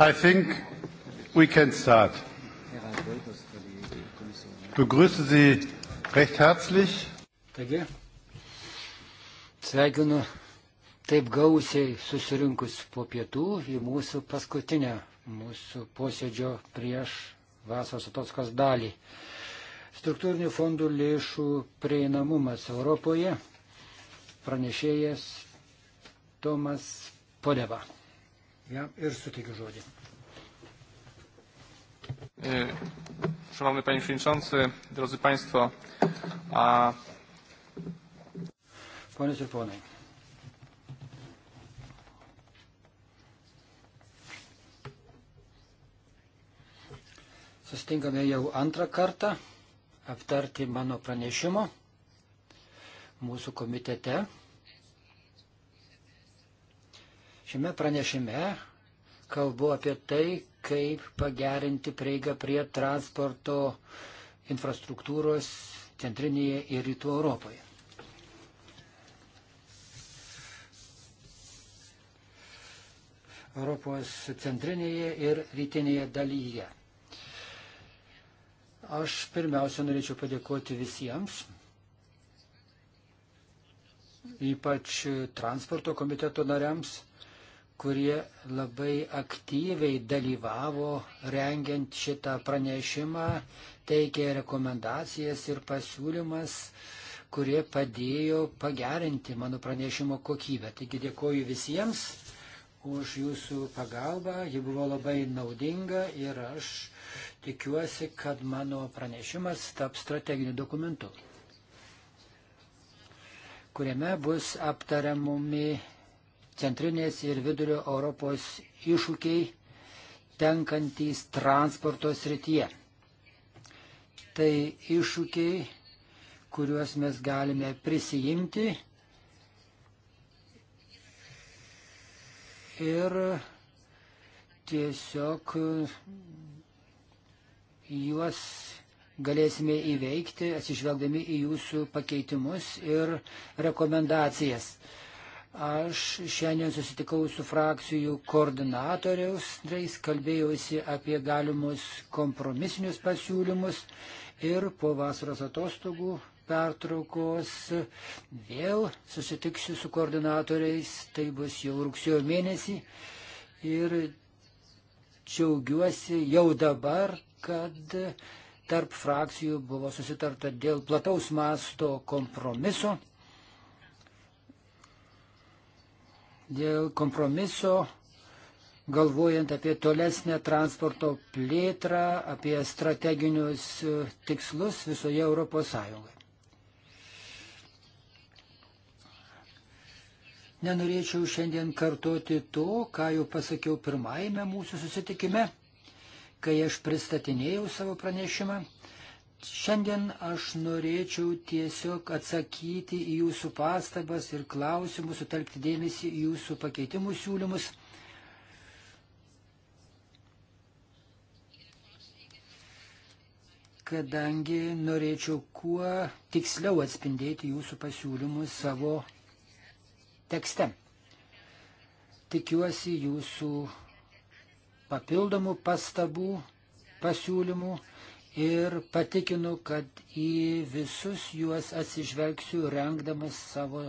I think we can start. Ich begrüße Sie recht herzlich. Taigi, sveikinu taip gausiai susirinkus po pietų į mūsų paskutinę mūsų posėdžio prieš vasaros atostogos dalį. Struktūrinių fondų lėšų prieinamumas Europoje. Pranešėjas Tomas Podeva. Jam ir suteikiu žodį. E, szanowny Panie Przewodniczący, drodzy Państwo. A... Panie Czerwony. Sustinkame jau antrą kartą aptarti mano pranešimo mūsų komitete. Šiame pranešime kalbu apie tai, kaip pagerinti prieigą prie transporto infrastruktūros centrinėje ir rytų Europoje. Europos centrinėje ir rytinėje dalyje. Aš pirmiausia norėčiau padėkoti visiems, ypač transporto komiteto nariams, kurie labai aktyviai dalyvavo rengiant šitą pranešimą, teikė rekomendacijas ir pasiūlymas, kurie padėjo pagerinti mano pranešimo kokybę. Taigi dėkoju visiems už jūsų pagalbą, ji buvo labai naudinga ir aš tikiuosi, kad mano pranešimas taps strateginiu dokumentu kuriame bus aptariamumi centrinės ir vidurio Europos iššūkiai tenkantys transporto srityje. Tai iššūkiai, kuriuos mes galime prisijimti ir tiesiog juos galėsime įveikti, atsižvelgdami į jūsų pakeitimus ir rekomendacijas. Aš šiandien susitikau su frakcijų koordinatoriaus, tai kalbėjausi apie galimus kompromisinius pasiūlymus ir po vasaros atostogų pertraukos vėl susitiksiu su koordinatoriais, tai bus jau rugsėjo mėnesį ir džiaugiuosi jau dabar, kad tarp frakcijų buvo susitarta dėl plataus masto kompromiso dėl kompromiso, galvojant apie tolesnę transporto plėtrą, apie strateginius e, tikslus visoje Europos Sąjungoje. Nenorėčiau šiandien kartoti to, ką jau pasakiau pirmajame mūsų susitikime, kai aš pristatinėjau savo pranešimą. Šiandien aš norėčiau tiesiog atsakyti į jūsų pastabas ir klausimus, sutelkti dėmesį į jūsų pakeitimų siūlymus. kadangi norėčiau kuo tiksliau atspindėti jūsų pasiūlymus savo tekste. Tikiuosi jūsų papildomų pastabų, pasiūlymų ir patikinu, kad į visus juos atsižvelgsiu rengdamas savo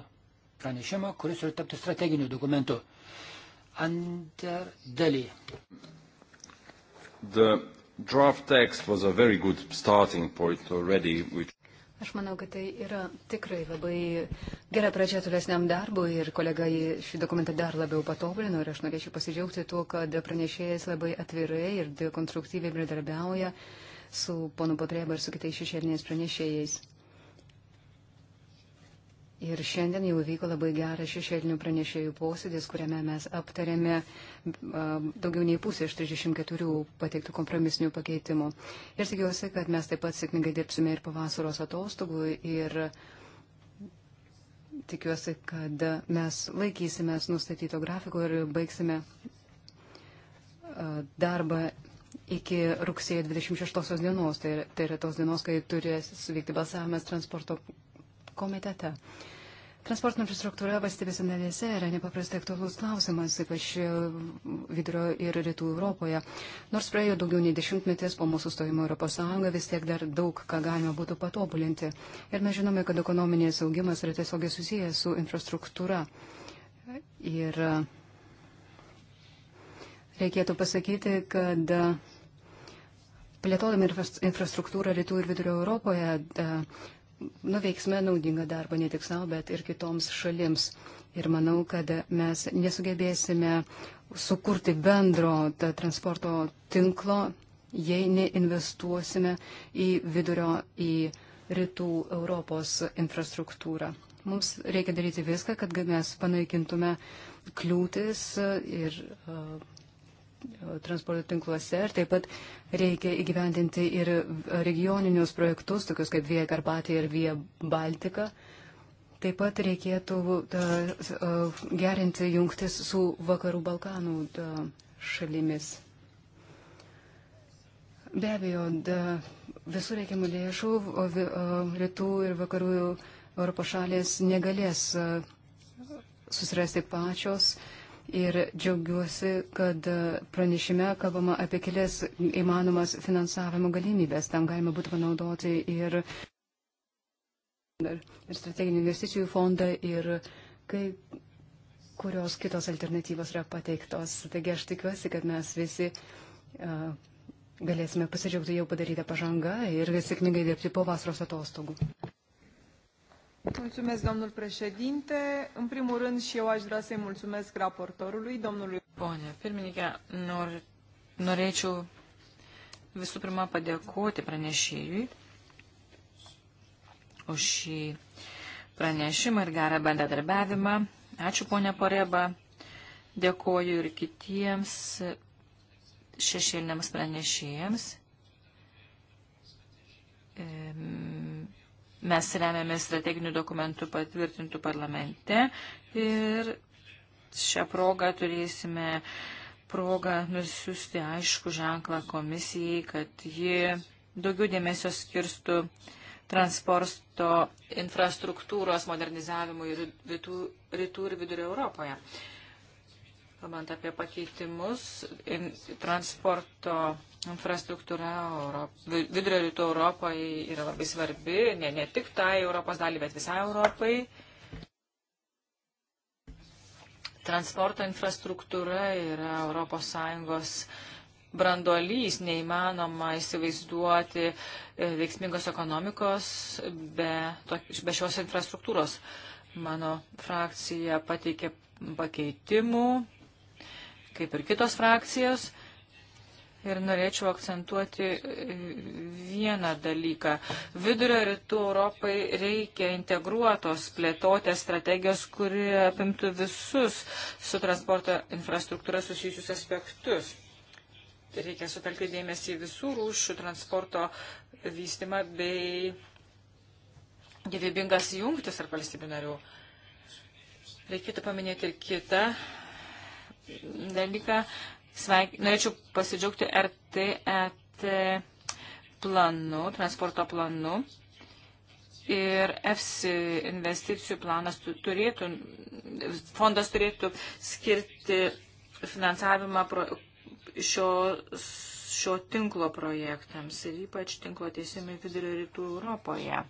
pranešimą, kuris ir taptų strateginiu dokumentu. Anter daly. The draft text was a very good starting point already, which Aš manau, kad tai yra tikrai labai gera pradžia tolesniam darbui ir kolega šį dokumentą dar labiau patobulino ir aš norėčiau pasidžiaugti tuo, kad pranešėjas labai atvirai ir konstruktyviai bendradarbiauja. Uh, su ponu Potreba ir su kitais šešėliniais pranešėjais. Ir šiandien jau vyko labai geras šešėlinių pranešėjų posėdis, kuriame mes aptarėme daugiau nei pusę iš 34 pateiktų kompromisinių pakeitimų. Ir tikiuosi, kad mes taip pat sėkmingai dirbsime ir pavasaros atostogų. Ir tikiuosi, kad mes laikysimės nustatyto grafiko ir baigsime darbą iki rugsėjo 26 dienos, tai, tai yra tos dienos, kai turės vykti balsavimas transporto komitete. Transporto infrastruktūra valstybėse narėse yra nepaprastai aktualus klausimas, ypač vidurio ir rytų Europoje. Nors praėjo daugiau nei dešimtmetis po mūsų stojimo Europos Sąjungą, vis tiek dar daug ką galima būtų patobulinti. Ir mes žinome, kad ekonominės augimas yra tiesiogiai susijęs su infrastruktūra. Ir reikėtų pasakyti, kad plėtodami infrastruktūrą rytų ir vidurio Europoje, nuveiksime naudingą darbą ne tik savo, bet ir kitoms šalims. Ir manau, kad mes nesugebėsime sukurti bendro transporto tinklo, jei neinvestuosime į vidurio, į rytų Europos infrastruktūrą. Mums reikia daryti viską, kad mes panaikintume kliūtis ir uh, transporto tinkluose ir taip pat reikia įgyvendinti ir regioninius projektus, tokius kaip Via Karpatija ir Via Baltika. Taip pat reikėtų da, gerinti jungtis su Vakarų Balkanų da, šalimis. Be abejo, da, visų reikiamų lėšų rytų ir vakarų Europos šalės negalės susirasti pačios. Uh, Ir džiaugiuosi, kad pranešime kalbama apie kelias įmanomas finansavimo galimybės. Tam galima būtų panaudoti ir, ir strateginių investicijų fondą ir kai kurios kitos alternatyvos yra pateiktos. Taigi aš tikiuosi, kad mes visi uh, galėsime pasidžiaugti jau padarytą pažangą ir sėkmingai dirbti po vasaros atostogų. Mulțumesc, domnul președinte. În primul rând și eu aș vrea să-i mulțumesc raportorului, domnului. Pone, pirmininkė, nor, norėčiau visų pirma padėkoti pranešėjui už šį pranešimą ir gerą bendradarbiavimą. Ačiū, ponė Poreba. Dėkoju ir kitiems šešėliniams pranešėjams. Mes remiamės strateginių dokumentų patvirtintų parlamente ir šią progą turėsime progą nusiųsti aišku ženklą komisijai, kad ji daugiau dėmesio skirstų transporto infrastruktūros modernizavimui rytų, rytų ir vidurio Europoje. Kalbant apie pakeitimus, transporto infrastruktūra Europ... vidurio rytų Europai yra labai svarbi, ne, ne tik tai Europos dalį, bet visai Europai. Transporto infrastruktūra yra Europos Sąjungos branduolys, neįmanoma įsivaizduoti e, veiksmingos ekonomikos be, to, be šios infrastruktūros. Mano frakcija pateikė pakeitimų, kaip ir kitos frakcijos ir norėčiau akcentuoti e, vieną dalyką. Vidurio rytų Europai reikia integruotos plėtotės strategijos, kuri apimtų visus su transporto infrastruktūra susijusius aspektus. Reikia sutelkti dėmesį į visų rūšių transporto vystimą bei gyvybingas jungtis ar valstybių narių. Reikėtų paminėti ir kitą dalyką Sveik... Norėčiau pasidžiaugti RTET e planu, transporto planu. Ir EFSI investicijų planas turėtų, fondas turėtų skirti finansavimą pro, šio, šio tinklo projektams ir ypač tinklo tiesimai vidurio rytų Europoje.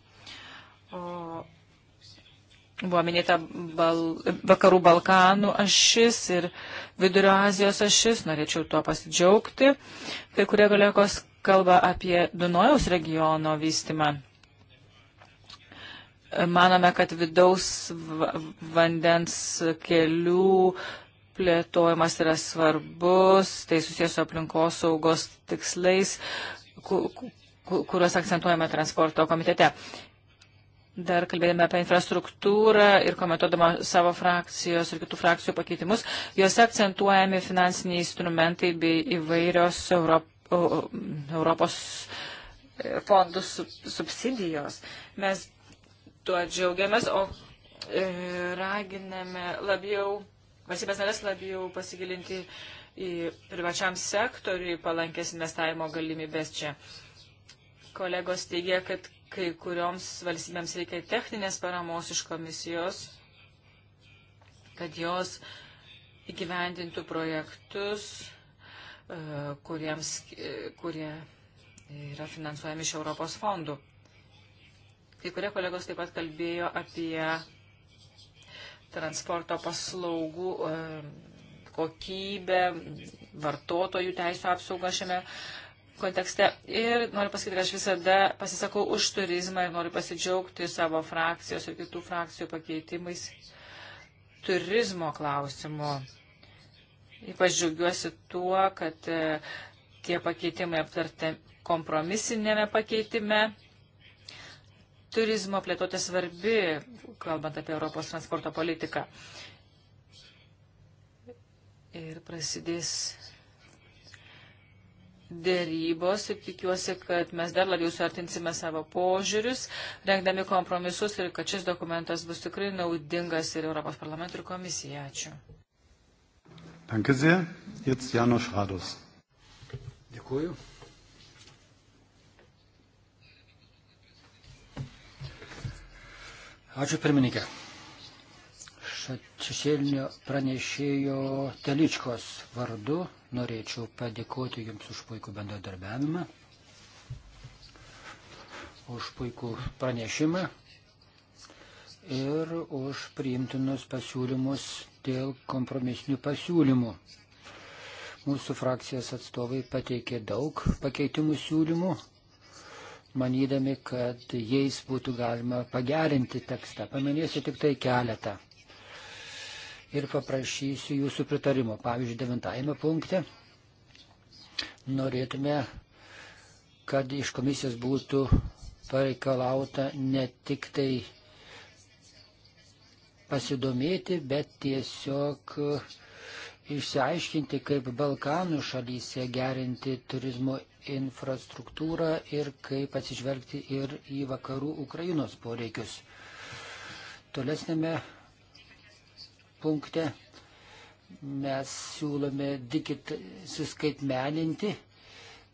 O Buvo minėta bal, vakarų Balkanų ašis ir vidurio Azijos ašis, norėčiau tuo pasidžiaugti. Kai kurie kolegos kalba apie Dunojaus regiono vystimą. Manome, kad vidaus vandens kelių plėtojimas yra svarbus, tai susijęs su aplinkos saugos tikslais, kuriuos akcentuojame transporto komitete dar kalbėdami apie infrastruktūrą ir komentuodama savo frakcijos ir kitų frakcijų pakeitimus, juose akcentuojami finansiniai instrumentai bei įvairios Europ, Europos e, fondų subsidijos. Mes tuo džiaugiamės, o e, raginame labiau, valstybės narės labiau pasigilinti į privačiam sektoriui palankės investavimo galimybės čia. Kolegos teigia, kad kai kurioms valstybėms reikia techninės paramos iš komisijos, kad jos įgyvendintų projektus, e, kuriems, e, kurie yra finansuojami iš Europos fondų. Kai kurie kolegos taip pat kalbėjo apie transporto paslaugų e, kokybę, vartotojų teisų apsaugą šiame kontekste. Ir noriu pasakyti, kad aš visada pasisakau už turizmą ir noriu pasidžiaugti savo frakcijos ir kitų frakcijų pakeitimais turizmo klausimu. Ypač džiaugiuosi tuo, kad e, tie pakeitimai aptarti kompromisinėme pakeitime. Turizmo plėtotė svarbi, kalbant apie Europos transporto politiką. Ir prasidės dėrybos ir tikiuosi, kad mes dar labiau suartinsime savo požiūrius, rengdami kompromisus ir kad šis dokumentas bus tikrai naudingas ir Europos parlamentui ir komisijai. Ačiū. Danke sehr. Jetzt Janosch Rados. Dėkuoju. Ačiū pirmininkė. Šešėlinio pranešėjo Teličkos vardu norėčiau padėkoti Jums už puikų bendradarbiavimą, už puikų pranešimą ir už priimtinus pasiūlymus dėl kompromisinių pasiūlymų. Mūsų frakcijos atstovai pateikė daug pakeitimų siūlymų, manydami, kad jais būtų galima pagerinti tekstą. Paminėsiu tik tai keletą ir paprašysiu jūsų pritarimo. Pavyzdžiui, devintajame punkte norėtume, kad iš komisijos būtų pareikalauta ne tik tai pasidomėti, bet tiesiog išsiaiškinti, kaip Balkanų šalyse gerinti turizmo infrastruktūrą ir kaip atsižvelgti ir į vakarų Ukrainos poreikius. Tolesnėme punkte mes siūlome digit suskaitmeninti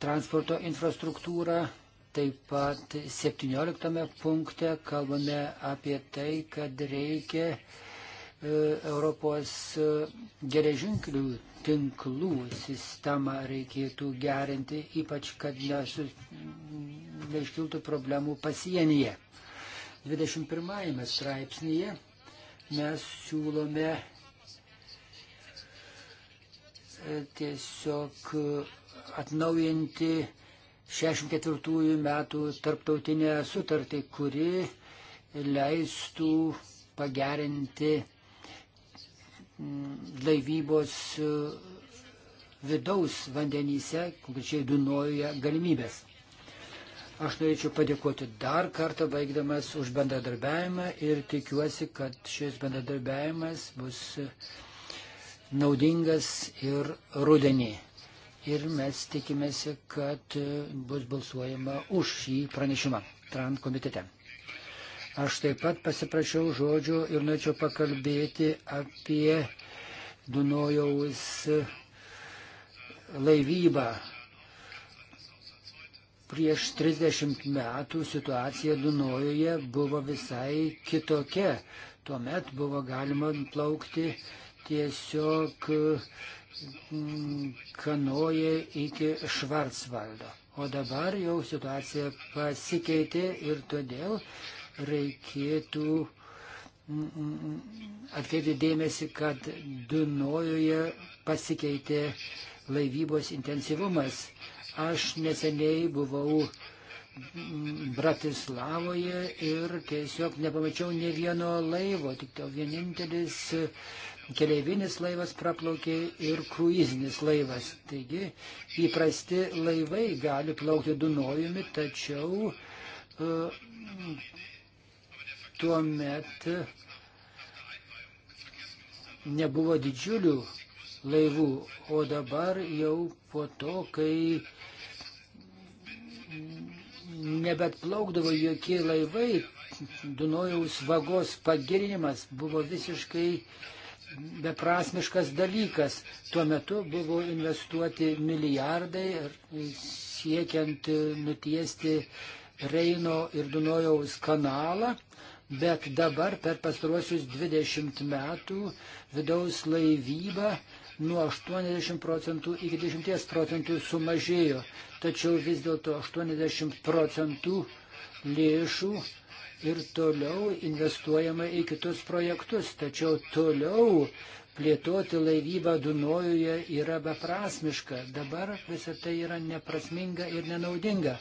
transporto infrastruktūrą. Taip pat 17 punkte kalbame apie tai, kad reikia e, Europos e, geležinkelių tinklų sistemą reikėtų gerinti, ypač kad nesu, neiškiltų problemų pasienyje. 21 straipsnėje mes siūlome e, tiesiog e, atnaujinti 64 metų tarptautinę sutartį, kuri leistų pagerinti mm, laivybos e, vidaus vandenyse, konkrečiai Dunojuje, galimybės. Aš norėčiau padėkoti dar kartą baigdamas už bendradarbiavimą ir tikiuosi, kad šis bendradarbiavimas bus naudingas ir rudenį. Ir mes tikimėsi, kad bus balsuojama už šį pranešimą TRAN komitete. Aš taip pat pasiprašiau žodžio ir norėčiau pakalbėti apie Dunojaus laivybą Prieš 30 metų situacija Dunojoje buvo visai kitokia. Tuomet buvo galima plaukti tiesiog mm, kanoje iki Švarcvaldo. O dabar jau situacija pasikeitė ir todėl reikėtų mm, atkreipti dėmesį, kad Dunojoje pasikeitė laivybos intensyvumas. Aš neseniai buvau Bratislavoje ir tiesiog nepamačiau ne vieno laivo, tik to vienintelis keleivinis laivas praplaukė ir kruizinis laivas. Taigi įprasti laivai gali plaukti Dunojumi, tačiau e, tuo metu nebuvo didžiulių laivų. O dabar jau po to, kai nebet plaukdavo jokie laivai, Dunojaus vagos pagilinimas buvo visiškai beprasmiškas dalykas. Tuo metu buvo investuoti milijardai siekiant nutiesti Reino ir Dunojaus kanalą, bet dabar per pastaruosius 20 metų vidaus laivyba nuo 80 procentų iki 10 procentų sumažėjo, tačiau vis dėlto 80 procentų lėšų ir toliau investuojama į kitus projektus, tačiau toliau plėtoti laivybą Dunojuje yra beprasmiška. Dabar visą tai yra neprasminga ir nenaudinga.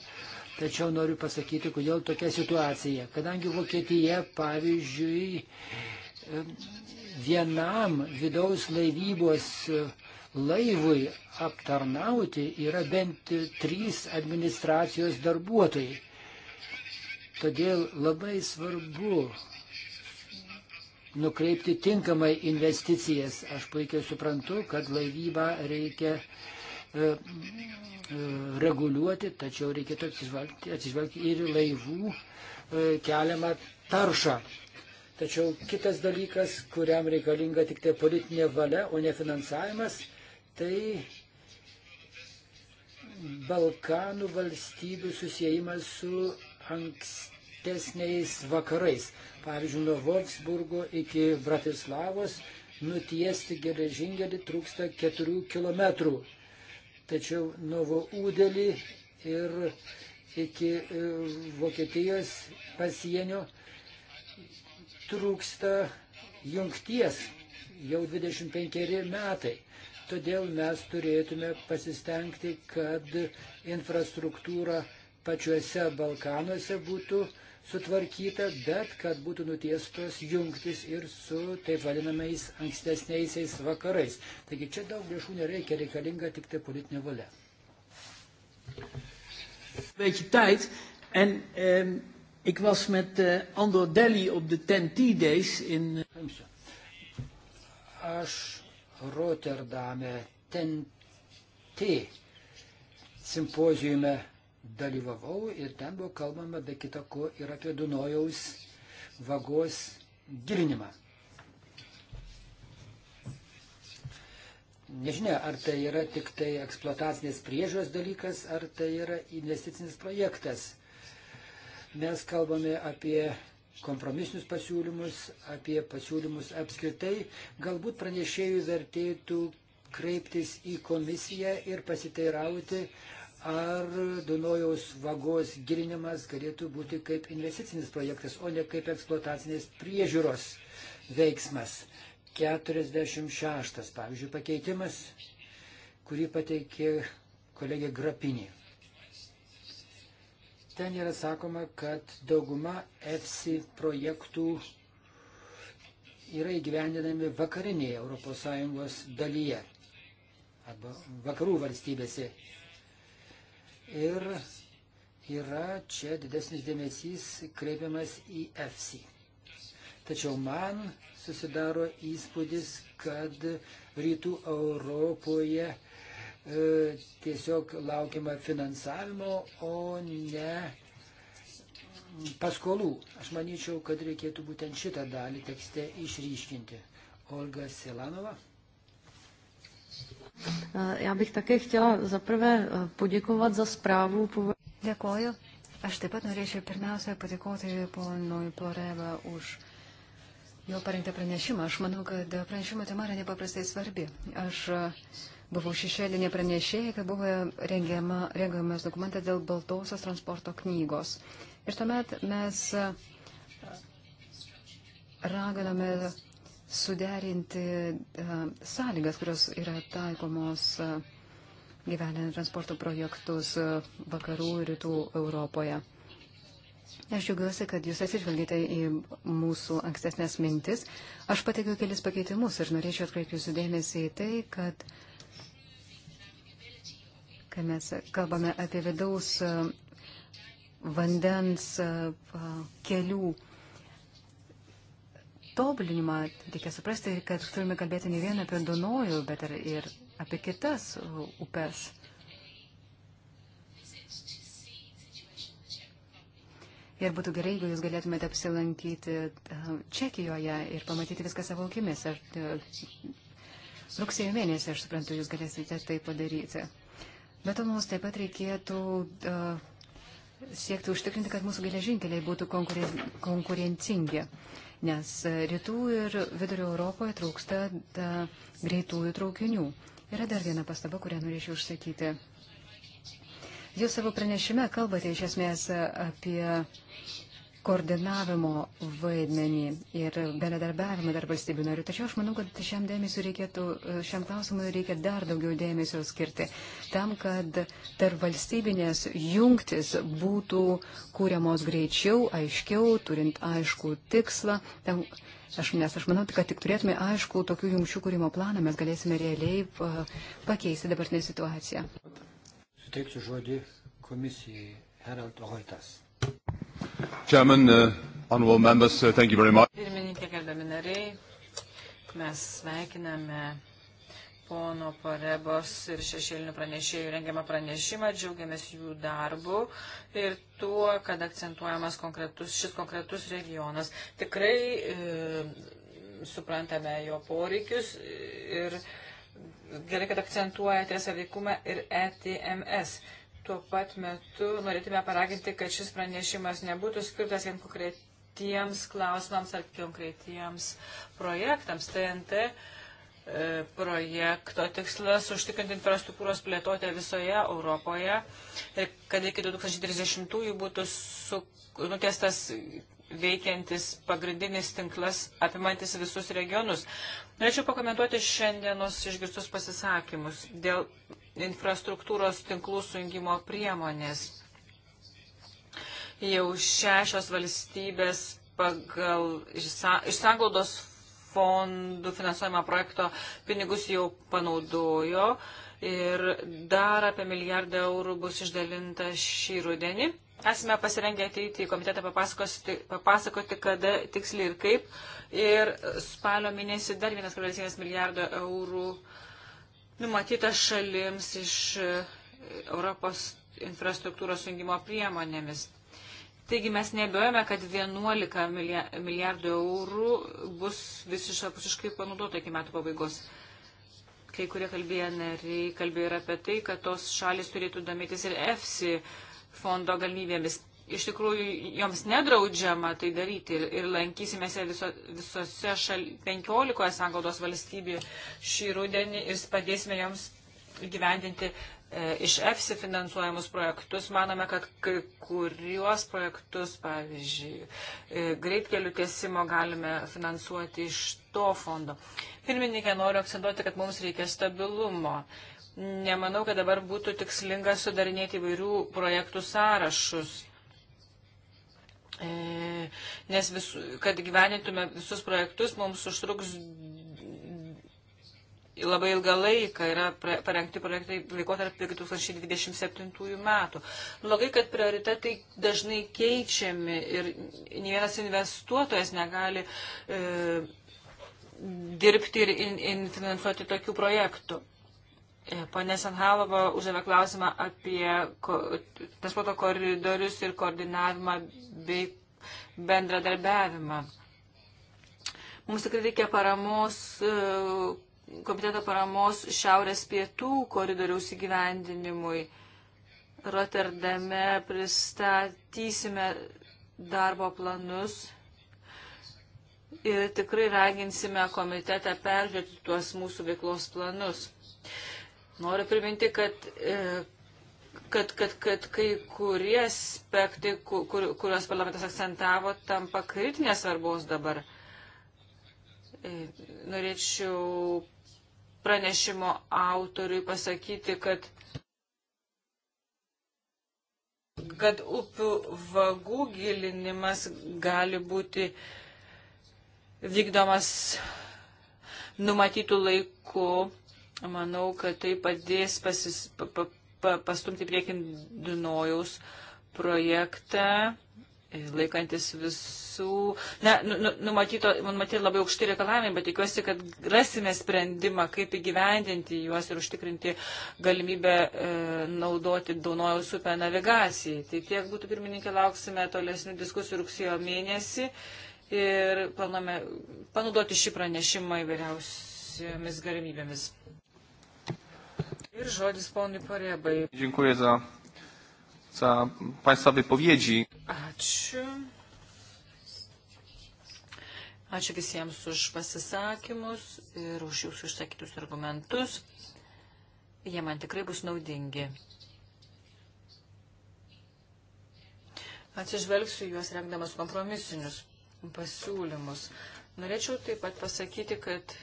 Tačiau noriu pasakyti, kodėl tokia situacija. Kadangi Vokietija, pavyzdžiui, vienam vidaus laivybos e, laivui aptarnauti yra bent trys administracijos darbuotojai. Todėl labai svarbu nukreipti tinkamai investicijas. Aš puikiai suprantu, kad laivybą reikia e, e, reguliuoti, tačiau reikėtų atsižvelgti, atsižvelgti ir laivų keliamą taršą. Tačiau kitas dalykas, kuriam reikalinga tik tai politinė valia, o ne finansavimas, tai Balkanų valstybių susijimas su ankstesniais vakarais. Pavyzdžiui, nuo Wolfsburgo iki Bratislavos nutiesti geležingelį trūksta 4 km. Tačiau nuo Udelį ir iki e, Vokietijos pasienio trūksta jungties jau 25 metai. Todėl mes turėtume pasistengti, kad infrastruktūra pačiuose Balkanuose būtų sutvarkyta, bet kad būtų nutiestos jungtis ir su taip vadinamais ankstesniaisiais vakarais. Taigi čia daug lėšų nereikia, reikalinga tik tai politinė valia. Beetje tijd. En um, Ik was met uh, Andor Delhi op de 10T Days in. Eh, Aš Rotterdame 10T simpozijume dalyvavau ir ten buvo kalbama be kita ko ir apie Dunojaus vagos gilinimą. Nežinia, ar tai yra tik tai eksploatacinės priežos dalykas, ar tai yra investicinis projektas Mes kalbame apie kompromisinius pasiūlymus, apie pasiūlymus apskritai. Galbūt pranešėjų vertėtų kreiptis į komisiją ir pasiteirauti, ar Dunojaus vagos gilinimas galėtų būti kaip investicinis projektas, o ne kaip eksploatacinės priežiūros veiksmas. 46, pavyzdžiui, pakeitimas, kurį pateikė kolegė Grapinė. Ten yra sakoma, kad dauguma EFSI projektų yra įgyvendinami vakarinėje ES dalyje arba vakarų valstybėse. Ir yra čia didesnis dėmesys kreipiamas į EFSI. Tačiau man susidaro įspūdis, kad rytų Europoje E, tiesiog laukiama finansavimo, o ne paskolų. Aš manyčiau, kad reikėtų būtent šitą dalį tekste išryškinti. Olga Silanova. E, já bych také chtěla zaprvé e, poděkovat za zprávu. Dėkoju. Aš taip pat norėčiau pirmiausia padėkoti ponui Ploreva už jo parengtą pranešimą. Aš manau, kad pranešimo tema yra nepaprastai svarbi. Aš buvau šešėlinė pranešėja, kad buvo rengiama, rengiamas dokumentas dėl baltosios transporto knygos. Ir tuomet mes e, raginame suderinti e, sąlygas, kurios yra taikomos e, gyvenant transporto projektus vakarų ir rytų Europoje. Aš džiaugiuosi, kad jūs atsižvelgite į mūsų ankstesnės mintis. Aš pateikiu kelis pakeitimus ir norėčiau atkreipti jūsų dėmesį į tai, kad uh, kai mes kalbame apie vidaus e, vandens e, kelių tobulinimą, reikia suprasti, kad turime kalbėti ne vien apie Donojų, bet ir, ir apie kitas upes. Ir būtų gerai, jeigu jūs galėtumėte apsilankyti e, Čekijoje ir pamatyti viską savo akimis. Ar rugsėjo mėnesį, aš suprantu, jūs galėsite tai padaryti. Bet to mums taip pat reikėtų uh, siekti užtikrinti, kad mūsų geležinkeliai būtų konkuren, konkurencingi, nes e, rytų ir vidurio Europoje trūksta da, e, greitųjų traukinių. Yra dar viena pastaba, kurią norėčiau užsakyti. Jūs savo pranešime kalbate iš esmės apie uh, koordinavimo vaidmenį ir bendradarbiavimą tarp valstybių narių. Tačiau aš manau, kad šiam, reikėtų, šiam klausimui reikia dar daugiau dėmesio skirti tam, kad tarp valstybinės jungtis būtų kūriamos greičiau, aiškiau, turint aišku tikslą. Tam, aš, nes aš manau, kad tik turėtume aišku tokių jungčių kūrimo planą, mes galėsime realiai pakeisti dabartinę situaciją. Suteiksiu žodį komisijai Herald Hoitas. Chairman, uh, honorable members, uh, thank you very much. Pirmininkė, gerbiami nariai, mes sveikiname pono Parebos ir šešėlinių pranešėjų rengiamą pranešimą, džiaugiamės jų darbu ir tuo, kad akcentuojamas konkretus, šis konkretus regionas. Tikrai e, suprantame jo poreikius ir gerai, kad akcentuojate savykumą ir ETMS. E, Tuo pat metu norėtume paraginti, kad šis pranešimas nebūtų skirtas vien konkretiems klausimams ar konkretiems projektams. TNT e, projekto tikslas užtikrinti infrastruktūros plėtotę visoje Europoje ir e, kad iki 2030-ųjų būtų su, nutestas veikiantis pagrindinis tinklas apimantis visus regionus. Norėčiau pakomentuoti šiandienos išgirstus pasisakymus dėl infrastruktūros tinklų sujungimo priemonės. Jau šešios valstybės pagal išsangaudos fondų finansuojamą projekto pinigus jau panaudojo ir dar apie milijardą eurų bus išdalinta šį rudenį. Esame pasirengę ateiti į komitetą papasakoti, papasakoti, kada tiksliai ir kaip. Ir spalio mėnesį dar 1,1 milijardo eurų numatyta šalims iš e, Europos infrastruktūros jungimo priemonėmis. Taigi mes nebejojame, kad 11 milijardų eurų bus visiškai panaudota iki metų pabaigos. Kai kurie kalbėjo nariai, kalbėjo ir apie tai, kad tos šalis turėtų domėtis ir EFSI fondo galimybėmis. Iš tikrųjų, joms nedraudžiama tai daryti ir, ir lankysimėse viso, visose šal, 15 sąnaudos valstybių šį rudenį ir padėsime joms gyvendinti e, iš EFSI finansuojamus projektus. Manome, kad kai kuriuos projektus, pavyzdžiui, e, greitkelių tiesimo galime finansuoti iš to fondo. Pirmininkė, noriu akcentuoti, kad mums reikia stabilumo. E, nemanau, kad dabar būtų tikslinga sudarinėti įvairių projektų sąrašus. E, nes vis, kad gyvenintume visus projektus, mums užtruks labai ilgą laiką yra parengti projektai laikotarpį 2027 metų. Blogai, kad prioritetai dažnai keičiami ir ne vienas investuotojas negali e, dirbti ir in, in finansuoti tokių projektų. E, Pane Sanhalova uždavė klausimą apie transporto koridorius ir koordinavimą bei bendradarbiavimą. Mums tikrai reikia paramos, e, komiteto paramos šiaurės pietų koridoriaus įgyvendinimui. Rotterdame pristatysime darbo planus ir tikrai raginsime komitetą peržiūrėti tuos mūsų veiklos planus. Noriu priminti, kad, e, kad, kad, kad kai kurie aspektai, kur, kuriuos parlamentas akcentavo, tampa kritinės svarbos dabar. E, norėčiau pranešimo autoriui pasakyti, kad kad upių vagų gilinimas gali būti vykdomas numatytų laikų Manau, kad tai padės pasis, pa, pa, pa, pastumti priekin Dunojaus projektą, e, laikantis visų, ne, nu, nu, numatyto, numatyti labai aukšti reikalavimai, bet tikiuosi, kad rasime sprendimą, kaip įgyvendinti juos ir užtikrinti galimybę e, naudoti Dunojaus upę navigacijai. Tai tiek būtų pirmininkė, lauksime tolesnių diskusijų rugsėjo mėnesį ir planuome panaudoti šį pranešimą įvairiausiamis galimybėmis. Ir žodis ponui Parebai. Dziękuję za, za Państwa wypowiedzi. Ačiū. Ačiū visiems už pasisakymus ir už jūsų išsakytus argumentus. Jie man tikrai bus naudingi. Atsižvelgsiu juos rengdamas kompromisinius pasiūlymus. Norėčiau taip pat pasakyti, kad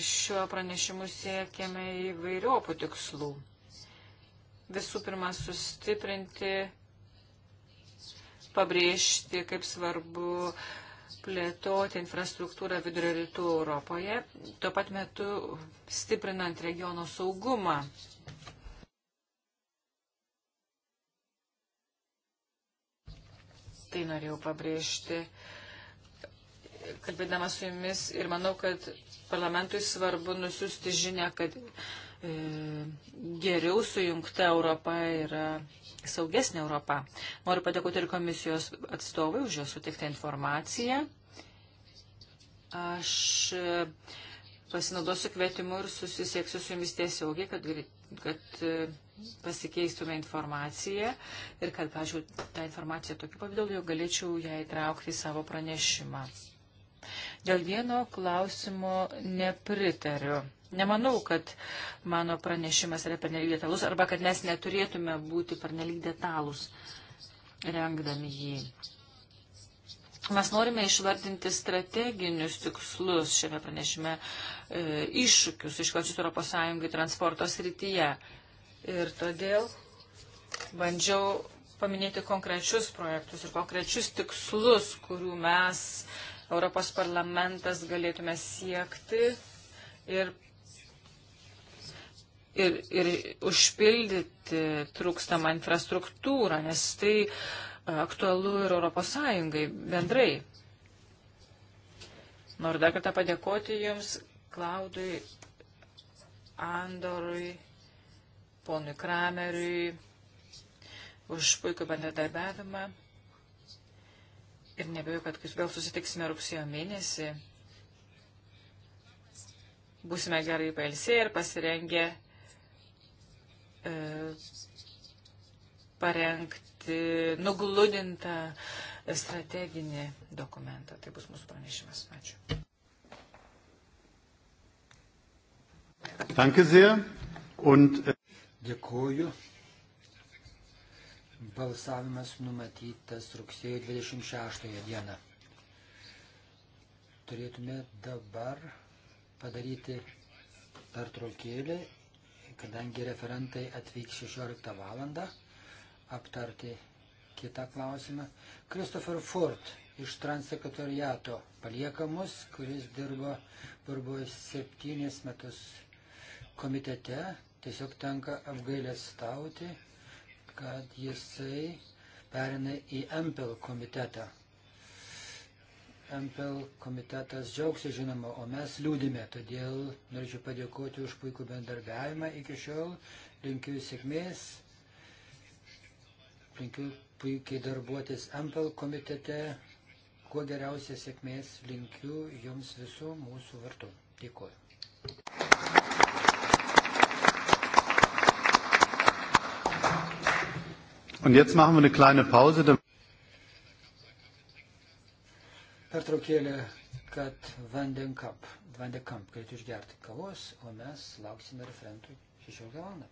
šiuo pranešimu siekiame įvairiopų tikslų. Visų pirma, sustiprinti, pabrėžti, kaip svarbu plėtoti infrastruktūrą vidurio rytų Europoje, tuo pat metu stiprinant regiono saugumą. Tai norėjau pabrėžti, kalbėdama su jumis ir manau, kad parlamentui svarbu nusiųsti žinę, kad e, geriau sujungta Europa yra saugesnė Europa. Noriu padėkoti ir komisijos atstovai už jos sutiktą informaciją. Aš e, pasinaudosiu kvietimu ir susisieksiu su jumis tiesiogiai, kad, kad e, pasikeistume informaciją ir kad, pažiūrėjau, tą informaciją tokiu pavydalu jau galėčiau ją įtraukti į savo pranešimą. Dėl vieno klausimo nepritariu. Nemanau, kad mano pranešimas yra pernelyg detalus arba kad mes neturėtume būti pernelyg detalus rengdami jį. Mes norime išvardinti strateginius tikslus šiame pranešime e, iššūkius iškočius ES transporto srityje. Ir todėl bandžiau paminėti konkrečius projektus ir konkrečius tikslus, kurių mes Europos parlamentas galėtume siekti ir, ir, ir užpildyti trūkstamą infrastruktūrą, nes tai e, aktualu ir Europos Sąjungai bendrai. Noriu dar kartą padėkoti Jums, Klaudui, Andorui, ponui Krameriui, už puikų bendradarbiavimą. Ir nebejoju, kad kai vėl susitiksime rugsėjo mėnesį, būsime gerai pailsėję ir pasirengę e, parengti nugludintą strateginį dokumentą. Tai bus mūsų pranešimas. Ačiū. Danke sehr. Und, äh, Dėkuoju. Balsavimas numatytas rugsėjo 26 dieną. Turėtume dabar padaryti pertraukėlį, kadangi referentai atvyks 16 valandą aptarti kitą klausimą. Christopher Ford iš transsekretoriato paliekamus, kuris dirbo varbūt septynis metus komitete, tiesiog tenka apgailę stauti kad jisai perina į MPL komitetą. MPL komitetas džiaugsi žinoma, o mes liūdime, todėl norėčiau padėkoti už puikų bendarbiavimą iki šiol, linkiu sėkmės, linkiu puikiai darbuotis MPL komitete, kuo geriausia sėkmės linkiu jums visų mūsų vartų. Dėkuoju. Und jetzt machen wir eine kleine Pause. Pertraukėlė, kad Vandenkamp, Vandenkamp, kad išgerti kavos, o mes lauksime referentų 16 val.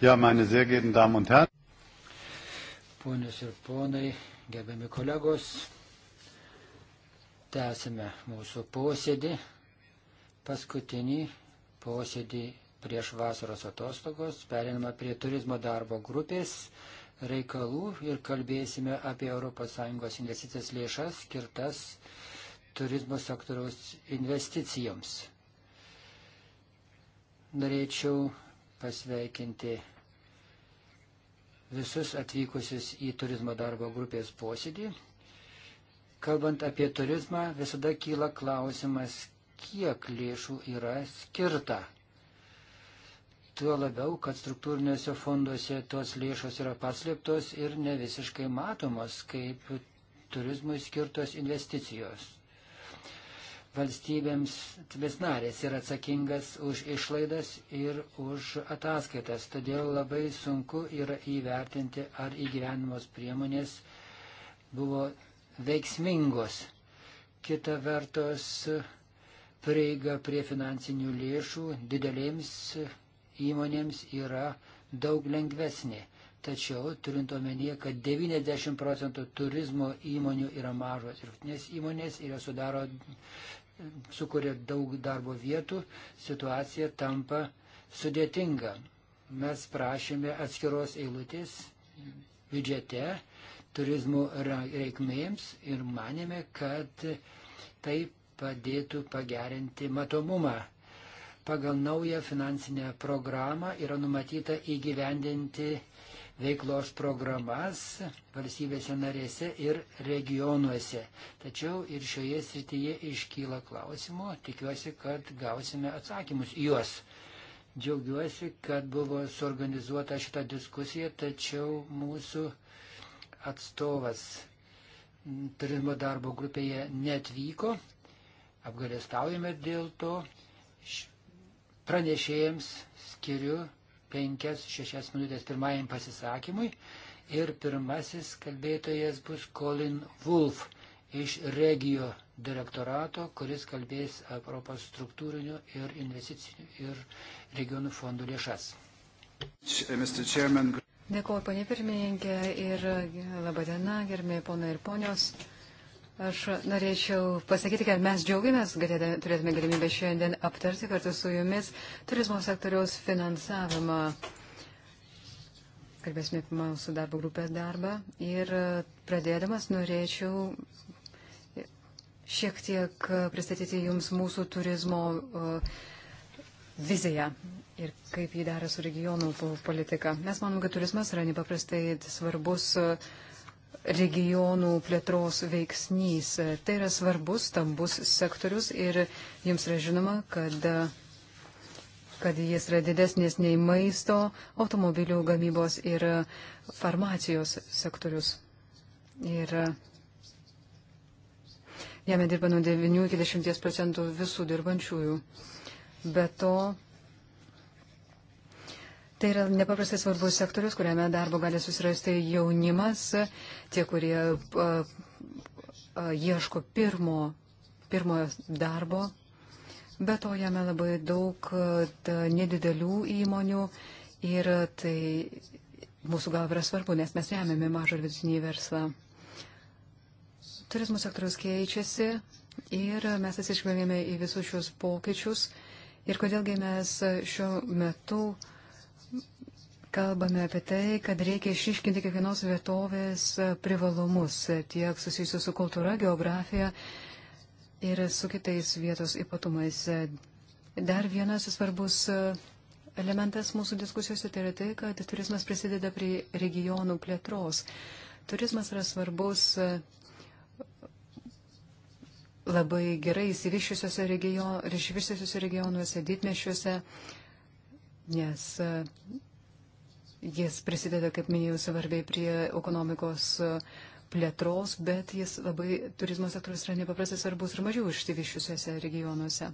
Ja, meine sehr geehrten Damen und Herren. Ponios ir ponai, gerbiami kolegos, tęsime mūsų posėdį, paskutinį posėdį prieš vasaros atostogos, perinama prie turizmo darbo grupės reikalų ir kalbėsime apie ES investicijas lėšas skirtas turizmo sektoriaus investicijoms. Norėčiau pasveikinti visus atvykusius į turizmo darbo grupės posėdį. Kalbant apie turizmą, visada kyla klausimas, kiek lėšų yra skirta. Tuo labiau, kad struktūrinėse fonduose tos lėšos yra paslėptos ir ne visiškai matomos kaip turizmui skirtos investicijos valstybėms narės yra atsakingas už išlaidas ir už ataskaitas. Todėl labai sunku yra įvertinti, ar įgyvenimos priemonės buvo veiksmingos. Kita vertos, prieiga prie finansinių lėšų didelėms įmonėms yra daug lengvesnė. Tačiau turint omenyje, kad 90 procentų turizmo įmonių yra mažos ir vidutinės įmonės ir jos sudaro sukuria daug darbo vietų, situacija tampa sudėtinga. Mes prašėme atskiros eilutės biudžete turizmo reikmėms ir manėme, kad tai padėtų pagerinti matomumą. Pagal naują finansinę programą yra numatyta įgyvendinti veiklos programas valstybėse narėse ir regionuose. Tačiau ir šioje srityje iškyla klausimų, tikiuosi, kad gausime atsakymus į juos. Džiaugiuosi, kad buvo suorganizuota šita diskusija, tačiau mūsų atstovas turizmo darbo grupėje netvyko. Apgalėstaujame dėl to. Pranešėjams skiriu 5-6 minutės pirmajam pasisakymui ir pirmasis kalbėtojas bus Colin Wolf iš regio direktorato, kuris kalbės Europos struktūrinių ir investicinių ir regionų fondų lėšas. Dėkuoju, panė pirmininkė, ir e, labadiena, gerbėjai ponai ir ponios. Aš norėčiau pasakyti, kad mes džiaugiamės, turėtume galimybę šiandien aptarti kartu su jumis turizmo sektoriaus finansavimą. Kalbėsime apie mūsų darbo grupės darbą ir e, pradėdamas norėčiau šiek tiek pristatyti jums mūsų turizmo e, viziją ir kaip jį daro su regionų politika. Mes manom, kad turizmas yra nepaprastai svarbus. Uh, regionų plėtros veiksnys. Tai yra svarbus, stambus sektorius ir jums yra žinoma, kad, kad jis yra didesnės nei maisto, automobilių gamybos ir farmacijos sektorius. Ir jame dirba nuo 9 iki 10 procentų visų dirbančiųjų. Be to, Tai yra nepaprastai svarbus sektorius, kuriame darbo gali susirasti jaunimas, tie, kurie uh, uh, ieško pirmo, pirmojo darbo. Be to, jame labai daug uh, nedidelių įmonių ir tai mūsų gal yra svarbu, nes mes remiame mažą ir vidutinį verslą. Turizmo sektorius keičiasi ir mes atsižvelgėme į visus šios pokyčius. Ir kodėlgi mes šiuo metu uh, kalbame apie tai, kad reikia išiškinti kiekvienos vietovės privalumus, tiek susijusiu su kultūra, geografija ir su kitais vietos ypatumais. Dar vienas svarbus e, elementas mūsų diskusijose tai yra tai, kad turizmas prisideda prie regionų plėtros. Turizmas yra svarbus e, labai gerai įsivyščiusiuose region, regionuose, didmešiuose, nes e, Jis prisideda, kaip minėjau, svarbiai prie ekonomikos e, plėtros, bet jis labai, turizmo sektorius yra nepaprastai svarbus ir mažiau išsivyščiusiuose regionuose.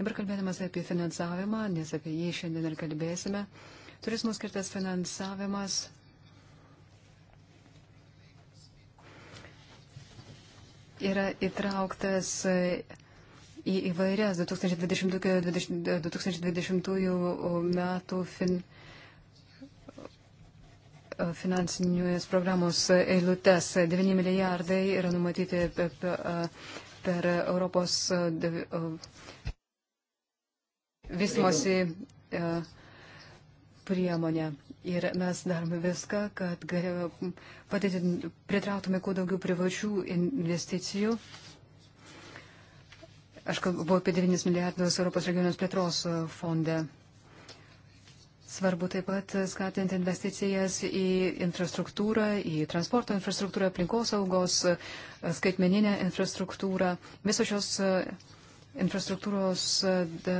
Dabar kalbėdamas apie finansavimą, nes apie jį šiandien ir kalbėsime, turizmo skirtas finansavimas yra įtrauktas e, į įvairias 2020, 2020 metų fin, finansinės programos eilutes. 9 milijardai yra numatyti per Europos vystimosi priemonę. Ir mes darome viską, kad pritrauktume kuo daugiau privačių investicijų. Aš kalbu apie 9 milijardus Europos regionos plėtros fonde. Svarbu taip pat skatinti investicijas į infrastruktūrą, į transporto infrastruktūrą, aplinkosaugos, skaitmeninę infrastruktūrą. Visos šios e, infrastruktūros e,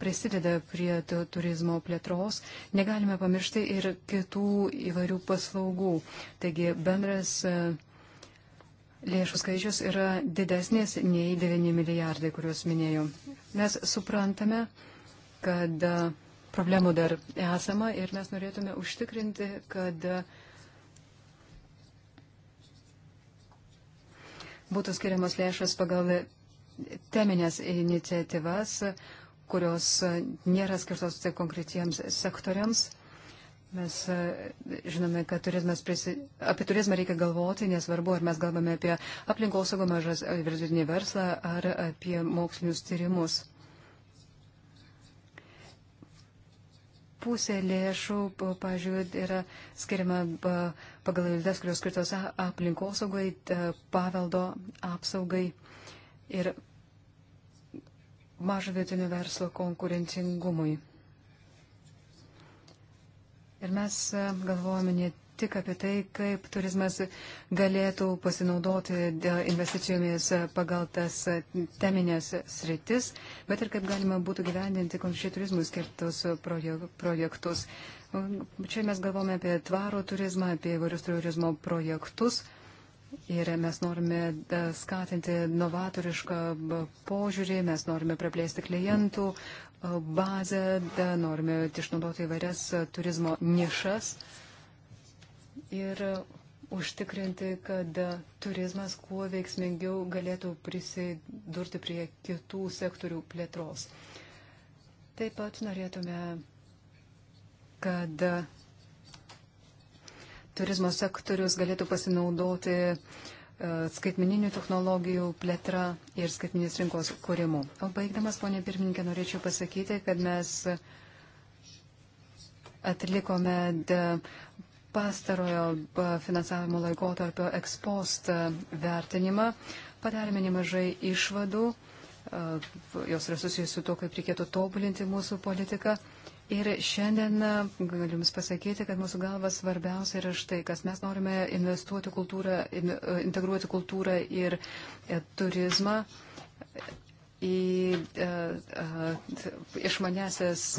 prisideda prie turizmo plėtros. Negalime pamiršti ir kitų įvairių paslaugų. Taigi bendras e, lėšų skaičius yra didesnės nei 9 milijardai, kuriuos minėjau. Mes suprantame, kad problemų dar esama ir mes norėtume užtikrinti, kad būtų skiriamas lėšas pagal teminės iniciatyvas, kurios nėra skirtos tai konkretiems sektoriams. Mes e, žinome, kad turizmas prisi... apie turizmą reikia galvoti, nesvarbu, ar mes galvame apie aplinkosaugą mažas e, vidutinį verslą ar apie mokslinius tyrimus. pusė lėšų, pažiūrėjau, yra skiriama pagal eilės, kurios skirtos aplinkosaugai, paveldo apsaugai ir mažo vietinio verslo konkurencingumui. Ir mes e, galvojame net tik apie tai, kaip turizmas galėtų pasinaudoti investicijomis pagal tas teminės sritis, bet ir kaip galima būtų gyvendinti konkrečiai turizmui skirtus projektus. Čia mes galvome apie tvaro turizmą, apie įvairius turizmo projektus. Ir mes norime e, skatinti novatorišką požiūrį, mes norime praplėsti klientų e, bazę, e, norime išnaudoti įvairias turizmo nišas ir užtikrinti, kad turizmas kuo veiksmingiau galėtų prisidurti prie kitų sektorių plėtros. Taip pat norėtume, kad turizmo sektorius galėtų pasinaudoti e, skaitmeninių technologijų plėtra ir skaitmeninės rinkos kūrimu. O baigdamas, ponė pirmininkė, norėčiau pasakyti, kad mes atlikome pastarojo finansavimo laikotarpio ekspost e, vertinimą. Padarėme nemažai išvadų, e, jos yra susijusi su to, kaip reikėtų tobulinti mūsų politiką. Ir šiandien e, galiu Jums pasakyti, kad mūsų galva svarbiausia yra štai, kas mes norime investuoti kultūrą, integruoti kultūrą ir turizmą į e, e, išmanesias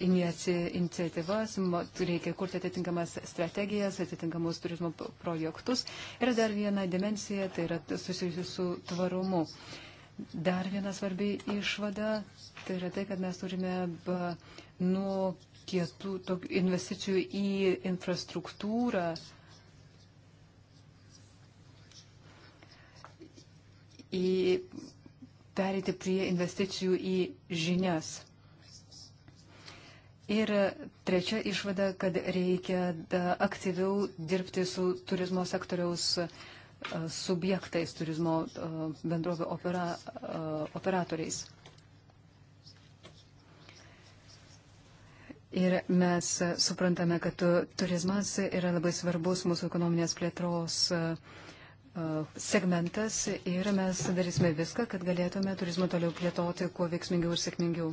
iniciatyvas, reikia kurti atitinkamas strategijas, atitinkamus turizmo projektus. Ir dar viena dimensija, tai yra susijusi su tvarumu. Dar viena svarbi išvada, tai yra tai, kad mes turime nuo kietų investicijų į infrastruktūrą į perėti prie investicijų į žinias. Ir trečia išvada, kad reikia aktyviau dirbti su turizmo sektoriaus subjektais, turizmo bendrovio opera, operatoriais. Ir mes suprantame, kad turizmas yra labai svarbus mūsų ekonominės plėtros uh, segmentas ir mes darysime viską, kad galėtume turizmą toliau plėtoti kuo veiksmingiau ir sėkmingiau.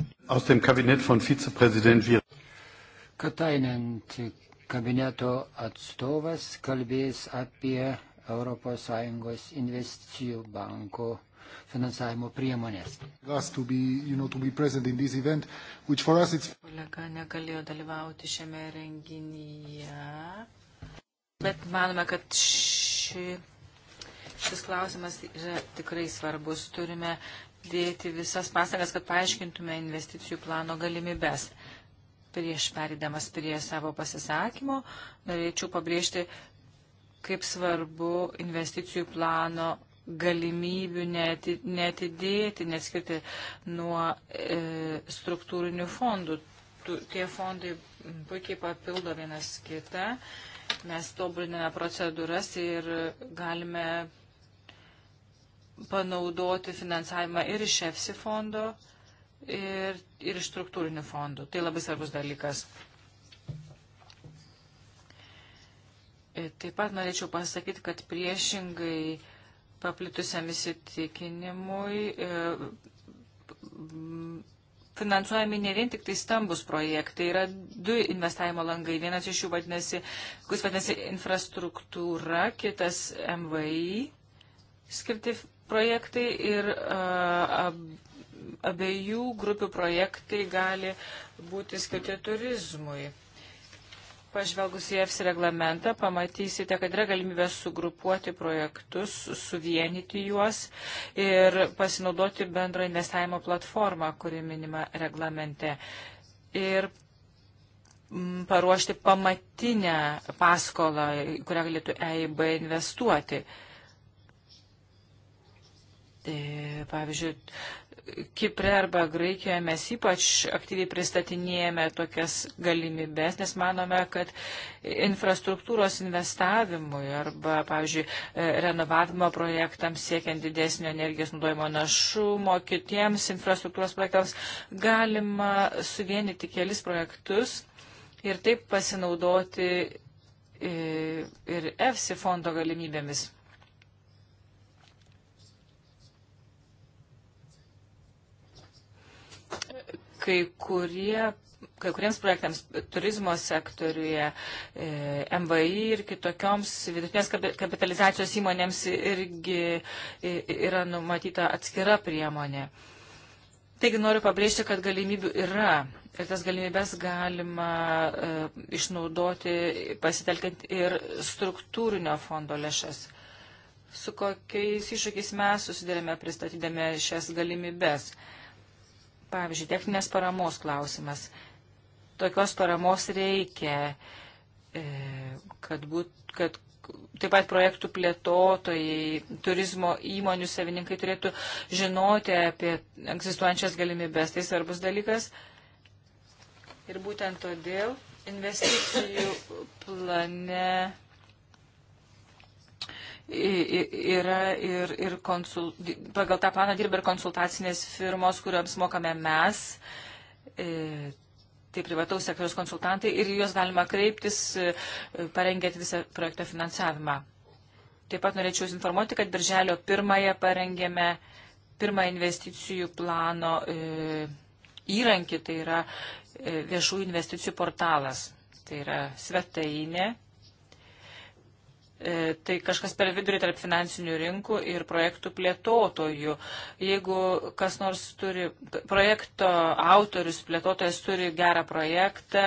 Katainant kabineto atstovas kalbės apie ES investicijų banko finansavimo priemonės. Kolega negalėjo dalyvauti šiame renginyje, bet manome, kad ši Šis klausimas yra tikrai svarbus. Turime dėti visas pastangas, kad paaiškintume investicijų plano galimybės. Prieš perėdamas prie savo pasisakymo, norėčiau pabrėžti, kaip svarbu investicijų plano galimybių netidėti, neskirti nuo e, struktūrinių fondų. Tu, tie fondai puikiai papildo vienas kitą, mes tobuliname procedūras ir galime panaudoti finansavimą ir iš EFSI fondo, ir, ir iš struktūrinių fondų. Tai labai svarbus dalykas. Ir e, taip pat norėčiau pasakyti, kad priešingai paplitusiam įsitikinimui e, finansuojami ne vien tik tai stambus projektai, yra du investavimo langai. Vienas iš jų vadinasi, kuris vadinasi infrastruktūra, kitas MVI skirti projektai ir abiejų grupių projektai gali būti skirti turizmui. Pažvelgus į EFSI reglamentą, pamatysite, kad yra galimybė sugrupuoti projektus, suvienyti juos ir pasinaudoti bendrą investavimo platformą, kuri minima reglamente. Ir paruošti pamatinę paskolą, kurią galėtų EIB investuoti. Uh, Tai, pavyzdžiui, Kipre arba Graikijoje mes ypač aktyviai pristatinėjame tokias galimybės, nes manome, kad infrastruktūros investavimui arba, pavyzdžiui, renovavimo projektams siekiant didesnio energijos naudojimo našumo, kitiems infrastruktūros projektams galima suvienyti kelis projektus ir taip pasinaudoti e, ir EFSI fondo galimybėmis. kai, kurie, kai kuriems projektams turizmo sektoriuje, e, MVI ir kitokioms vidutinės kapitalizacijos įmonėms irgi yra numatyta atskira priemonė. Taigi noriu pabrėžti, kad galimybių yra ir tas galimybės galima e, išnaudoti pasitelkiant ir struktūrinio fondo lėšas. Su kokiais iššūkiais mes susidėlėme pristatydami šias galimybės? E, Pavyzdžiui, techninės paramos klausimas. Tokios paramos reikia, e, kad, būt, kad taip pat projektų plėtotojai, turizmo įmonių savininkai turėtų žinoti apie egzistuojančias galimybės. Tai svarbus dalykas. Ir būtent todėl investicijų plane yra ir, ir konsul, pagal tą planą dirba ir konsultacinės firmos, kuriuoms mokame mes, e, tai privataus sektoriaus konsultantai ir juos galima kreiptis, e, parengėti visą projekto finansavimą. Taip pat norėčiau Jūs informuoti, kad birželio pirmąją parengėme pirmą investicijų plano e, įrankį, tai yra viešų investicijų portalas. Tai yra svetainė, E, tai kažkas per vidurį tarp finansinių rinkų ir projektų plėtotojų. Jeigu kas nors turi, projekto autorius, plėtotojas turi gerą projektą,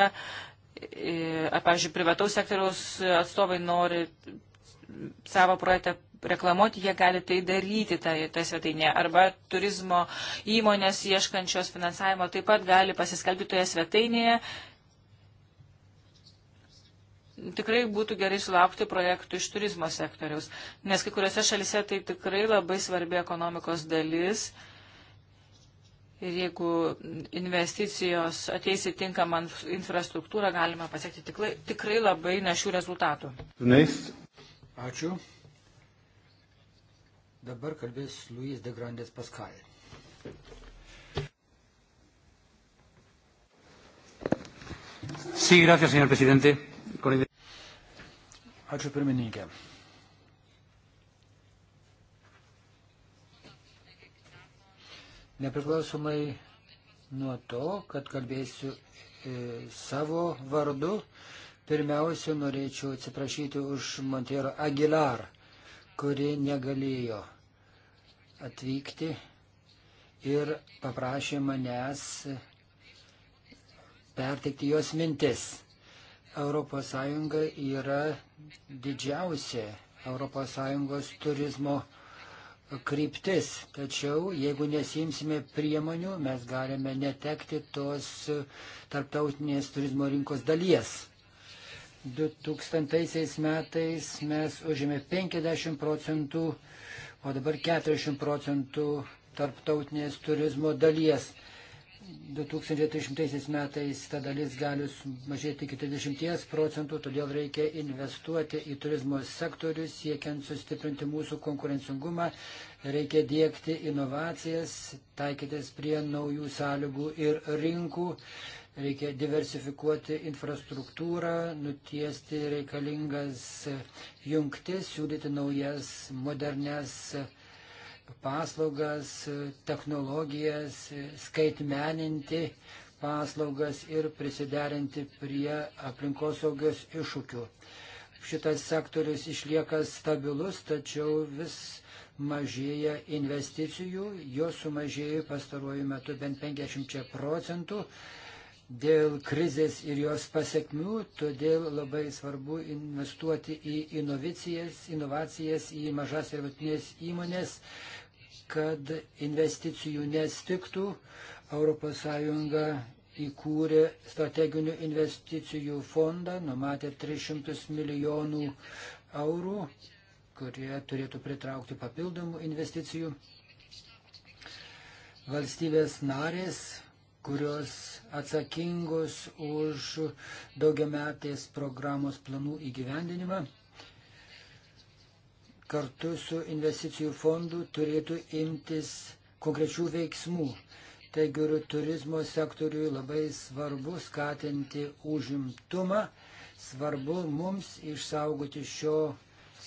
e, pavyzdžiui, privataus sektoriaus atstovai nori savo projektą reklamuoti, jie gali tai daryti toje tai svetainėje. Arba turizmo įmonės ieškančios finansavimo taip pat gali pasiskelbti toje svetainėje tikrai būtų gerai sulaukti projektų iš turizmo sektoriaus, nes kai kuriuose šalise tai tikrai labai svarbi ekonomikos dalis. Ir jeigu investicijos ateis į tinkamą infrastruktūrą, galime pasiekti tikrai, tikrai labai nešių rezultatų. Neist. Ačiū. Dabar kalbės Luis de Grandes Pascal. Sí, gracias, señor presidente. Con... Ačiū pirmininkė. Nepriklausomai nuo to, kad kalbėsiu e, savo vardu, pirmiausia, norėčiau atsiprašyti už Montero Aguilar, kuri negalėjo atvykti ir paprašė manęs perteikti jos mintis. ES yra didžiausia ES turizmo kryptis. Tačiau jeigu nesimsime priemonių, mes galime netekti tos tarptautinės turizmo rinkos dalies. 2000 metais mes užėmė 50 procentų, o dabar 40 procentų tarptautinės turizmo dalies. 2030 metais ta dalis gali mažėti iki 30 procentų, todėl reikia investuoti į turizmo sektorių, siekiant sustiprinti mūsų konkurencingumą, reikia dėkti inovacijas, taikytis prie naujų sąlygų ir rinkų, reikia diversifikuoti infrastruktūrą, nutiesti reikalingas jungtis, siūlyti naujas modernes paslaugas, technologijas, skaitmeninti paslaugas ir prisiderinti prie aplinkosaugos iššūkių. Šitas sektorius išlieka stabilus, tačiau vis mažėja investicijų, jos sumažėjo pastaruoju metu bent 50 procentų dėl krizės ir jos pasiekmių, todėl labai svarbu investuoti į inovacijas, inovacijas į mažas ir vidutinės įmonės, kad investicijų nestiktų. ES įkūrė strateginių investicijų fondą, numatė 300 milijonų eurų, kurie turėtų pritraukti papildomų investicijų. Valstybės narės kurios atsakingos už daugiametės programos planų įgyvendinimą, kartu su investicijų fondu turėtų imtis konkrečių veiksmų. Taigi turizmo sektoriui labai svarbu skatinti užimtumą, svarbu mums išsaugoti šio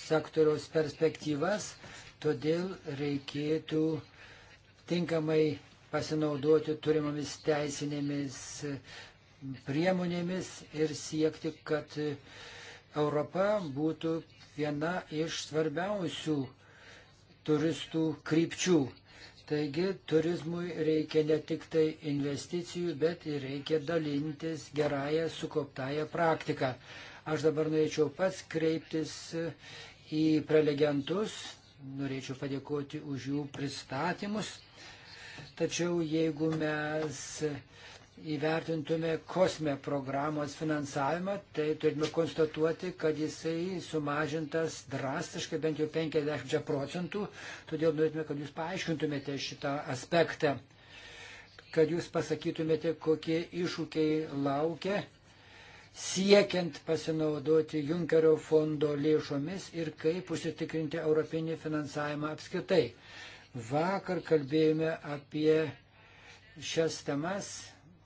sektoriaus perspektyvas, todėl reikėtų tinkamai pasinaudoti turimomis teisinėmis priemonėmis ir siekti, kad Europa būtų viena iš svarbiausių turistų krypčių. Taigi turizmui reikia ne tik tai investicijų, bet ir reikia dalintis gerąją sukauptąją praktiką. Aš dabar norėčiau pats kreiptis į prelegentus, norėčiau padėkoti už jų pristatymus. Tačiau jeigu mes įvertintume kosme programos finansavimą, tai turime konstatuoti, kad jisai sumažintas drastiškai bent jau 50 procentų. Todėl norėtume, kad jūs paaiškintumėte šitą aspektą, kad jūs pasakytumėte, kokie iššūkiai laukia siekiant pasinaudoti Junkerio fondo lėšomis ir kaip užsitikrinti europinį finansavimą apskritai. Vakar kalbėjome apie šias temas,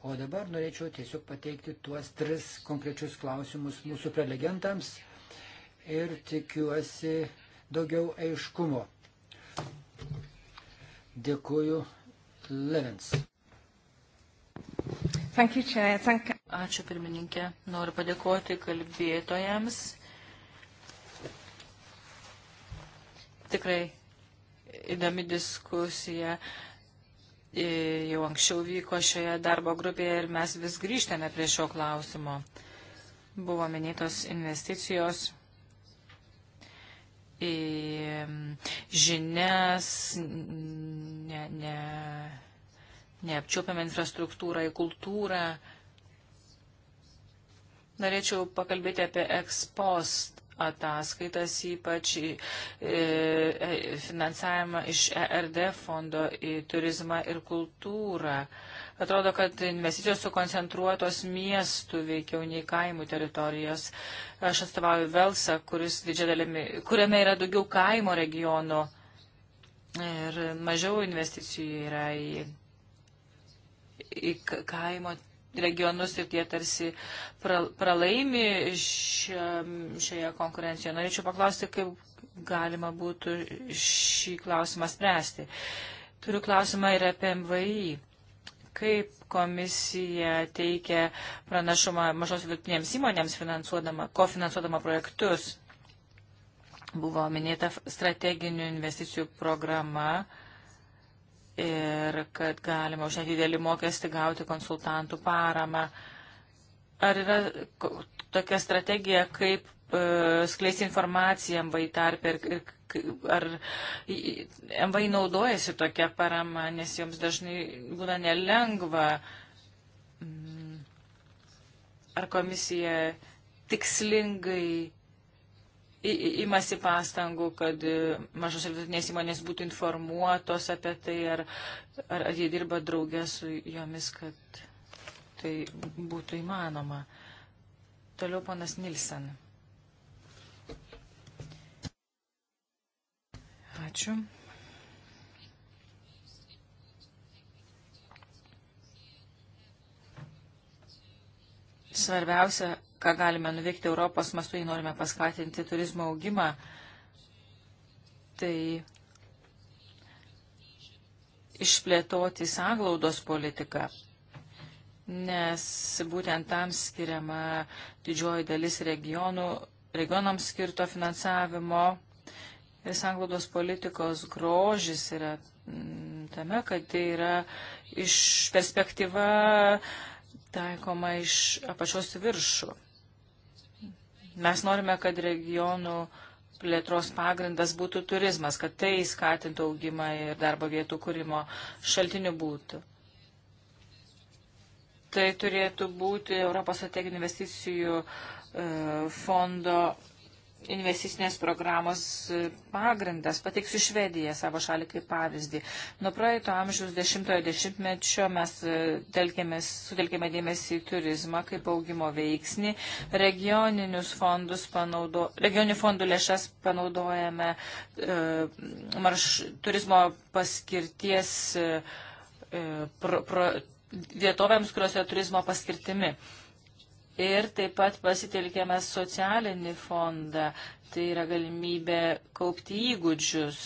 o dabar norėčiau tiesiog pateikti tuos tris konkrečius klausimus mūsų prelegentams ir tikiuosi daugiau aiškumo. Dėkuoju Levins. Thank you, Chair. Thank you. Ačiū pirmininkė. Noriu padėkoti kalbėtojams. Tikrai įdomi diskusija e, jau anksčiau vyko šioje darbo grupėje ir mes vis grįžtame prie šio klausimo. Buvo minėtos investicijos į žinias, ne, ne, neapčiuopiamą infrastruktūrą, į kultūrą. Norėčiau pakalbėti apie ekspost ataskaitas, ypač e, e, finansavimą iš ERD fondo į turizmą ir kultūrą. Atrodo, kad investicijos sukoncentruotos miestų veikiau nei kaimų teritorijos. Aš atstovauju Velsą, dalimi, kuriame yra daugiau kaimo regionų ir mažiau investicijų yra į, į kaimo teritorijos regionus ir tie tarsi pralaimi šioje konkurencijoje. Norėčiau paklausti, kaip galima būtų šį klausimą spręsti. Turiu klausimą ir apie MVI. Kaip komisija teikia pranašumą mažos vidutinėms įmonėms, kofinansuodama projektus? Buvo minėta strateginių investicijų programa ir kad galima už nedidelį mokestį gauti konsultantų paramą. Ar yra tokia strategija, kaip e, skleisti informaciją MVI tarp ir, ir ar MVI naudojasi tokia parama, nes joms dažnai būna nelengva. Mm. Ar komisija tikslingai imasi pastangų, kad e, mažos ir vidutinės įmonės būtų informuotos apie tai, ar, ar, ar jie dirba draugė su jomis, kad tai būtų įmanoma. Toliau ponas Nilsen. Ačiū. Svarbiausia ką galime nuveikti Europos mastu, jei norime paskatinti turizmo augimą, tai išplėtoti sąglaudos politiką, nes būtent tam skiriama didžioji dalis regionų, regionams skirto finansavimo ir sąglaudos politikos grožis yra mm, tame, kad tai yra iš perspektyva taikoma iš apačios viršų. Mes norime, kad regionų plėtros pagrindas būtų turizmas, kad tai skatintų augimą ir darbo vietų kūrimo šaltinių būtų. Tai turėtų būti Europos strateginių investicijų e, fondo investicinės programos pagrindas. Pateiksiu Švediją savo šalį kaip pavyzdį. Nuo praeito amžiaus dešimtojo dešimtmečio mes e, sutelkėme dėmesį į turizmą kaip augimo veiksnį. Regioninius fondus panaudo, regioninių fondų lėšas panaudojame e, marš, turizmo paskirties e, e pro, pro, vietovėms, kuriuose turizmo paskirtimi. E, Ir taip pat pasitelkėme socialinį fondą, tai yra galimybė kaupti įgūdžius.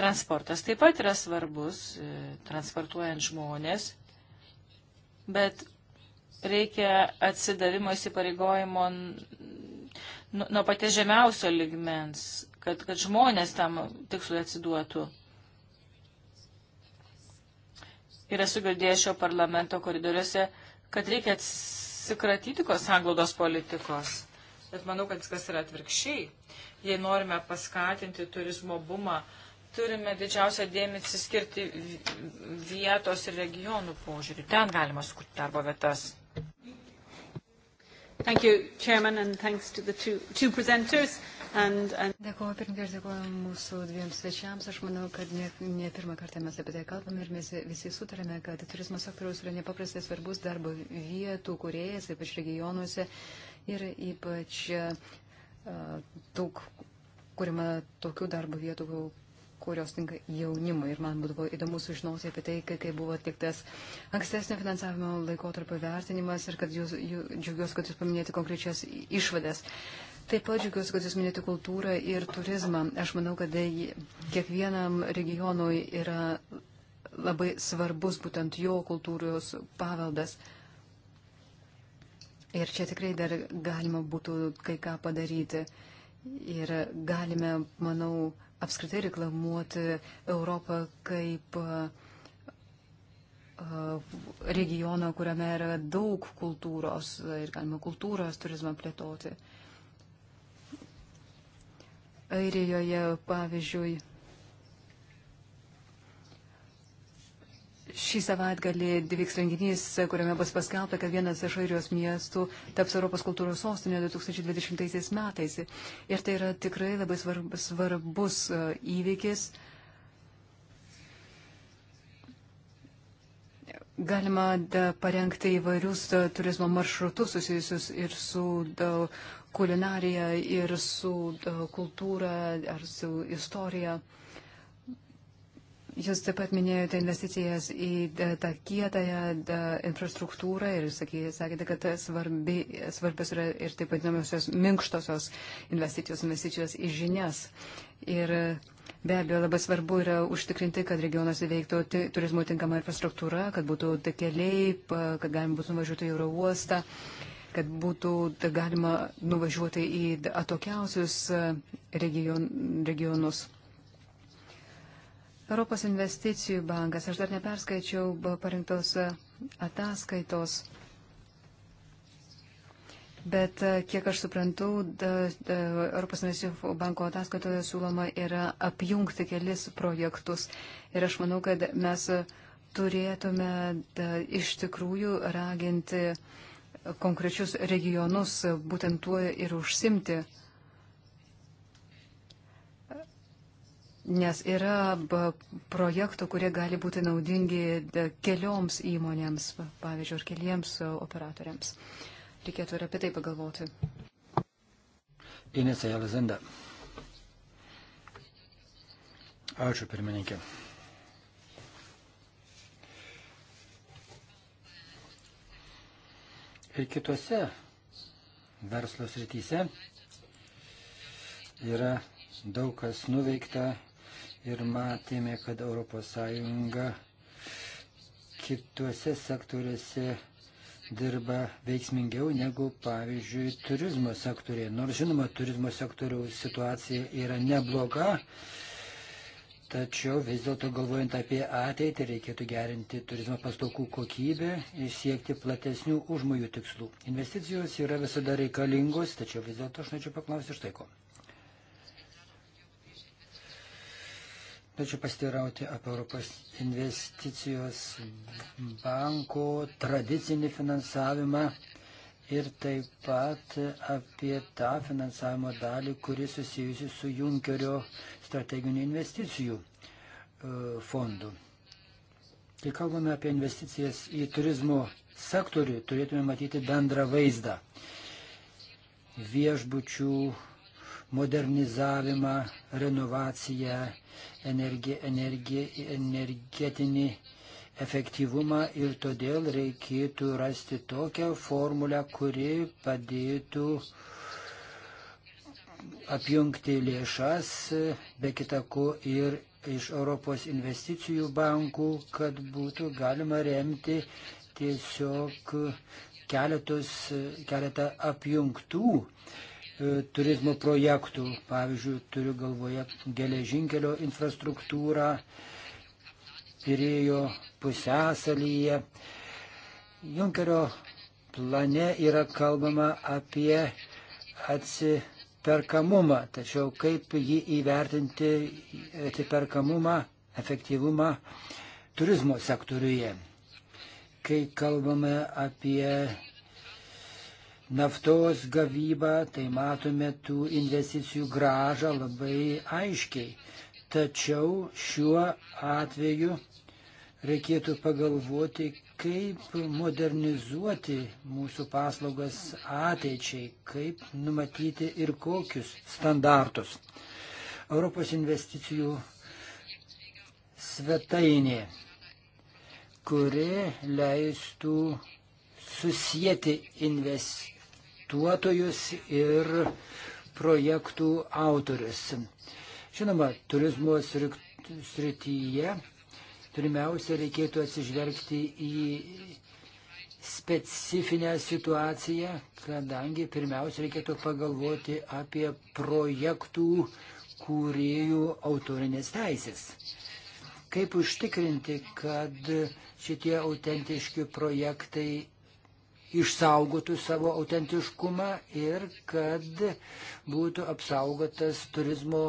Transportas taip pat yra svarbus, e, transportuojant žmonės, bet reikia atsidavimo įsipareigojimo nuo paties žemiausio ligmens, kad, kad žmonės tam tikslui atsiduotų. ir esu girdėjęs šio parlamento koridoriuose, kad reikia atsikratyti tos anglodos politikos. Bet manau, kad viskas yra atvirkščiai. Jei norime paskatinti turizmo bumą, turime didžiausią dėmesį skirti vietos ir regionų požiūrį. Ten galima sukurti darbo vietas. Thank you, Chairman, and thanks to the two, two presenters. And, and... Dėkuoju, pirmininkai, aš dėkuoju mūsų dviems svečiams. Aš manau, kad ne, ne pirmą kartą mes apie tai kalbame ir mes visi sutarėme, kad turizmo sektoriaus yra nepaprastai svarbus darbo vietų kuriejas, ypač regionuose ir ypač e, daug kuriama tokių darbo vietų, kurios tinka jaunimui. Ir man būdavo įdomu sužinoti apie tai, kai buvo atliktas ankstesnio finansavimo laikotarpio vertinimas ir kad jūs, jūs, džiaugiuosi, kad jūs paminėjote konkrečias išvadas. Taip pat džiugiuosi, kad jūs minėjote kultūrą ir turizmą. Aš manau, kad tai kiekvienam regionui yra labai svarbus būtent jo kultūros paveldas. Ir čia tikrai dar galima būtų kai ką padaryti. Ir galime, manau, apskritai reklamuoti Europą kaip regioną, kuriame yra daug kultūros ir galima kultūros turizmą plėtoti. Uh, Airijoje, pavyzdžiui, šį savaitgalį vyks renginys, kuriame bus paskelbta, kad vienas iš Airijos miestų taps Europos kultūros sostinė 2020 metais. Ir tai yra tikrai labai svarbus, svarbus e, įvykis. Galima da, parengti įvairius da, e, turizmo maršrutus susijusius ir su da, kulinarija ir su e, kultūra ar su istorija. Jūs taip pat minėjote investicijas į e, tą kietąją e, infrastruktūrą ir sakėte, kad svarbi, svarbios yra ir taip vadinamosios minkštosios investicijos, investicijos į žinias. Ir Be abejo, labai svarbu yra užtikrinti, kad regionuose veiktų turizmo tinkama infrastruktūra, kad būtų keliai, kad galima būtų nuvažiuoti į Euro uostą. Uh, kad būtų galima nuvažiuoti į atokiausius e, region, regionus. Europos investicijų bankas, aš dar neperskaičiau parinktos e, ataskaitos, bet e, kiek aš suprantu, da, da, Europos investicijų banko ataskaitoje siūloma yra apjungti kelis projektus ir aš manau, kad mes turėtume da, iš tikrųjų raginti uh, konkrečius regionus būtent tuo ir užsimti. Nes yra projektų, kurie gali būti naudingi kelioms įmonėms, pavyzdžiui, ar keliems operatoriams. Reikėtų ir apie tai pagalvoti. Inesa Jalazenda. Ačiū, pirmininkė. ir kitose verslo srityse yra daug kas nuveikta ir matėme, kad ES kituose sektoriuose dirba veiksmingiau negu, pavyzdžiui, turizmo sektorėje. Nors, žinoma, turizmo sektoriaus situacija yra nebloga, Tačiau vis dėlto galvojant apie ateitį, reikėtų gerinti turizmo paslaugų kokybę ir siekti platesnių užmojų tikslų. Investicijos yra visada reikalingos, tačiau vis dėlto aš norėčiau paklausti štai ko. Norėčiau pastirauti apie Europos investicijos banko tradicinį finansavimą ir taip pat apie tą finansavimo dalį, kuri susijusi su Junkerio strateginių investicijų e, fondų. Kai kalbame apie investicijas į turizmo sektorių, turėtume matyti bendrą vaizdą. Viešbučių modernizavimą, renovaciją, energi, energi, energetinį efektyvumą ir todėl reikėtų rasti tokią formulę, kuri padėtų uh, apjungti lėšas, be kitako ir iš Europos investicijų bankų, kad būtų galima remti tiesiog keletus, keletą apjungtų e, turizmo projektų. Pavyzdžiui, turiu galvoje geležinkelio infrastruktūrą, Pirėjo pusęsalyje. Junkerio plane yra kalbama apie atsitikimą atsiperkamumą, tačiau kaip jį įvertinti atsiperkamumą, efektyvumą turizmo sektoriuje. Kai kalbame apie naftos gavybą, tai matome tų investicijų gražą labai aiškiai. Tačiau šiuo atveju reikėtų pagalvoti, kaip modernizuoti mūsų paslaugas ateičiai, kaip numatyti ir kokius standartus. Europos investicijų svetainė, kuri leistų susijęti investuotojus ir projektų autorius. Žinoma, turizmo srityje Pirmiausia, reikėtų atsižvelgti į specifinę situaciją, kadangi pirmiausia reikėtų pagalvoti apie projektų kūrėjų autorinės teisės. Kaip užtikrinti, kad šitie autentiški projektai išsaugotų savo autentiškumą ir kad būtų apsaugotas turizmo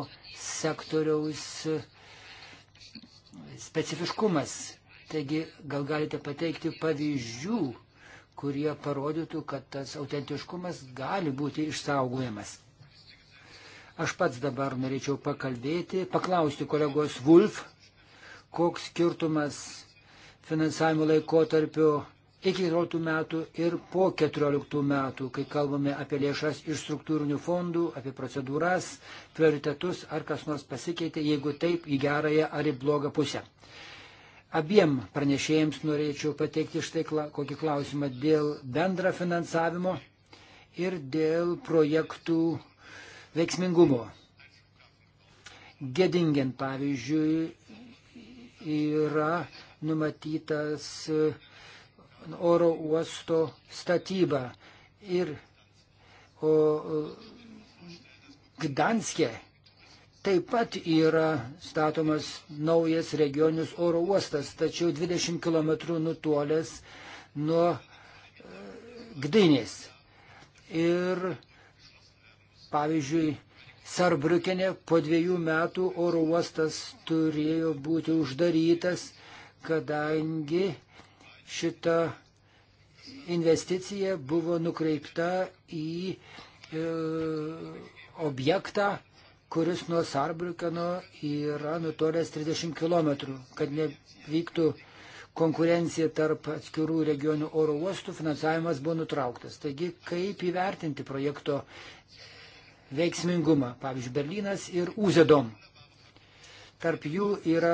sektoriaus uh, specifiškumas. Taigi gal galite pateikti pavyzdžių, kurie parodytų, kad tas autentiškumas gali būti išsaugojamas. Aš pats dabar norėčiau pakalbėti, paklausti kolegos Vulf, koks skirtumas finansavimo laikotarpio iki 14 metų ir po 14 metų, kai kalbame apie lėšas iš struktūrinių fondų, apie procedūras, prioritetus, ar kas nors pasikeitė, jeigu taip, į gerąją ar į blogą pusę. Abiem pranešėjams norėčiau pateikti štai kokį klausimą dėl bendra finansavimo ir dėl projektų veiksmingumo. Gedingen, pavyzdžiui, yra numatytas uh, oro uosto statybą. Ir o, Gdanskė taip pat yra statomas naujas regioninis oro uostas, tačiau 20 km nutolęs nuo e, Gdynės. Ir pavyzdžiui, Sarbriukenė po dviejų metų oro uostas turėjo būti uždarytas, kadangi šita investicija buvo nukreipta į e, objektą, kuris nuo Sarbrikano yra nutolęs 30 km, kad nevyktų konkurencija tarp atskirų regionių oro uostų, finansavimas buvo nutrauktas. Taigi, kaip įvertinti projekto veiksmingumą, pavyzdžiui, Berlynas ir Uzedom. Tarp jų yra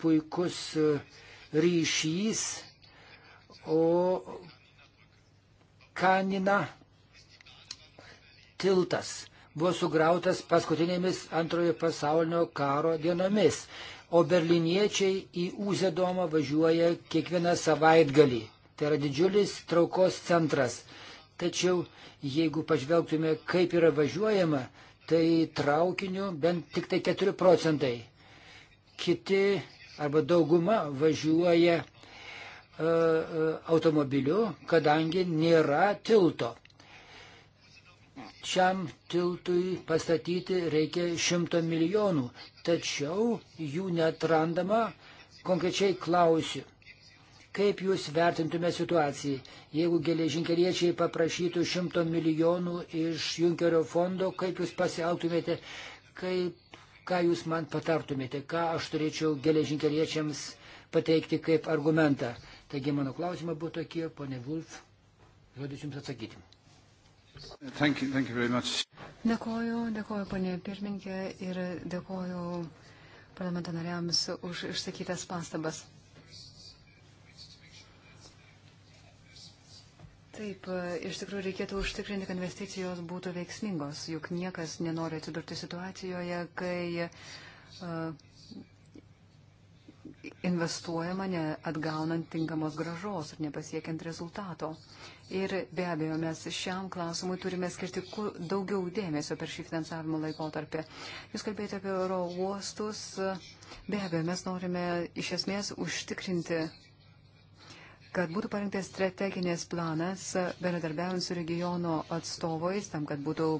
puikus e, ryšys o Kanina tiltas buvo sugrautas paskutinėmis antrojo pasaulinio karo dienomis, o berliniečiai į Uzedomą važiuoja kiekvieną savaitgalį. Tai yra didžiulis traukos centras. Tačiau jeigu pažvelgtume, kaip yra važiuojama, tai traukiniu bent tik tai 4 procentai. Kiti arba dauguma važiuoja E, e, automobiliu, kadangi nėra tilto. Šiam tiltui pastatyti reikia šimto milijonų, tačiau jų netrandama. Konkrečiai klausiu, kaip jūs vertintume situaciją, jeigu geležinkeliečiai paprašytų šimto milijonų iš Junkerio fondo, kaip jūs pasielgtumėte, kaip, ką jūs man patartumėte, ką aš turėčiau geležinkeliečiams pateikti kaip argumentą. Taigi mano klausimai buvo tokie, ponė Vulf, žodis jums atsakyti. Thank you, thank you dėkoju, dėkoju ponė pirmininkė ir dėkoju parlamento nariams už išsakytas pastabas. Taip, iš tikrųjų reikėtų užtikrinti, kad investicijos būtų veiksmingos, juk niekas nenori atsidurti situacijoje, kai uh, investuojama neatgaunant tinkamos gražos ir nepasiekiant rezultato. Ir be abejo, mes šiam klausimui turime skirti daugiau dėmesio per šį finansavimo laikotarpį. Jūs kalbėjote apie oro uostus. Be abejo, mes norime iš esmės užtikrinti kad būtų parinktas strateginės planas, bendradarbiaujant su regiono atstovais, tam, kad būtų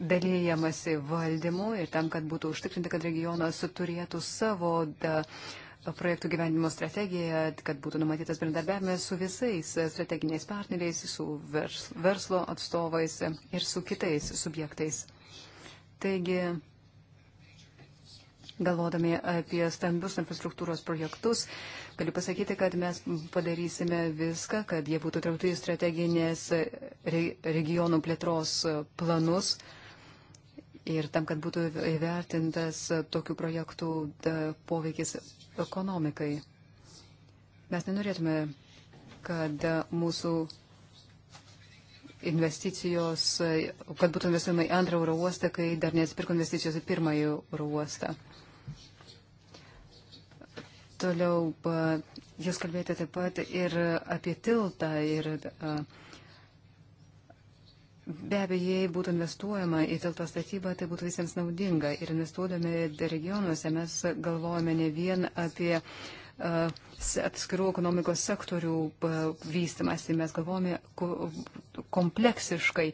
dalyjamasi valdymu ir tam, kad būtų užtikrinti, kad regionas turėtų savo da, projektų gyvenimo strategiją, kad būtų numatytas bendradarbiavimas su visais strateginiais partneriais, su verslo atstovais ir su kitais subjektais. Taigi, Galvodami apie stambius infrastruktūros projektus, galiu pasakyti, kad mes padarysime viską, kad jie būtų traukti į strateginės regionų plėtros planus ir tam, kad būtų įvertintas tokių projektų poveikis ekonomikai. Mes nenorėtume, kad mūsų investicijos, kad būtų investuojama į antrą euro uostą, kai dar neatsipirko investicijos į pirmąjį euro uostą. Toliau, jūs kalbėjote taip pat ir apie tiltą ir uh, Be abejo, jei būtų investuojama į tilto statybą, tai būtų visiems naudinga. Ir investuodami regionuose mes galvojame ne vien apie uh, atskirų ekonomikos sektorių uh, vystimąsi, mes galvojame kompleksiškai,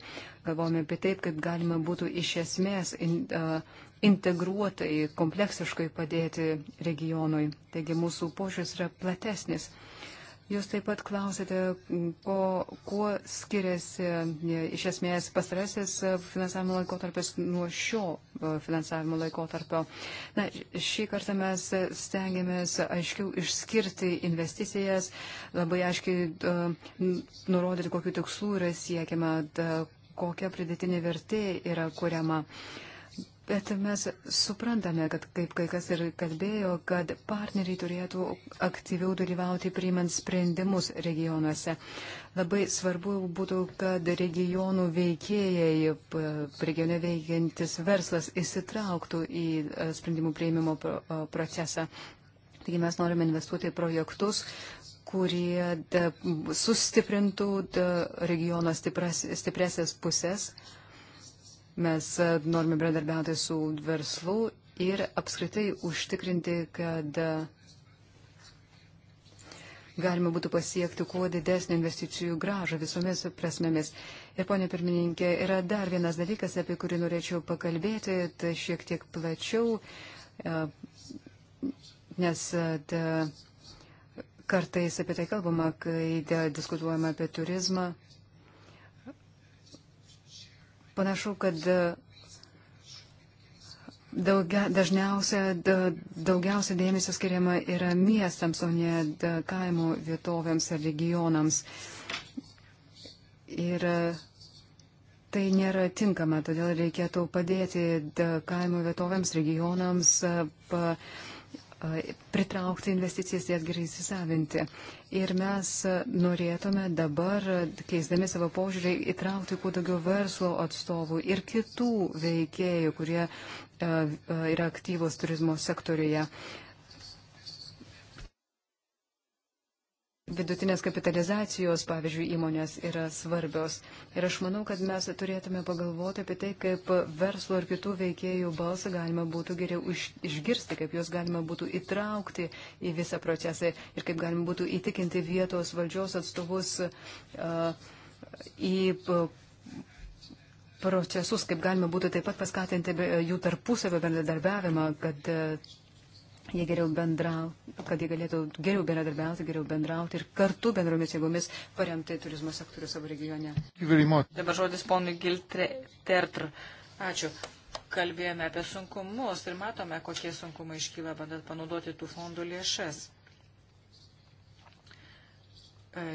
galvojame apie taip, kaip galima būtų iš esmės in, uh, integruotai, kompleksiškai padėti regionui. Taigi mūsų požiūris yra platesnis. Uh, Jūs taip pat klausėte, ko, kuo skiriasi e, iš esmės pastarasis e, finansavimo laikotarpis nuo šio e, finansavimo laikotarpio. Na, šį kartą mes stengiamės aiškiau išskirti investicijas, labai aiškiai uh, nurodyti, kokiu tikslu yra siekiama, da, kokia pridėtinė vertė yra kuriama. Uh, Bet mes suprantame, kad kaip kai kas ir kalbėjo, kad partneriai turėtų aktyviau dalyvauti priimant sprendimus regionuose. Labai svarbu būtų, kad regionų veikėjai, regione veikiantis verslas įsitrauktų į e, sprendimų prieimimo e, procesą. Taigi mes norime investuoti į projektus, kurie da, sustiprintų da, regiono stipras, stipresias pusės Mes e, norime bendradarbiauti su verslu ir apskritai užtikrinti, kad e, galima būtų pasiekti kuo didesnį investicijų gražą visomis prasmėmis. Ir, ponė pirmininkė, yra dar vienas dalykas, apie kurį norėčiau pakalbėti, tai šiek tiek plačiau, e, nes kartais apie tai kalbama, kai diskutuojama apie turizmą. Panašu, kad e, daugia, dažniausia, da, daugiausia dėmesio skiriama yra miestams, o ne da, kaimo vietovėms ar regionams. Ir e, tai nėra tinkama, todėl reikėtų padėti da, kaimo vietovėms, regionams. E, pa, pritraukti investicijas ir tai gerai įsisavinti. Ir mes norėtume dabar, keisdami savo požiūrį, įtraukti kuo daugiau verslo atstovų ir kitų veikėjų, kurie e, e, yra aktyvos turizmo sektoriuje. Uh, vidutinės kapitalizacijos, pavyzdžiui, įmonės yra svarbios. Ir aš manau, kad mes turėtume pagalvoti apie tai, kaip verslo ir kitų veikėjų balsą galima būtų geriau išgirsti, kaip juos galima būtų įtraukti į visą procesą ir kaip galima būtų įtikinti vietos valdžios atstovus uh, į procesus, kaip galima būtų taip pat paskatinti jų tarpusavio bendradarbiavimą, kad uh, jie geriau bendrauti, kad jie galėtų geriau bendradarbiauti, geriau bendrauti ir kartu bendromis jėgomis paremti turizmo sektorių savo regione. Dabar žodis ponui Giltertr. Ačiū. Kalbėjome apie sunkumus ir matome, kokie sunkumai iškyla, bandant panaudoti tų fondų lėšas.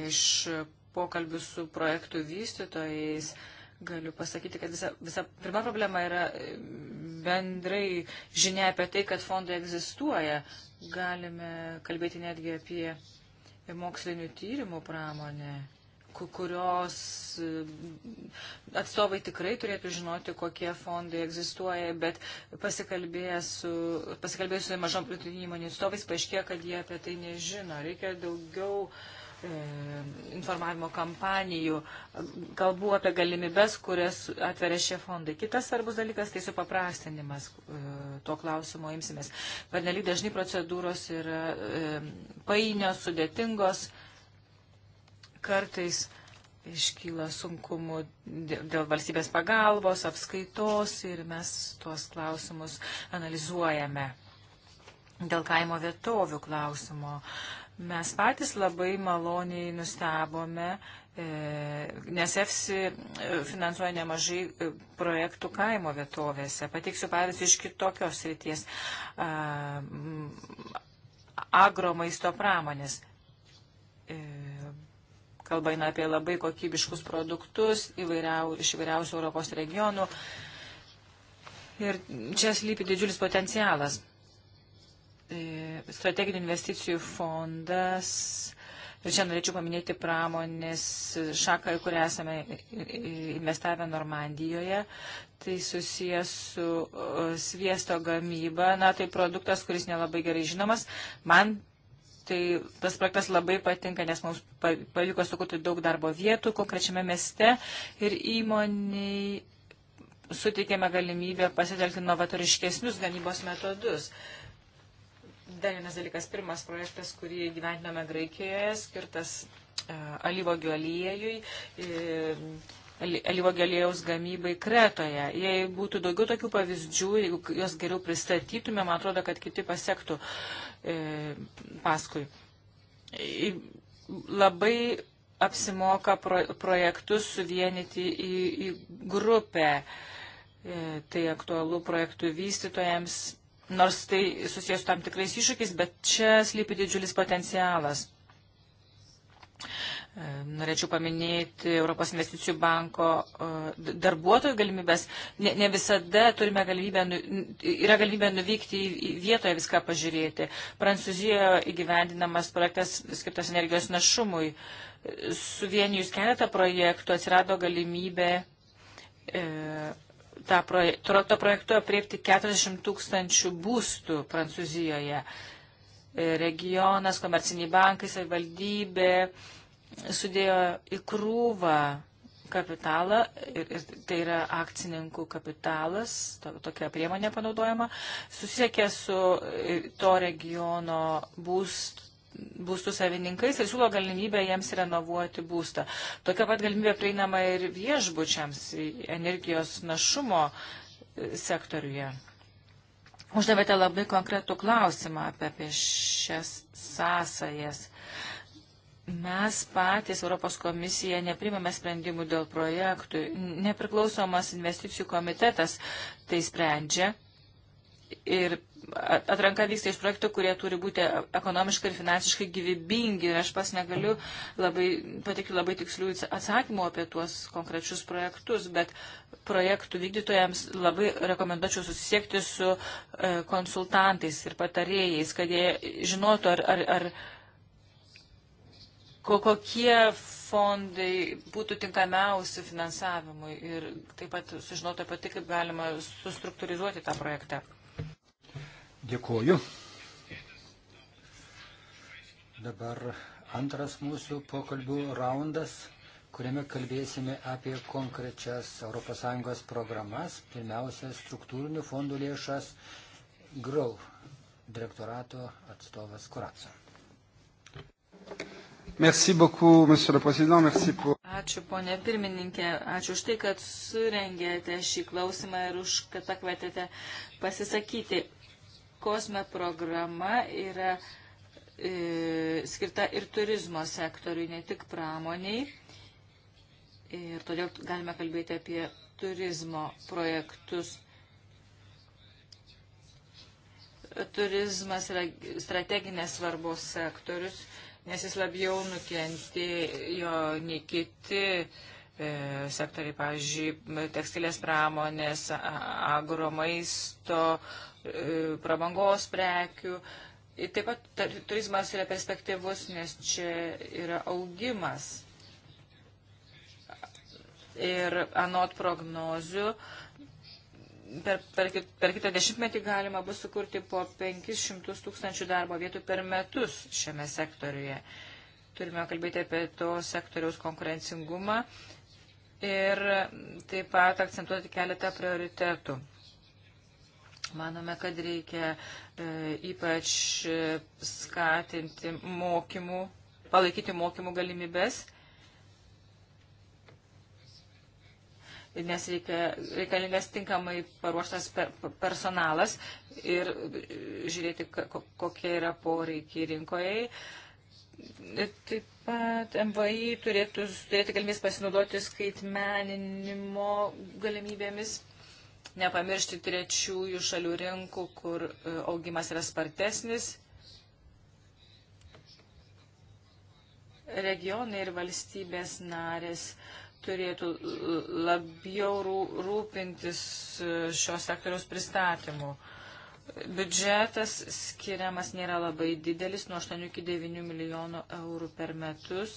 Iš pokalbių su projektų vystytojais galiu pasakyti, kad visa, visa pirma problema yra bendrai žinia apie tai, kad fondai egzistuoja. Galime kalbėti netgi apie mokslinių tyrimų pramonę, kurios atstovai tikrai turėtų žinoti, kokie fondai egzistuoja, bet pasikalbėjęs su, pasikalbėjus su mažom plėtinių įmonių atstovais, paaiškėjo, kad jie apie tai nežino. Reikia daugiau uh, E, informavimo kampanijų, kalbu apie galimybes, kurias atveria šie fondai. Kitas svarbus dalykas tai supaprastinimas, e, to klausimo imsimės. Pernelyg dažnai procedūros yra e, painios, sudėtingos, kartais iškyla sunkumų dėl valstybės pagalbos, apskaitos ir mes tuos klausimus analizuojame. Dėl kaimo vietovių klausimo. Uh, Mes patys labai maloniai nustebome, e, nes EFSI e, finansuoja nemažai e, projektų kaimo vietovėse. Pateiksiu pavyzdį iš kitokios ryties agro maisto pramonės. Kalba eina apie labai kokybiškus produktus įvairiau, iš įvairiausių Europos regionų. Ir čia slypi didžiulis potencialas. E, strateginių investicijų fondas. Ir čia norėčiau paminėti pramonės šaką, į kurią esame investavę Normandijoje. Tai susijęs su e, sviesto gamyba. Na, tai produktas, kuris nelabai gerai žinomas. Man tai tas projektas labai patinka, nes mums pavyko sukurti daug darbo vietų konkrečiame mieste ir įmoniai suteikėme galimybę pasitelkti novatoriškesnius gamybos metodus. Uh, Dar vienas dalykas, pirmas projektas, kurį gyventiname Graikijoje, skirtas uh, e, alyvogių aliejui. Uh, e, alyvogių aliejaus gamybai Kretoje. Jei būtų daugiau tokių pavyzdžių, jeigu juos geriau pristatytume, man atrodo, kad kiti pasiektų e, paskui. E, labai apsimoka pro, projektus suvienyti į, į grupę. E, tai aktualu projektų vystytojams nors tai susijęs su tam tikrais iššūkiais, bet čia slypi didžiulis potencialas. E, norėčiau paminėti Europos investicijų banko e, darbuotojų galimybės. Ne, ne visada turime galimybę, nu, yra galimybė nuvykti į vietoje viską pažiūrėti. Prancūzijoje įgyvendinamas projektas skirtas energijos našumui. E, suvienijus keletą projektų atsirado galimybė e, tą proje, Toronto projektu apriepti 40 tūkstančių būstų Prancūzijoje. E, regionas, komerciniai bankai, savivaldybė sudėjo į krūvą kapitalą ir, ir tai yra akcininkų kapitalas, to, tokia priemonė panaudojama, susiekė su e, to regiono būstų būstų savininkais ir siūlo galimybę jiems renovuoti būstą. Tokia pat galimybė prieinama ir viešbučiams energijos našumo e, sektoriuje. Uždavėte labai konkretų klausimą apie, apie šias sąsajas. Mes patys Europos komisija neprimame sprendimų dėl projektų. Nepriklausomas investicijų komitetas tai sprendžia ir atranka vyksta iš projektų, kurie turi būti ekonomiškai ir finansiškai gyvybingi. Ir aš pas negaliu labai, patikti labai tikslių atsakymų apie tuos konkrečius projektus, bet projektų vykdytojams labai rekomenduočiau susisiekti su e, konsultantais ir patarėjais, kad jie žinotų, ar, ar, ar kokie fondai būtų tinkamiausi finansavimui ir taip pat sužinoti apie tai, kaip galima sustruktūrizuoti tą projektą. Dėkuoju. Dabar antras mūsų pokalbių raundas, kuriame kalbėsime apie konkrečias ES programas, pirmiausia, struktūrinių fondų lėšas GROW direktorato atstovas Kuratsa. Merci beaucoup, monsieur le président. Merci pour... Ačiū, ponė pirmininkė. Ačiū už tai, kad surengėte šį klausimą ir už, kad pakvietėte pasisakyti. Kosme programa yra e, skirta ir turizmo sektoriui, ne tik pramoniai. Ir todėl galime kalbėti apie turizmo projektus. Turizmas yra strateginės svarbos sektorius, nes jis labiau nukentėjo nei kiti E, sektoriai, pavyzdžiui, tekstilės pramonės, agro maisto, e, prabangos prekių. Taip pat turizmas yra perspektyvus, nes čia yra augimas. Ir anot prognozių, per, per, per kitą dešimtmetį galima bus sukurti po 500 tūkstančių darbo vietų per metus šiame sektoriuje. Turime kalbėti apie to sektoriaus konkurencingumą ir taip pat akcentuoti keletą prioritetų. Manome, kad reikia e, ypač skatinti mokymų, palaikyti mokymų galimybės, nes reikia, reikalingas tinkamai paruoštas per, personalas ir žiūrėti, kokie yra poreikiai rinkoje. E, Taip pat MVI turėtų turėti galimybės pasinaudoti skaitmeninimo galimybėmis, nepamiršti trečiųjų šalių rinkų, kur e, augimas yra spartesnis. Regionai ir valstybės narės turėtų e, labiau rūpintis e, šios sektoriaus pristatymu. Biudžetas skiriamas nėra labai didelis, nuo 8 iki 9 milijonų eurų per metus.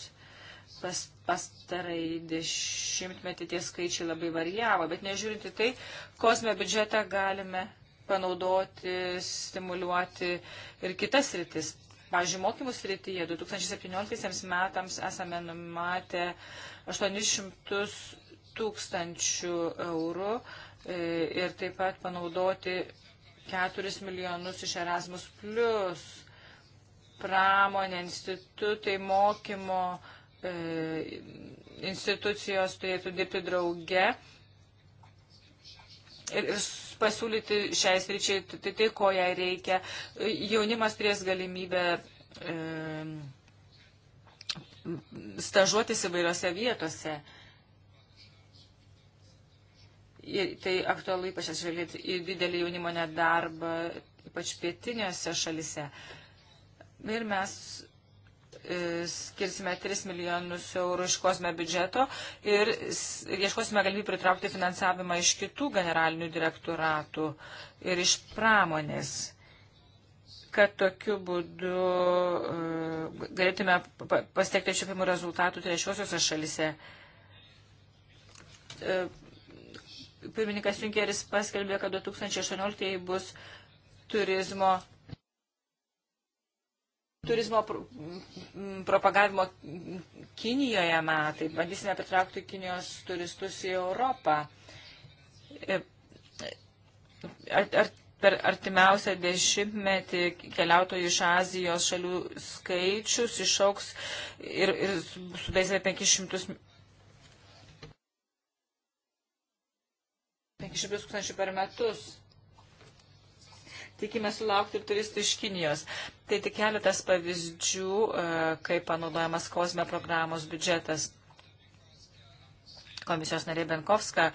Pas, pastarai dešimtmetį tie skaičiai labai varijavo, bet nežiūrinti tai, kosme biudžetą galime panaudoti, stimuliuoti ir kitas rytis. Pavyzdžiui, mokymų srityje 2017 metams esame numatę 800 tūkstančių eurų e, ir taip pat panaudoti 4 milijonus iš Erasmus, plus pramonė, institutai, mokymo e, institucijos turėtų dirbti drauge ir, ir pasiūlyti šiai sričiai tai, tai, ko jai reikia. E, jaunimas turės galimybę e, stažuotis įvairiose vietose. E, Ir tai aktualu ypač atsižvelgiant į didelį jaunimo nedarbą, ypač pietinėse šalise. Ir mes e, skirsime 3 milijonus eurų iškosime biudžeto ir ieškosime galimybių pritraukti finansavimą iš kitų generalinių direktoratų ir iš pramonės, kad tokiu būdu e, galėtume pasiekti apčiopimų rezultatų trečiosiuose šalise e, pirmininkas Junkeris paskelbė, kad 2018 bus turizmo, turizmo pro, propagavimo Kinijoje metai. Bandysime pritraukti Kinijos turistus į Europą. E, ar, ar per artimiausią dešimtmetį keliautojų iš Azijos šalių skaičius išauks ir, ir sudarys 500 500 tūkstančių per metus. Tikime sulaukti turistų iš Kinijos. Tai tik keletas pavyzdžių, e, kaip panaudojamas kosme programos biudžetas. Komisijos narė Benkovska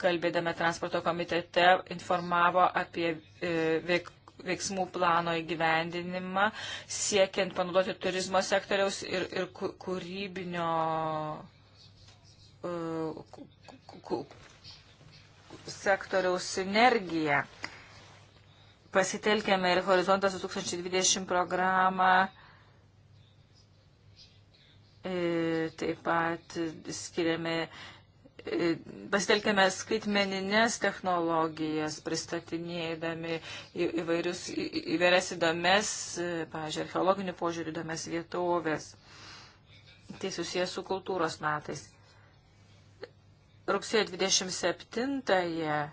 kalbėdama transporto komitete informavo apie e, veik, veiksmų plano įgyvendinimą, siekiant panaudoti turizmo sektoriaus ir, ir kūrybinio e, sektoriaus sinergiją. Pasitelkėme ir Horizontas 2020 programą, e, taip pat skiriame, e, pasitelkėme skaitmeninės technologijas, pristatinėdami įvairius, įvairias įdomes, e, pavyzdžiui, archeologinių požiūrių įdomes vietovės. Tai susijęs su kultūros metais rugsėjo 27-ąją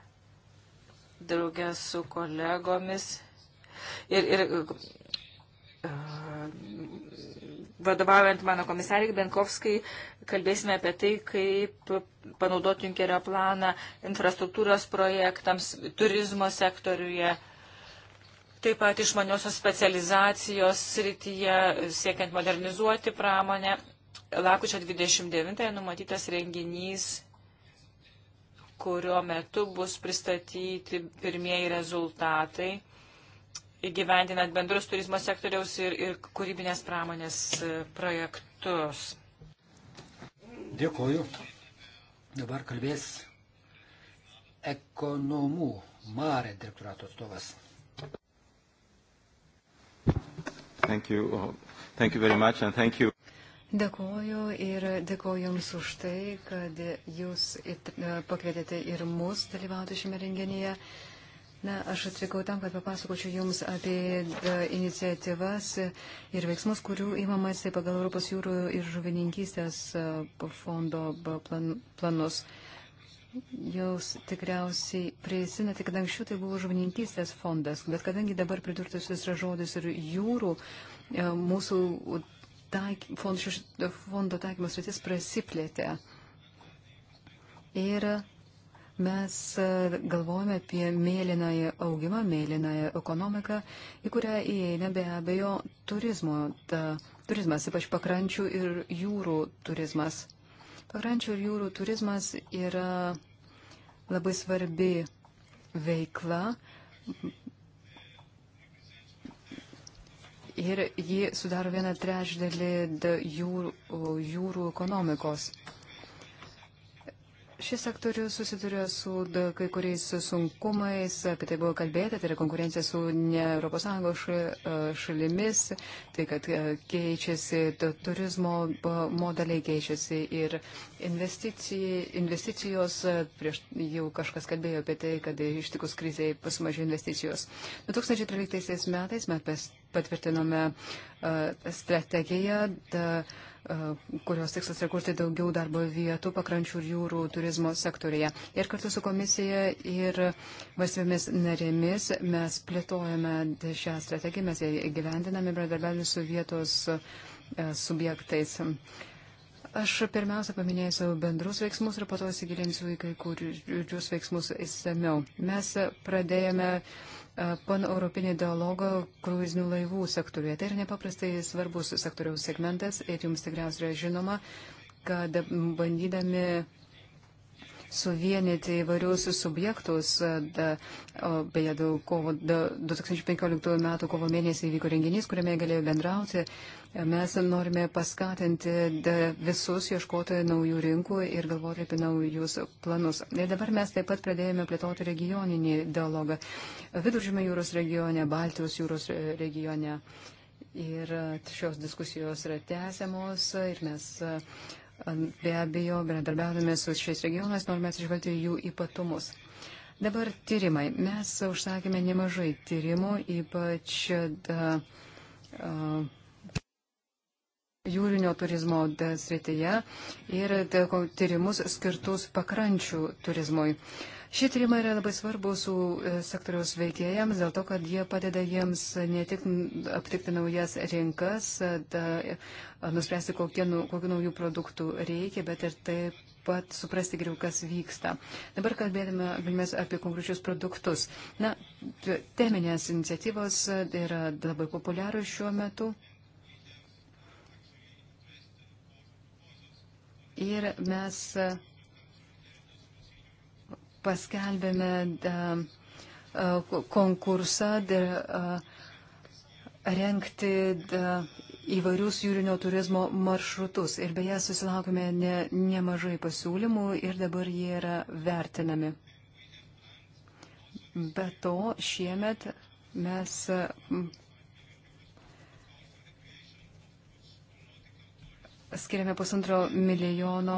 draugę su kolegomis ir, ir uh, vadovaujant mano komisariai Benkovskai, kalbėsime apie tai, kaip panaudoti Junkerio planą infrastruktūros projektams, turizmo sektoriuje, taip pat išmaniosios specializacijos srityje, siekiant modernizuoti pramonę. Lakučio 29-ąją numatytas renginys kurio metu bus pristatyti pirmieji rezultatai įgyvendinant bendrus turizmo sektoriaus ir, ir kūrybinės pramonės e, projektus. Dėkuoju. Dabar kalbės ekonomų Mare direktorato atstovas. Thank you. Thank you very much and thank you. Dėkoju ir dėkoju Jums už tai, kad Jūs pakvietėte ir mus dalyvauti šiame renginyje. Na, aš atvykau tam, kad papasakočiau Jums apie e, iniciatyvas ir veiksmus, kurių įmamasi pagal Europos jūrų ir žuvininkystės e, fondo plan, planus. Jūs tikriausiai priesinate, kad anksčiau tai buvo žuvininkystės fondas, bet kadangi dabar pridurtas visas žodis ir jūrų, e, mūsų taik, fondo taikymas rytis prasiplėtė. Ir mes e, galvojame apie mėlynąją augimą, mėlynąją ekonomiką, į kurią įeina be abejo turizmo, ta, turizmas, ypač pakrančių ir jūrų turizmas. Pakrančių ir jūrų turizmas yra labai svarbi veikla, ir ji sudaro vieną trečdalį jūrų, jūrų ekonomikos. Šis sektorius susiduria su da, kai kuriais sunkumais, apie tai buvo kalbėta, tai yra konkurencija su ne ES e, šalimis, tai kad e, keičiasi da, turizmo e, modeliai, keičiasi ir investicijos, prieš jau kažkas kalbėjo apie tai, kad ištikus kriziai pasumažėjo investicijos. 2013 metais mes patvirtinome strategiją. Da, E, kurios tikslas yra kurti daugiau darbo vietų pakrančių ir jūrų turizmo sektorėje. Ir kartu su komisija ir valstybėmis narėmis mes plėtojame šią strategiją, mes ją įgyvendiname bendradarbiavimą su vietos e, subjektais. Aš pirmiausia paminėsiu bendrus veiksmus ir po to įsigilinsiu į kai kurius veiksmus įsamiau. Mes pradėjome uh, E, paneuropinį dialogą kruizinių laivų sektoriuje. Tai yra nepaprastai svarbus sektoriaus segmentas ir jums tikriausiai yra žinoma, kad bandydami suvienyti įvairius subjektus. Da, beje, da, kovo, da, 2015 m. kovo mėnesį įvyko renginys, kuriame galėjo bendrauti. Mes norime paskatinti da, visus ieškoti naujų rinkų ir galvoti apie naujus planus. Ir dabar mes taip pat pradėjome plėtoti regioninį dialogą Viduržymio jūros regione, Baltijos jūros e, regione. Ir šios diskusijos yra tęsiamos ir mes uh, Be abejo, bendradarbiaudami su šiais regionais norime atsižvelgti jų ypatumus. Dabar tyrimai. Mes užsakėme nemažai tyrimų, ypač da, a, jūrinio turizmo srityje ir da, tyrimus skirtus pakrančių turizmui. A, Šie tyrimai yra labai svarbus su e, sektoriaus veikėjams dėl to, kad jie padeda jiems ne tik aptikti naujas rinkas, e, da, e, nuspręsti, kokie, nu, kokių naujų produktų reikia, bet ir taip pat suprasti geriau, kas vyksta. Dabar kalbėdame apie konkrečius produktus. Na, teminės iniciatyvos yra labai populiarios šiuo metu. Ir mes paskelbėme e, e, konkursą e, rengti įvairius jūrinio turizmo maršrutus. Ir beje, susilaukime ne, nemažai pasiūlymų ir dabar jie yra vertinami. Be to, šiemet mes skiriame pusantro milijono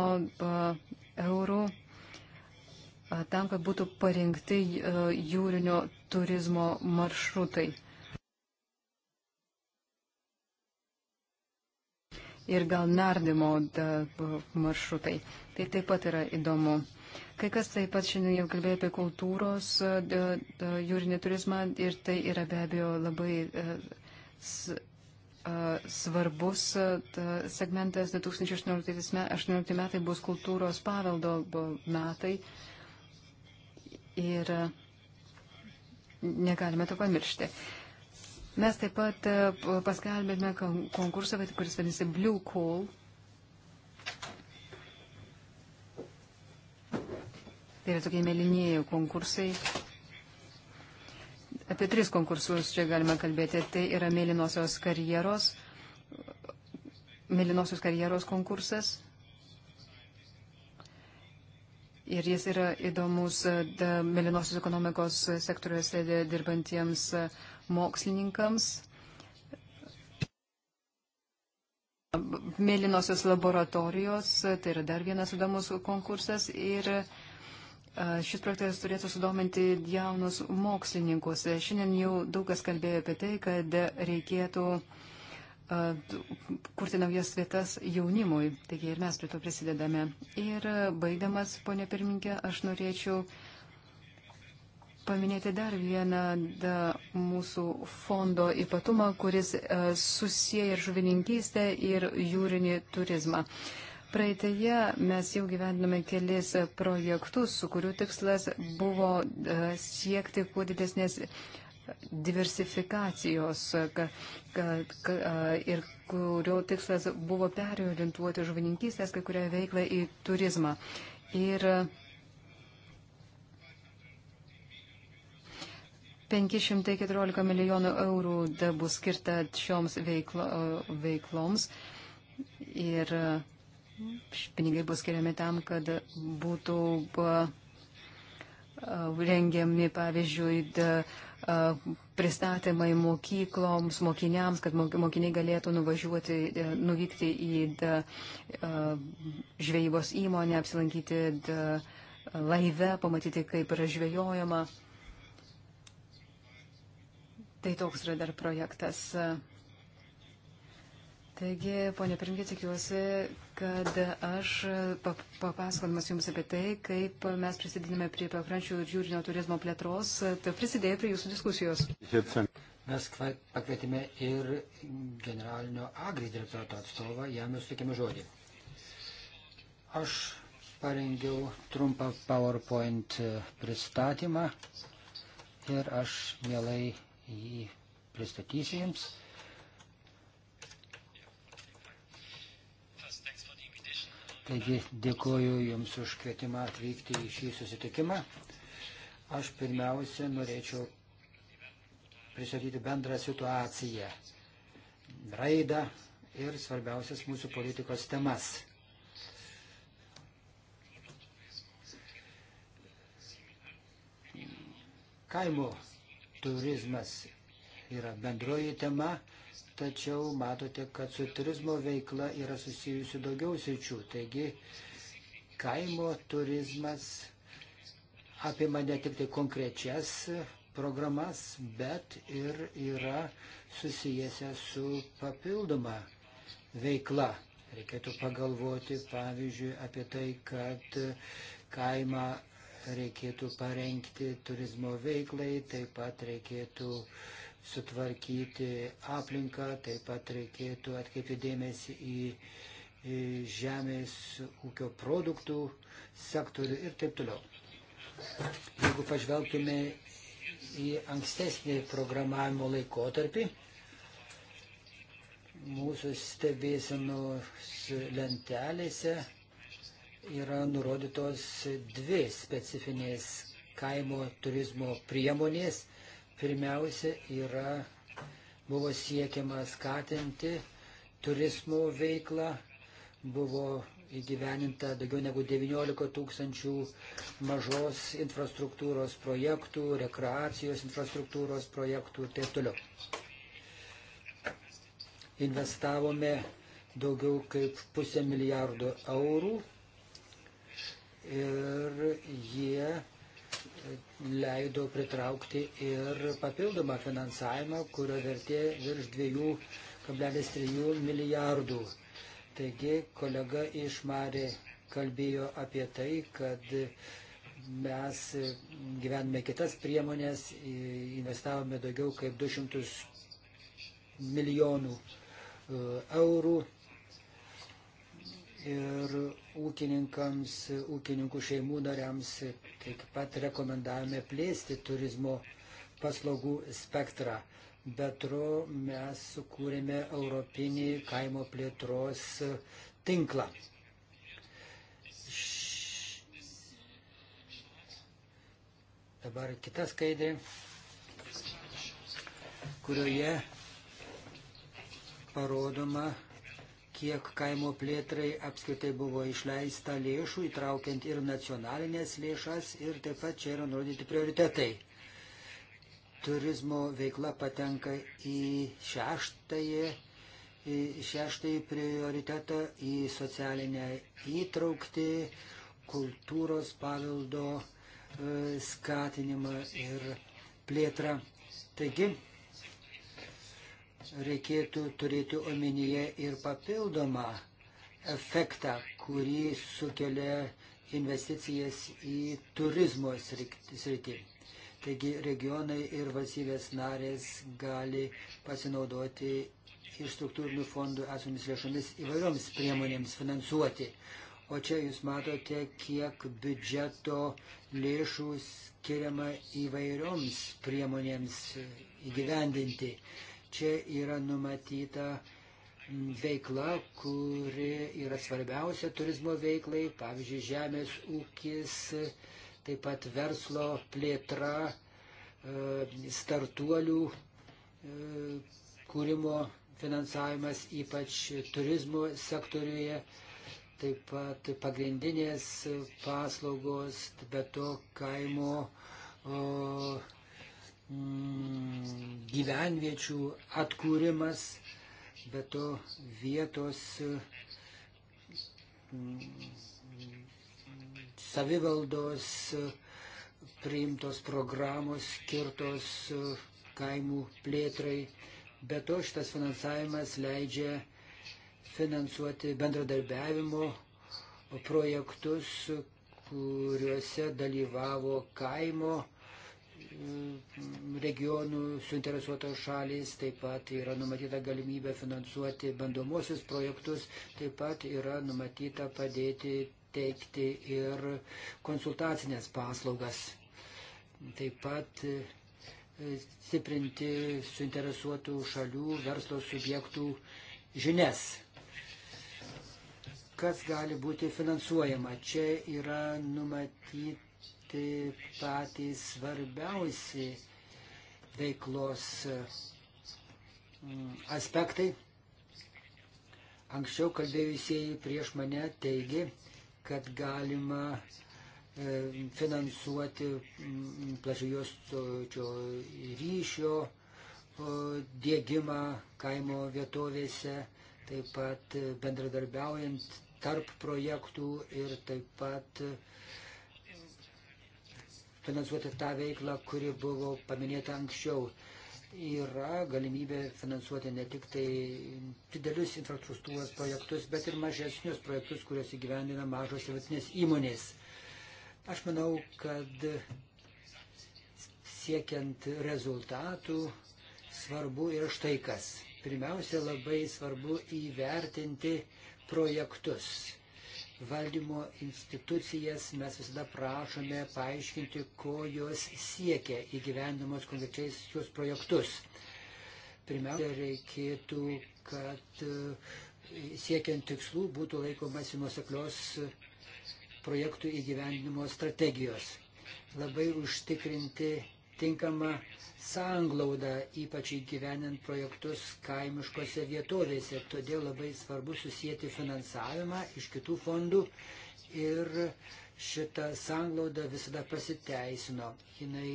eurų tam, kad būtų parengti jūrinio turizmo maršrutai. Ir gal nardymo maršrutai. Tai taip pat yra įdomu. Kai kas taip pat šiandien jau kalbėjo apie kultūros jūrinį turizmą ir tai yra be abejo labai svarbus segmentas 2018 metai bus kultūros paveldo metai ir negalime to pamiršti. Mes taip pat e, paskelbėme konkursą, kuris vadinasi Blue Call. Tai yra tokie mėlynieji konkursai. Apie tris konkursus čia galima kalbėti. Tai yra mėlynosios karjeros, mėlynosios karjeros konkursas, Ir jis yra įdomus e, melinosios ekonomikos sektoriuose dirbantiems e, mokslininkams. Mėlynosios laboratorijos, e, tai yra dar vienas įdomus konkursas ir šis projektas turėtų sudominti jaunus mokslininkus. Šiandien jau daug kas kalbėjo apie tai, kad reikėtų uh, kurti naujas vietas jaunimui. Taigi ir mes prie to prisidedame. Ir baigdamas, ponė pirminkė, aš norėčiau paminėti dar vieną da, mūsų fondo ypatumą, kuris susiję ir žuvininkystę, ir jūrinį turizmą. Praeitėje mes jau gyvendome kelis projektus, su kurių tikslas buvo siekti kuo didesnės diversifikacijos kad, kad, kad, ir kurio tikslas buvo periorientuoti žuvininkystės kai kurią veiklą į turizmą. Ir 514 milijonų eurų bus skirta šioms veiklo, veikloms ir pinigai bus skiriami tam, kad būtų rengiami, pavyzdžiui, pristatymai mokykloms, mokiniams, kad mokiniai galėtų nuvažiuoti, e, nuvykti į žvejybos įmonę, apsilankyti laive, pamatyti, kaip yra žvejojama. Tai toks yra dar projektas. Taigi, ponė Pirinkė, tikiuosi, kad aš papasakodamas Jums apie tai, kaip mes prisidiname prie pakrančių ir jūrinio turizmo plėtros, prisidėjo prie Jūsų diskusijos. Mes pakvietėme ir generalinio agri direktorato atstovą, jam ir sutikėme žodį. Aš parengiau trumpą PowerPoint pristatymą ir aš mielai jį pristatysiu Jums. Taigi dėkoju Jums už kvietimą atvykti į šį susitikimą. Aš pirmiausia norėčiau pristatyti bendrą situaciją, raidą ir svarbiausias mūsų politikos temas. Kaimo turizmas yra bendroji tema, tačiau matote, kad su turizmo veikla yra susijusi daugiau sričių. Taigi kaimo turizmas apima ne tik tai konkrečias programas, bet ir yra susijęsia su papildoma veikla. Reikėtų pagalvoti, pavyzdžiui, apie tai, kad kaimą reikėtų parengti turizmo veiklai, taip pat reikėtų uh, sutvarkyti aplinką, taip pat reikėtų atkreipti dėmesį į žemės ūkio produktų sektorių ir taip toliau. Jeigu pažvelgtume į ankstesnį programavimo laikotarpį, mūsų stebėsenos lentelėse yra nurodytos dvi specifinės kaimo turizmo priemonės pirmiausia yra, buvo siekiama skatinti turizmo veiklą, buvo įgyveninta daugiau negu 19 tūkstančių mažos infrastruktūros projektų, rekreacijos infrastruktūros projektų ir taip toliau. Investavome daugiau kaip pusę milijardo eurų ir jie leido pritraukti ir papildomą finansavimą, kurio vertė virš 2,3 milijardų. Taigi kolega iš Marė kalbėjo apie tai, kad mes gyvename kitas priemonės, investavome daugiau kaip 200 milijonų e, eurų ir ūkininkams, ūkininkų šeimų nariams taip pat rekomendavome plėsti turizmo paslaugų spektrą. Be to mes sukūrėme Europinį kaimo plėtros tinklą. Dabar kita skaidrė, kurioje parodoma kiek kaimo plėtrai apskritai buvo išleista lėšų, įtraukiant ir nacionalinės lėšas, ir taip pat čia yra nurodyti prioritetai. Turizmo veikla patenka į šeštąjį, į šeštąjį prioritetą, į socialinę įtraukti, kultūros paveldo e, skatinimą ir plėtrą. Taigi, reikėtų turėti omenyje ir papildomą efektą, kurį sukelia investicijas į turizmo sritį. Taigi regionai ir valstybės narės gali pasinaudoti iš struktūrinių fondų esamomis lėšomis įvairioms priemonėms finansuoti. O čia jūs matote, kiek biudžeto lėšų skiriama įvairioms priemonėms įgyvendinti čia yra numatyta veikla, kuri yra svarbiausia turizmo veiklai, pavyzdžiui, žemės ūkis, taip pat verslo plėtra, e, startuolių e, kūrimo finansavimas, ypač turizmo sektoriuje, taip pat pagrindinės paslaugos, bet to kaimo o, Mm, gyvenviečių atkūrimas, bet to vietos mm, savivaldos priimtos programos skirtos kaimų plėtrai. Be to šitas finansavimas leidžia finansuoti bendradarbiavimo projektus, kuriuose dalyvavo kaimo Mm, regionų suinteresuotos šalys, taip pat yra numatyta galimybė finansuoti bandomosius projektus, taip pat yra numatyta padėti teikti ir konsultacinės paslaugas. Taip pat e, stiprinti suinteresuotų šalių verslo subjektų žinias kas gali būti finansuojama. Čia yra numatyta būti patys svarbiausi veiklos mm, aspektai. Anksčiau kalbėjusieji prieš mane teigė, kad galima e, finansuoti mm, plačiajuostočio ryšio dėgymą kaimo vietovėse, taip pat e, bendradarbiaujant tarp projektų ir taip pat uh, finansuoti tą veiklą, kuri buvo paminėta anksčiau. Yra galimybė finansuoti ne tik tai didelius infrastruktūros projektus, bet ir mažesnius projektus, kuriuos įgyvendina mažos ir vidutinės įmonės. Aš manau, kad siekiant rezultatų svarbu yra štai kas. Pirmiausia, labai svarbu įvertinti projektus valdymo institucijas mes visada prašome paaiškinti, ko jos siekia įgyvendamos konkrečiais šios projektus. Pirmiausia, reikėtų, kad e, siekiant tikslų būtų laikomasi nuoseklios projektų įgyvendinimo strategijos. Labai užtikrinti tinkamą sanglaudą, ypač įgyvenint projektus kaimiškose vietovėse. Todėl labai svarbu susijęti finansavimą iš kitų fondų ir šita sanglauda visada pasiteisino. Jinai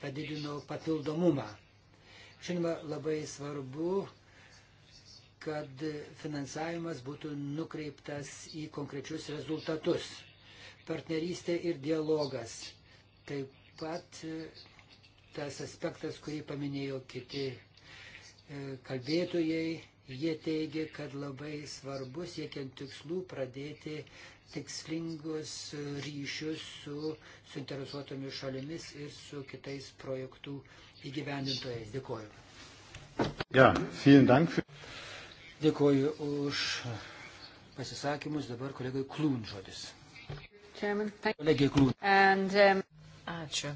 padidino papildomumą. Žinoma, labai svarbu kad finansavimas būtų nukreiptas į konkrečius rezultatus. Partnerystė ir dialogas. Taip pat e, tas aspektas, kurį paminėjo kiti e, kalbėtojai, jie teigia, kad labai svarbu siekiant tikslų pradėti tikslingus ryšius su suinteresuotomis šalimis ir su kitais projektų įgyvendintojais. Dėkuoju. Ja, dank für... Dėkuoju už pasisakymus. Dabar kolegai Klūn žodis. Kolegė Klūn. And, um... Ačiū.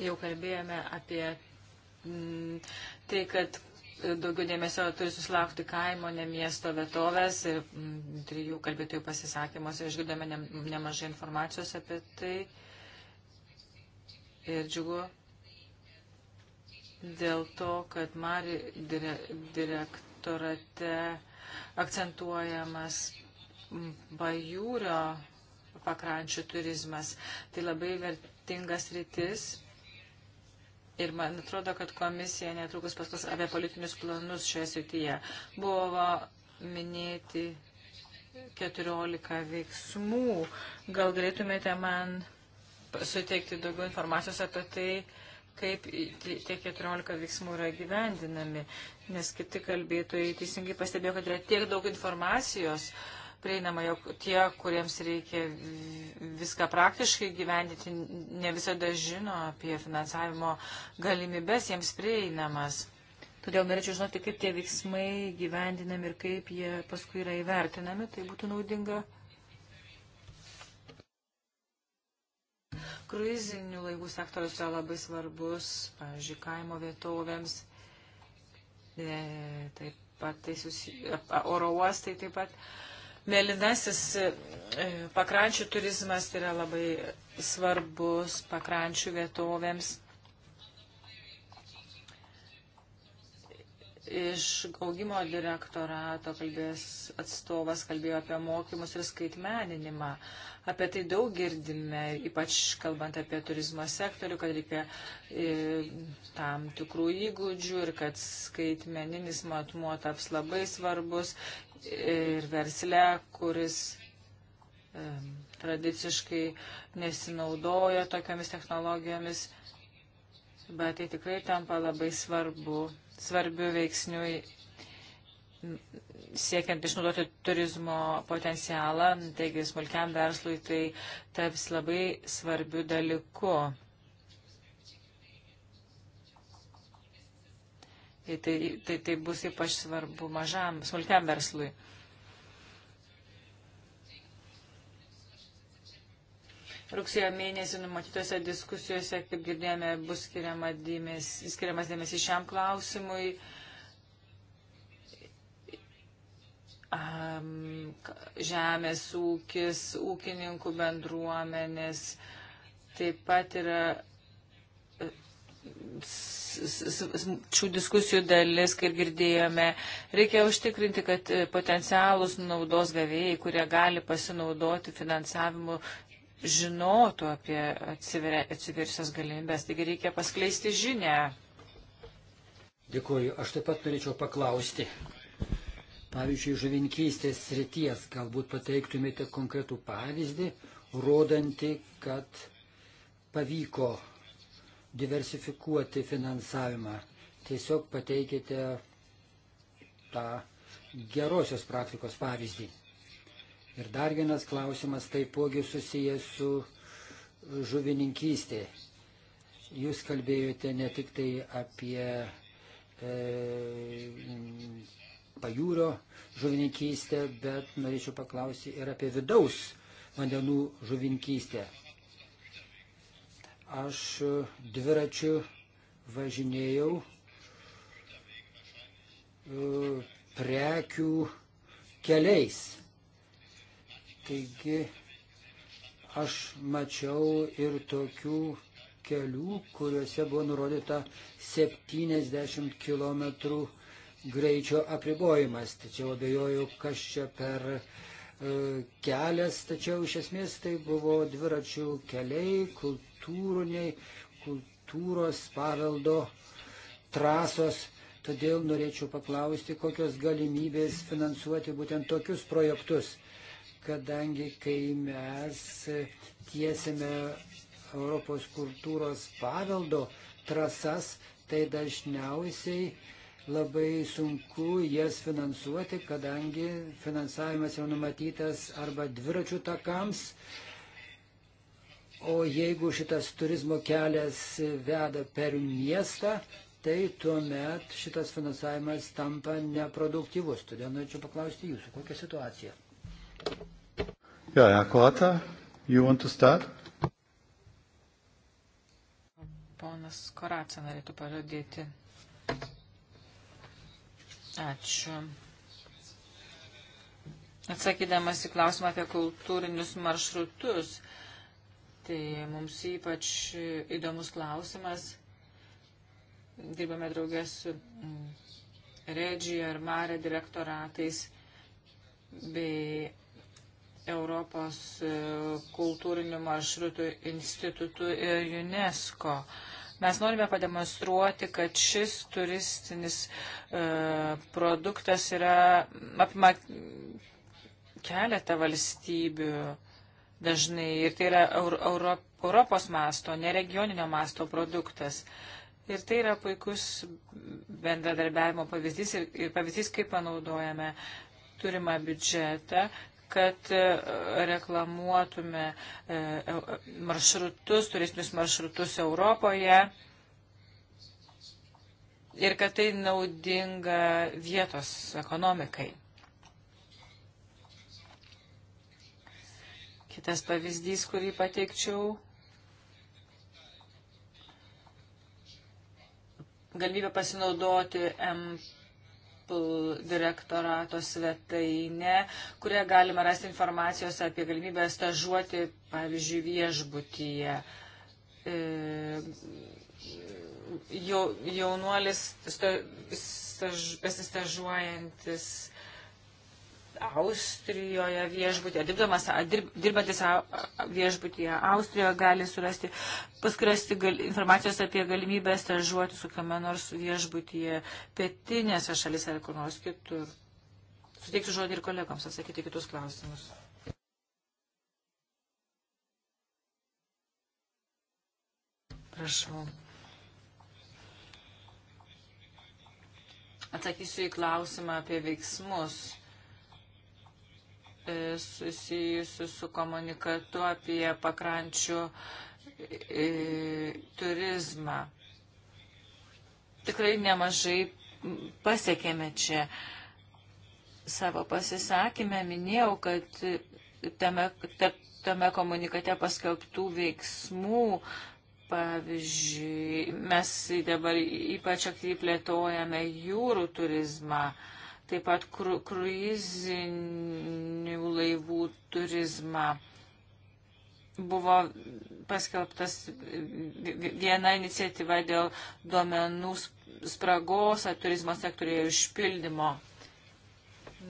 Jau kalbėjome apie m, mm, tai, kad daugiau dėmesio turi susilaukti kaimo, ne miesto vietovės. Ir m, mm, trijų kalbėtojų pasisakymuose išgirdome ne, nemažai informacijos apie tai. Ir džiugu dėl to, kad Mari dire, direktorate akcentuojamas mm, bajūrio pakrančių turizmas. Tai labai vertingas rytis. Ir man atrodo, kad komisija netrukus paskas apie politinius planus šioje srityje. Buvo minėti 14 veiksmų. Gal galėtumėte man suteikti daugiau informacijos apie tai, kaip tie 14 veiksmų yra gyvendinami, nes kiti kalbėtojai teisingai pastebėjo, kad yra tiek daug informacijos, uh, prieinama, jog tie, kuriems reikia viską praktiškai gyvendyti, ne visada žino apie finansavimo galimybės jiems prieinamas. Todėl norėčiau žinoti, kaip tie veiksmai gyvendinami ir kaip jie paskui yra įvertinami. Tai būtų naudinga. Kruizinių laivų sektorius yra labai svarbus, pavyzdžiui, kaimo vietovėms. E, taip pat tai susi... oro uostai taip pat. E, Mėlynasis e, pakrančių turizmas yra labai svarbus pakrančių vietovėms. Iš augimo direktorato kalbės atstovas kalbėjo apie mokymus ir skaitmeninimą. Apie tai daug girdime, ypač kalbant apie turizmo sektorių, kad reikia e, tam tikrų įgūdžių ir kad skaitmeninis matmuo taps labai svarbus ir versle, kuris e, tradiciškai nesinaudoja tokiamis technologijomis, bet tai tikrai tampa labai svarbu, svarbiu veiksniui siekiant išnaudoti turizmo potencialą, taigi smulkiam verslui tai taps labai svarbiu dalyku. Tai, tai, tai bus ypač svarbu mažam, smulkiam verslui. Rugsėjo mėnesį numatytose diskusijose, kaip girdėjome, bus skiriama dėmesį, skiriamas dėmesys šiam klausimui. Žemės ūkis, ūkininkų bendruomenės, taip pat yra šių diskusijų dalis, kaip girdėjome, reikia užtikrinti, kad e, potencialus naudos gavėjai, kurie gali pasinaudoti finansavimu, žinotų apie atsiversias galimybės. Taigi reikia paskleisti žinę. Dėkuoju. Aš taip pat norėčiau paklausti. Pavyzdžiui, žuvinkystės srities galbūt pateiktumėte konkretų pavyzdį, rodantį, kad pavyko diversifikuoti finansavimą. Tiesiog pateikite tą gerosios praktikos pavyzdį. Ir dar vienas klausimas taipogi susijęs su žuvininkystė. Jūs kalbėjote ne tik tai apie e, pajūrio žuvininkystę, bet norėčiau paklausti ir apie vidaus vandenų žuvininkystę aš dviračiu važinėjau e, prekių keliais. Taigi aš mačiau ir tokių kelių, kuriuose buvo nurodyta 70 km greičio apribojimas. Tačiau abejoju, kas čia per e, kelias, tačiau iš esmės tai buvo dviračių keliai, kult kultūriniai, kultūros paveldo trasos. Todėl norėčiau paklausti, kokios galimybės finansuoti būtent tokius projektus, kadangi kai mes tiesime Europos kultūros paveldo trasas, tai dažniausiai labai sunku jas finansuoti, kadangi finansavimas yra numatytas arba dviračių takams, O jeigu šitas turizmo kelias veda per miestą, tai tuomet šitas finansavimas tampa neproduktyvus. Todėl norėčiau paklausti jūsų, kokia situacija. Ja, Herr Korta, you want to start? Ponas Koracija norėtų pažadėti. Ačiū. Atsakydamas į klausimą apie kultūrinius maršrutus Tai mums ypač įdomus klausimas. Dirbame draugės su mm, Regija ir Mare direktoratais bei Europos e, kultūrinių maršrutų institutų ir UNESCO. Mes norime pademonstruoti, kad šis turistinis e, produktas yra apima keletą valstybių. E, dažnai ir tai yra Euro, Europos masto, neregioninio masto produktas. Ir tai yra puikus bendradarbiavimo pavyzdys ir, ir pavyzdys, kaip panaudojame turimą biudžetą, kad e, reklamuotume e, e, maršrutus, turistinius maršrutus Europoje ir kad tai naudinga vietos ekonomikai. Kitas pavyzdys, kurį pateikčiau, galimybė pasinaudoti MPL direktorato svetainę, kurioje galima rasti informacijos apie galimybę stažuoti, pavyzdžiui, viešbutyje. E, jau, jaunuolis staž, pasistažuojantis Austrijoje viešbutėje, dirbdamas, dirb, dirbantis viešbutėje Austrijoje gali surasti, paskui rasti gal, informacijos apie galimybę stažuoti su kame nors viešbutėje pietinėse šalise ar kur nors kitur. Suteiksiu žodį ir kolegoms atsakyti kitus klausimus. Prašau. Atsakysiu į klausimą apie veiksmus E, susijusių su komunikatu apie pakrančių e, turizmą. Tikrai nemažai pasiekėme čia. Savo pasisakymę minėjau, kad tame, tame komunikate paskelbtų veiksmų Pavyzdžiui, mes dabar ypač aktyviai plėtojame jūrų turizmą taip pat kru, kruizinių laivų turizmą. Buvo paskelbtas viena iniciatyva dėl duomenų spragos turizmo sektorėje išpildymo.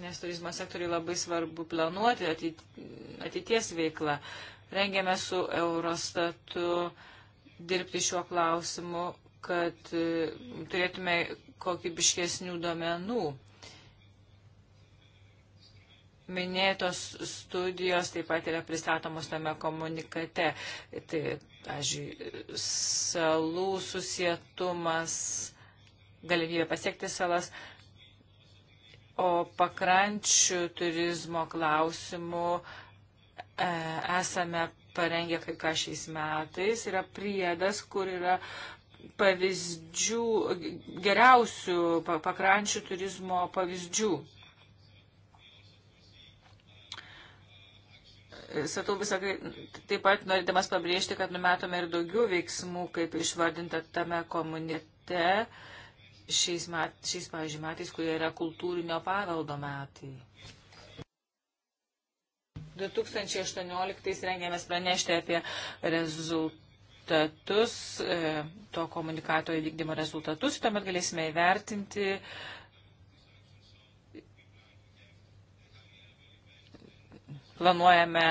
Nes turizmo sektoriai labai svarbu planuoti ateities veiklą. Rengėme su Eurostatu dirbti šiuo klausimu, kad e, turėtume kokybiškesnių duomenų. Minėtos studijos taip pat yra pristatomos tame komunikate. Tai, pažiūrėjau, salų susietumas, galimybė pasiekti salas, o pakrančių turizmo klausimų e, esame parengę kai ką šiais metais. Yra priedas, kur yra pavyzdžių, geriausių pakrančių turizmo pavyzdžių. Sakau visą tai taip pat norėdamas pabrėžti, kad numatome ir daugiau veiksmų, kaip išvardinta tame komunite šiais, met, šiais pavyzdžiui, metais, kurie yra kultūrinio paveldo metai. 2018 rengėmės pranešti apie rezultatus, e, to komunikato įvykdymo rezultatus, tuomet galėsime įvertinti, planuojame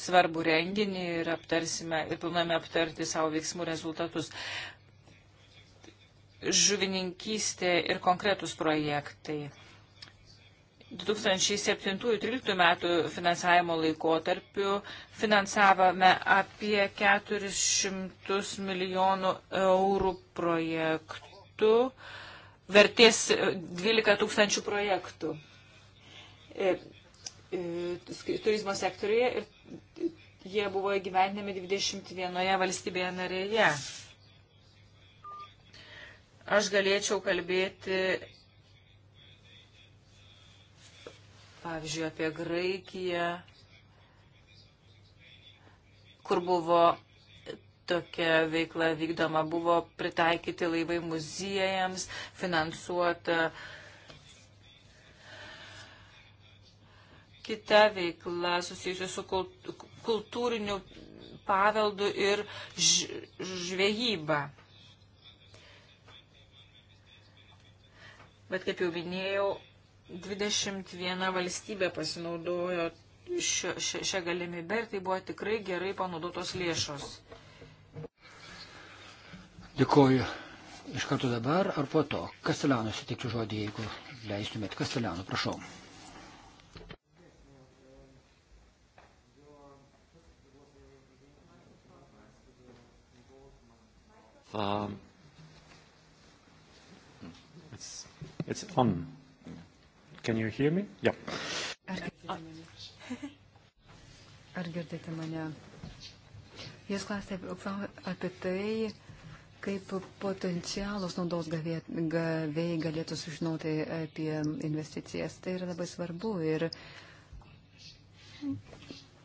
svarbų renginį ir aptarsime ir planuojame aptarti savo veiksmų rezultatus. Žuvininkystė ir konkretus projektai. 2007-2013 metų finansavimo laikotarpiu finansavome apie 400 milijonų eurų projektų, vertės 12 tūkstančių projektų. E, turizmo sektoriuje ir jie buvo įgyvendinami 21 valstybėje narėje. Aš galėčiau kalbėti, pavyzdžiui, apie Graikiją, kur buvo tokia veikla vykdoma, buvo pritaikyti laivai muziejams, finansuota uh, kita veikla susijusi su kultūriniu paveldu ir žvejyba. Bet kaip jau minėjau, 21 valstybė pasinaudojo šią galimybę ir tai buvo tikrai gerai panaudotos lėšos. Dėkuoju. Iš karto dabar ar po to? Kastelano sutikčiau žodį, jeigu leistumėt. Kastelano, prašau. um, it's, it's on. Can you hear me? Yeah. Ar girdite mane? Jūs klausėte apie tai, kaip potencialus naudos gavėjai galėtų sužinoti apie investicijas. Tai yra labai svarbu ir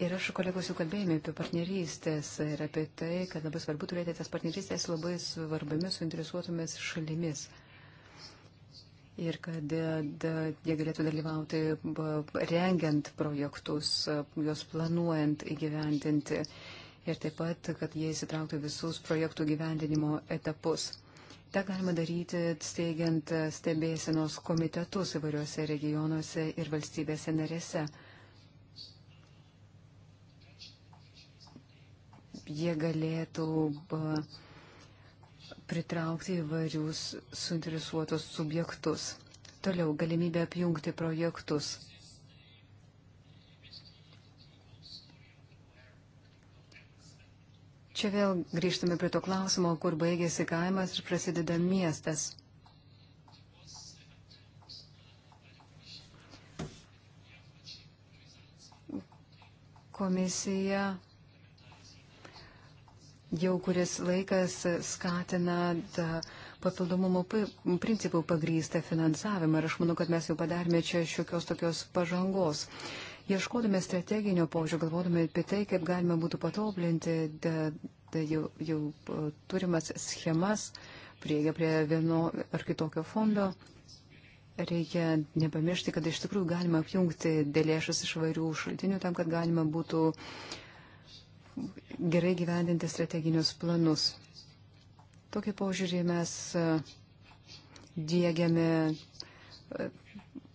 Ir aš kolegos jau kalbėjome apie partnerystės ir apie tai, kad labai svarbu turėti tas partnerystės labai svarbiamis suinteresuotomis šalimis. Ir kad e, da, jie galėtų dalyvauti rengiant projektus, e, juos planuojant įgyvendinti. Ir taip pat, kad jie įsitrauktų visus projektų gyvendinimo etapus. Ta galima daryti steigiant stebėsenos komitetus įvairiuose regionuose ir valstybėse narėse. jie galėtų pritraukti įvairius suinteresuotus subjektus. Toliau galimybė apjungti projektus. Čia vėl grįžtame prie to klausimo, kur baigėsi kaimas ir prasideda miestas. Komisija jau kuris laikas skatina papildomumo principų pagrystą finansavimą ir aš manau, kad mes jau padarėme čia šiokios tokios pažangos. Ieškodami strateginio požiūrio, galvodami apie tai, kaip galima būtų patoblinti jau, jau turimas schemas, prieigą prie vieno ar kitokio fondo. Reikia nepamiršti, kad iš tikrųjų galima apjungti dėlėšas iš vairių šaltinių tam, kad galima būtų uh, gerai gyvendinti strateginius planus. Tokį požiūrį mes e, dėgiame e,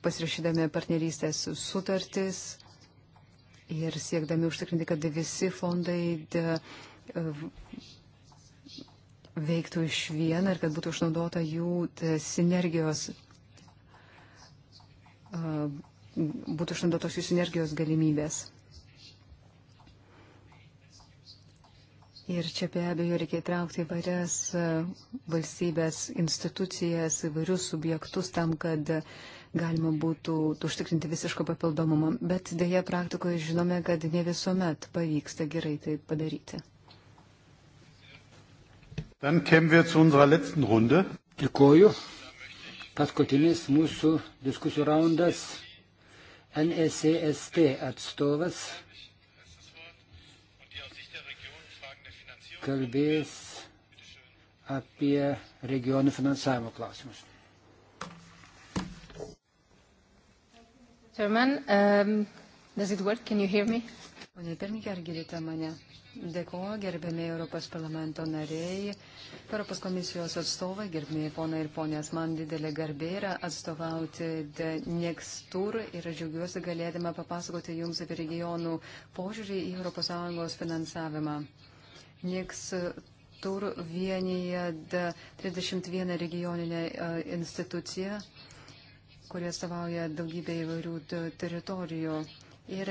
pasirašydami partnerystės sutartis ir siekdami užtikrinti, kad visi fondai e, veiktų iš vieną ir kad būtų išnaudota jų sinergijos, būtų išnaudotos jų sinergijos galimybės. Ir čia be abejo reikia įtraukti įvairias e, valstybės institucijas, įvairius subjektus tam, kad galima būtų užtikrinti visišką papildomumą. Bet dėja praktikoje žinome, kad ne visuomet pavyksta gerai tai padaryti. Dėkoju. Paskutinis mūsų diskusijų raundas. NSEST e atstovas kalbės apie regionų finansavimo klausimus. Chairman, um, does it work? Can you hear me? Pane pirmininkė, ar girdite mane? Dėkuoju, gerbėmiai Europos parlamento nariai, Europos komisijos atstovai, gerbėmiai ponai ir ponės, man didelė garbė yra atstovauti The Next Tour ir aš džiaugiuosi galėdama papasakoti jums apie regionų požiūrį į ES finansavimą. Niks e, Tur vienyje 31 regioninę e, instituciją, kurie savauja daugybę įvairių teritorijų. Ir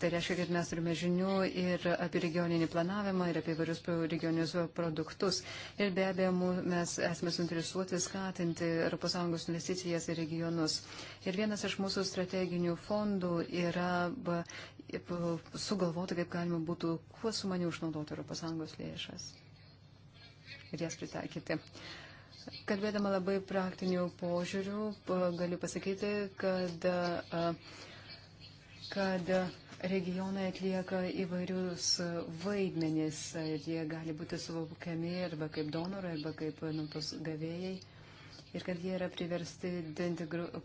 tai reiškia, kad mes turime žinių ir apie regioninį planavimą, ir apie įvairius regioninius produktus. Ir be abejo, mes esame suinteresuoti skatinti ES investicijas į regionus. Ir vienas iš mūsų strateginių fondų yra sugalvoti, kaip galima būtų kuo sumaniau išnaudoti ES lėšas ir jas pritaikyti. Kalbėdama labai praktinių požiūrių, galiu pasakyti, kad, kad regionai atlieka įvairius vaidmenis. Jie gali būti suvokiami arba kaip donorai, arba kaip naudos gavėjai ir kad jie yra priversti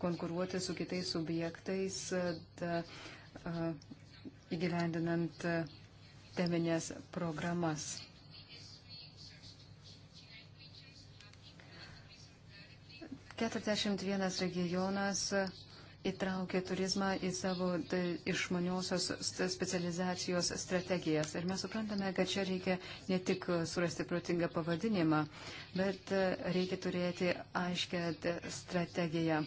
konkuruoti su kitais subjektais da, a, įgyvendinant e, teminės programas. Keturiasdešimt vienas regionas e, įtraukė turizmą į savo e, išmaniosios specializacijos strategijas. Ir mes suprantame, kad čia reikia ne tik surasti protingą pavadinimą, bet reikia turėti aiškę strategiją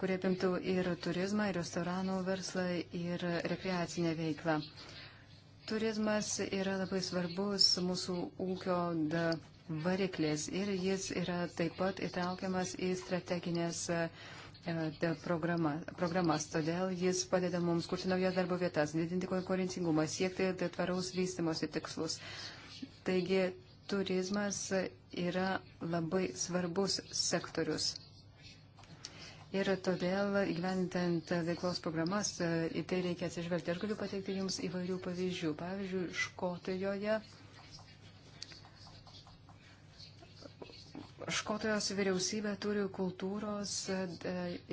kurie apimtų ir turizmą, ir restoranų verslą, ir rekreacinę veiklą. Turizmas yra labai svarbus mūsų ūkio variklis ir jis yra taip pat įtraukiamas į strateginės e, programa, programas. Todėl jis padeda mums kurti naujas darbo vietas, didinti konkurencingumą, siekti tvaraus vystimosi tikslus. Taigi turizmas yra labai svarbus sektorius ir todėl įgyvendinant veiklos programas e, į tai reikia atsižvelgti. Aš galiu pateikti Jums įvairių pavyzdžių. Pavyzdžiui, Škotijoje. Škotijos vyriausybė turi kultūros e,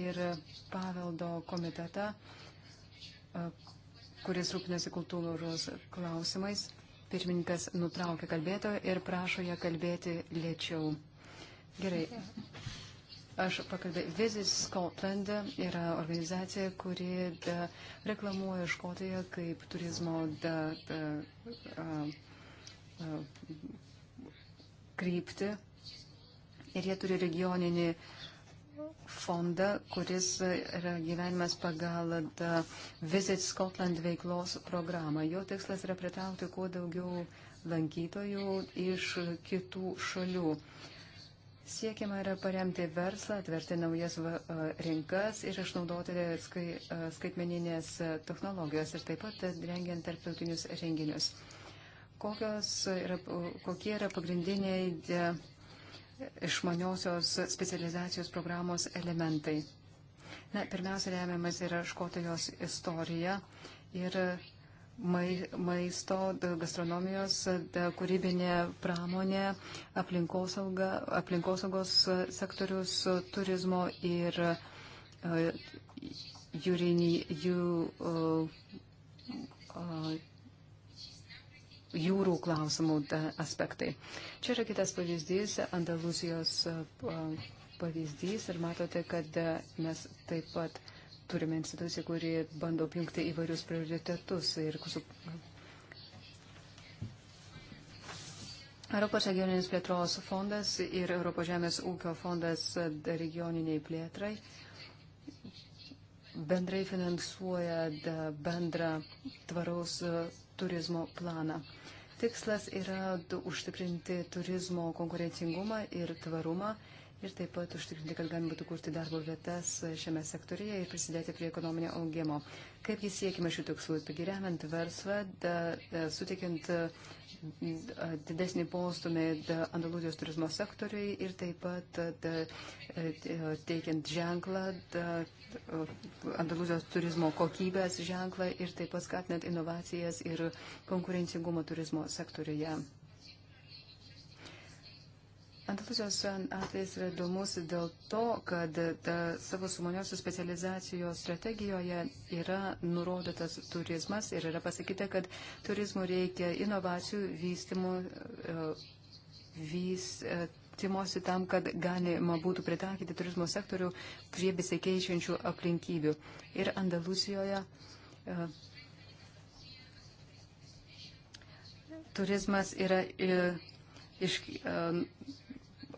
ir paveldo komitetą, e, kuris rūpinasi kultūros klausimais. Pirmininkas nutraukia kalbėtoją ir prašo ją kalbėti lėčiau. Gerai. Aš pakalbėjau, Visit Scotland yra organizacija, kuri da, reklamuoja Škotiją kaip turizmo da, da, a, a, krypti. Ir jie turi regioninį fondą, kuris yra gyvenimas pagal da, Visit Scotland veiklos programą. Jo tikslas yra pritraukti kuo daugiau lankytojų iš kitų šalių. Uh, Siekiama yra paremti verslą, atverti naujas rinkas ir išnaudoti skai, skaitmeninės technologijos ir taip pat rengiant tarptautinius renginius. Kokios yra, kokie yra pagrindiniai išmaniosios specializacijos programos elementai? Na, pirmiausia, remiamas yra Škotijos istorija ir maisto, gastronomijos, kūrybinė pramonė, aplinkosauga, aplinkosaugos sektorius, turizmo ir e, jūrinį, jų, e, jūrų klausimų aspektai. Čia yra kitas pavyzdys, Andaluzijos e, pavyzdys ir matote, kad mes taip pat turime instituciją, kuri bando apjungti įvairius prioritetus ir su Europos regioninis plėtros fondas ir Europos žemės ūkio fondas regioniniai plėtrai bendrai finansuoja bendrą tvaraus e, turizmo planą. Tikslas yra užtikrinti turizmo konkurencingumą ir tvarumą ir taip pat užtikrinti, kad galima būtų kurti darbo vietas šiame sektorėje ir prisidėti prie ekonominio augimo. Kaip jis siekime šių tikslų? Pagiriamant verslą, da, da, sutikiant didesnį postumį Andalūzijos turizmo sektoriui ir taip pat da, teikiant ženklą, da, Andalūzijos turizmo kokybės ženklą ir taip pat skatinant inovacijas ir konkurencingumą turizmo sektoriuje. Andalusijos atvejs yra įdomus dėl to, kad ta, savo sumoniosios specializacijos strategijoje yra nurodytas turizmas ir yra pasakyta, kad turizmų reikia inovacijų vystimų, e, vystimosi tam, kad galima būtų pritaikyti turizmo sektorių prie besikeičiančių aplinkybių. Ir Andalusijoje e, turizmas yra e, iš,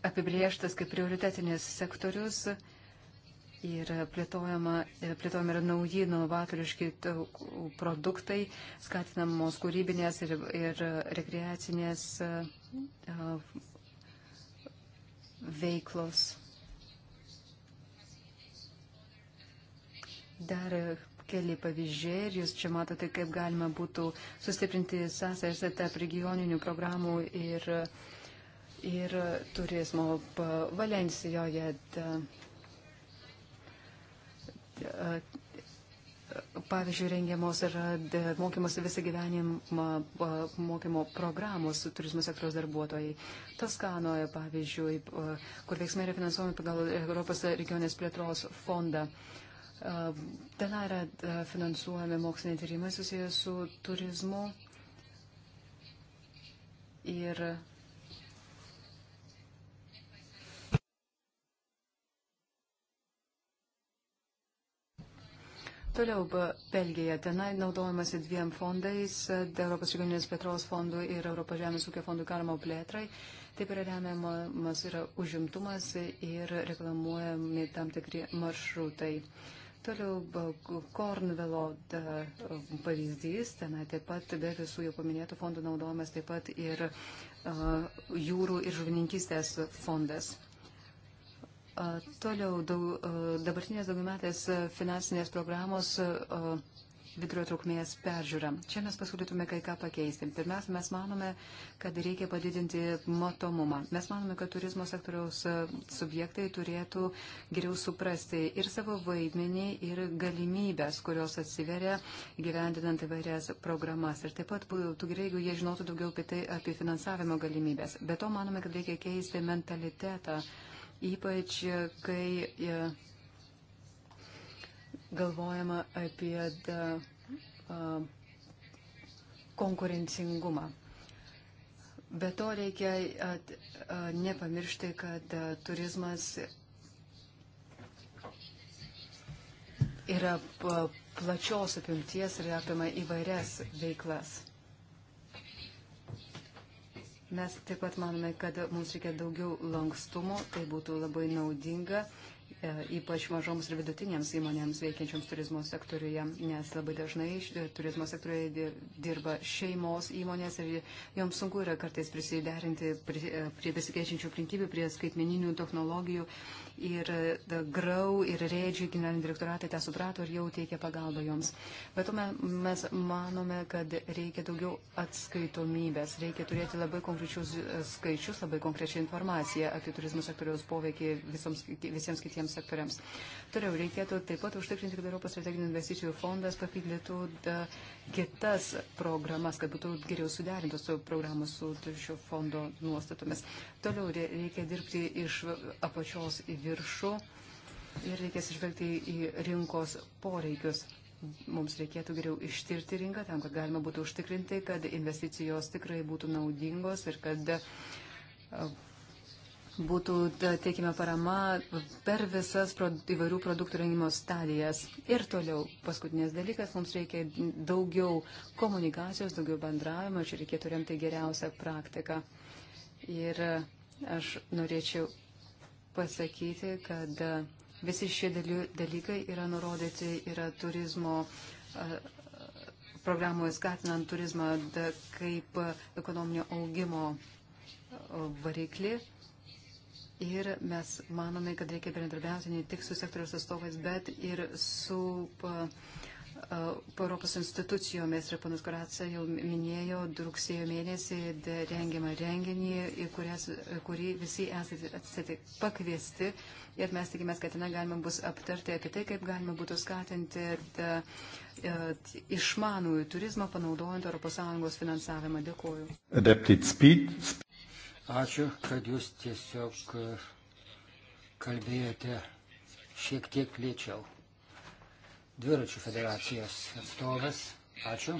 apibrieštas kaip prioritetinis sektorius ir plėtojama, plėtojama yra nauji, novatoriški produktai, skatinamos kūrybinės ir, ir rekreacinės veiklos. Dar keli pavyzdžiai ir jūs čia matote, kaip galima būtų sustiprinti sąsajas tarp regioninių programų ir uh, ir turizmo Valencijoje. Pavyzdžiui, rengiamos yra mokymosi visą gyvenimą mokymo programos turizmo sektoriaus darbuotojai. Toskanoje, pavyzdžiui, kur veiksmai yra finansuojami pagal Europos regionės plėtros fondą. Ten yra finansuojami moksliniai tyrimai susijęs su turizmu. Ir Toliau Belgija. Tenai naudojamasi dviem fondais - Europos regioninės plėtros fondų ir Europos žemės ūkio fondų karmo plėtrai. Taip yra remiamas yra užimtumas ir reklamuojami tam tikri maršrutai. Toliau Kornvelo pavyzdys, tenai taip pat be visų jau paminėtų fondų naudojamas taip pat ir uh, jūrų ir žuvininkystės fondas. Toliau daug, dabartinės daugiametės finansinės programos vidurio trukmės peržiūrą. Čia mes pasiūlytume kai ką pakeisti. Pirmiausia, mes manome, kad reikia padidinti matomumą. Mes manome, kad turizmo sektoriaus subjektai turėtų geriau suprasti ir savo vaidmenį, ir galimybės, kurios atsiveria gyvendinant įvairias programas. Ir taip pat būtų gerai, jeigu jie žinotų daugiau apie tai, apie finansavimo galimybės. Be to, manome, kad reikia keisti mentalitetą ypač kai e, galvojama apie da, a, konkurencingumą. Be to reikia at, a, nepamiršti, kad a, turizmas yra plačios apimties ir apima įvairias veiklas. Mes taip pat manome, kad mums reikia daugiau lankstumo, tai būtų labai naudinga, e, ypač mažoms ir vidutinėms įmonėms veikiančioms turizmo sektoriuje, nes labai dažnai e, turizmo sektoriuje dirba šeimos įmonės ir joms sunku yra kartais prisiderinti prie e, besikeičiančių aplinkybių, prie skaitmeninių technologijų. Uh, ir e, Grau ir Rėdžių generaliniai direktoratai tą suprato ir jau teikia pagalbą joms. Bet tuome mes manome, kad reikia daugiau atskaitomybės, reikia turėti labai konkrečius e, skaičius, labai konkrečią informaciją apie turizmo sektoriaus poveikį visoms, visiems kitiems sektoriams. Toliau reikėtų taip pat užtikrinti, kad Europos strateginių investicijų fondas papildytų e, kitas programas, kad būtų geriau suderintos su programos su šio fondo nuostatomis. Toliau reikia dirbti iš apačios į viršų ir reikės išvelgti į rinkos poreikius. Mums reikėtų geriau ištirti rinką tam, kad galima būtų užtikrinti, kad investicijos tikrai būtų naudingos ir kad e, būtų teikime parama per visas įvairių produktų rengimo stadijas. Ir toliau, paskutinis dalykas, mums reikia daugiau komunikacijos, daugiau bendravimo, čia reikėtų remti geriausią praktiką. Ir e, aš norėčiau pasakyti, kad e, visi šie dalykai yra nurodyti, yra turizmo e, programoje skatinant turizmą kaip ekonominio augimo e, variklį. Ir mes manome, kad reikia bendradarbiauti ne tik su sektoriaus atstovais, bet ir su E, Europos institucijomis. Ir panas Koratsa jau minėjo rugsėjo mėnesį rengiamą renginį, į kurias, kurį visi esate pakviesti. Ir mes tikimės, kad ten galima bus aptarti apie tai, kaip galima būtų skatinti e, išmanųjų turizmą panaudojant ES finansavimą. Dėkuoju. Adapted speed. Ačiū, kad jūs tiesiog e, kalbėjote šiek tiek lėčiau dviračių federacijos atstovas. Ačiū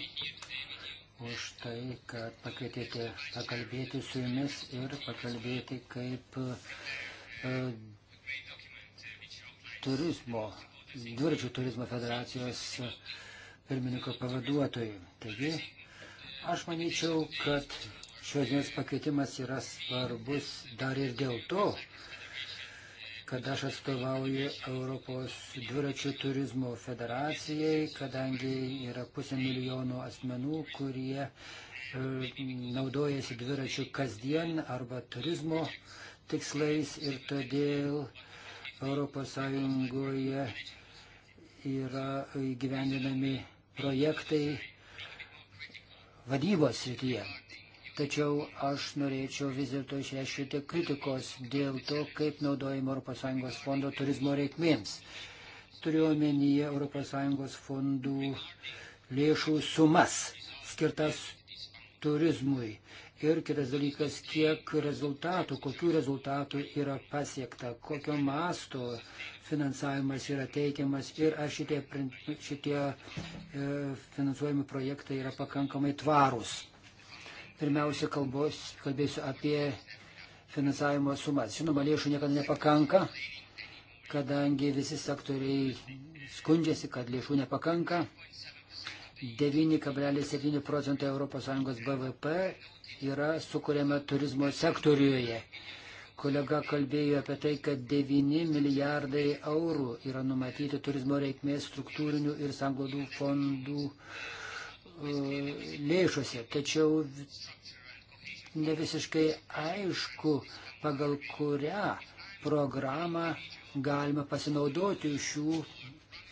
už tai, kad pakvietėte pakalbėti su jumis ir pakalbėti kaip uh, turizmo, dviračių turizmo federacijos pirmininko pavaduotojų. Taigi, aš manyčiau, kad šios dienos pakvietimas yra svarbus dar ir dėl to, kad aš atstovauju Europos dviračių turizmo federacijai, kadangi yra pusė milijono asmenų, kurie e, naudojasi dviračių kasdien arba turizmo tikslais ir todėl ES yra įgyvendinami projektai vadybos srityje. Tačiau aš norėčiau vis dėlto išreikšti kritikos dėl to, kaip naudojama ES fondo turizmo reikmėms. Turiu omenyje ES fondų lėšų sumas skirtas turizmui. Ir kitas dalykas, kiek rezultatų, kokių rezultatų yra pasiekta, kokio masto finansavimas yra teikiamas ir ar šitie, šitie e, finansuojami projektai yra pakankamai tvarūs. Pirmiausia, kalbos, kalbėsiu apie finansavimo sumas. Žinoma, lėšų niekada nepakanka, kadangi visi sektoriai skundžiasi, kad lėšų nepakanka. 9,7 procentai ES BVP yra sukūrėme turizmo sektoriuje. Kolega kalbėjo apie tai, kad 9 milijardai eurų yra numatyti turizmo reikmės struktūrinių ir sanglaudų fondų uh, E, lėšose, tačiau ne visiškai aišku, pagal kurią programą galima pasinaudoti šių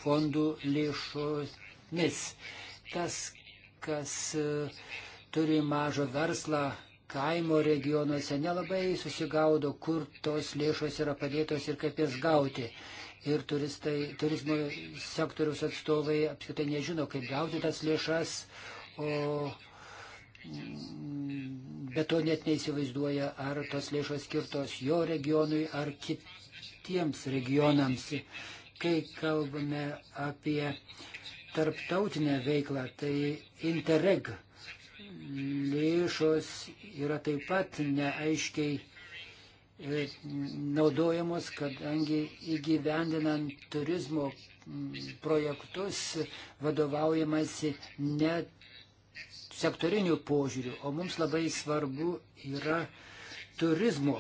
fondų lėšomis. Tas, kas e, turi mažą verslą kaimo regionuose, nelabai susigaudo, kur tos lėšos yra padėtos ir kaip jas gauti ir turistai, turizmo sektoriaus atstovai apskritai nežino, kaip gauti tas lėšas, o mm, be to net neįsivaizduoja, ar tos lėšos skirtos jo regionui ar kitiems regionams. Kai kalbame apie tarptautinę veiklą, tai Interreg lėšos yra taip pat neaiškiai E, naudojamos, kadangi įgyvendinant turizmo projektus vadovaujamasi ne sektorinių požiūrių, o mums labai svarbu yra turizmo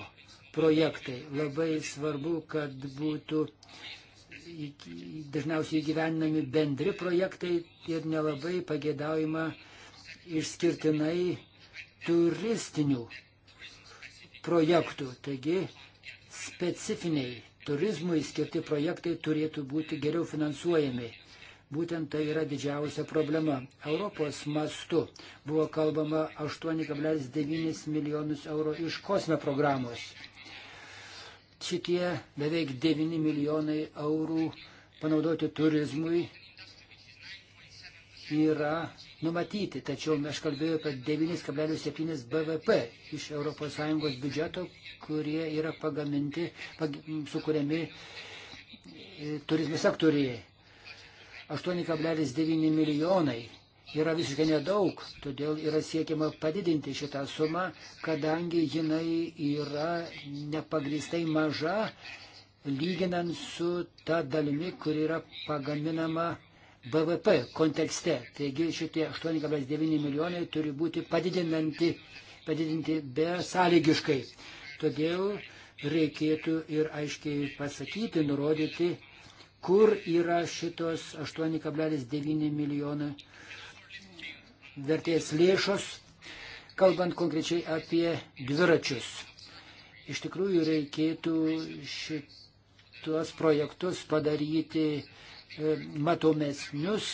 projektai. Labai svarbu, kad būtų dažniausiai įgyvendinami bendri projektai ir nelabai pagėdaujama išskirtinai turistinių projektų. Taigi specifiniai turizmui skirti projektai turėtų būti geriau finansuojami. Būtent tai yra didžiausia problema. Europos mastu buvo kalbama 8,9 milijonus eurų iš kosme programos. Šitie beveik 9 milijonai eurų panaudoti turizmui yra numatyti, tačiau aš kalbėjau apie 9,7 BVP iš ES biudžeto, kurie yra pagaminti, pag, sukūriami e, turizmo sektoriai. 8,9 milijonai yra visiškai nedaug, todėl yra siekiama padidinti šitą sumą, kadangi jinai yra nepagristai maža, lyginant su ta dalimi, kuri yra pagaminama BVP kontekste. Taigi šitie 8,9 milijonai turi būti padidinanti, padidinti besąlygiškai. Todėl reikėtų ir aiškiai pasakyti, nurodyti, kur yra šitos 8,9 milijonai vertės lėšos, kalbant konkrečiai apie dviračius. Iš tikrųjų reikėtų šitos projektus padaryti uh, E, matomesnius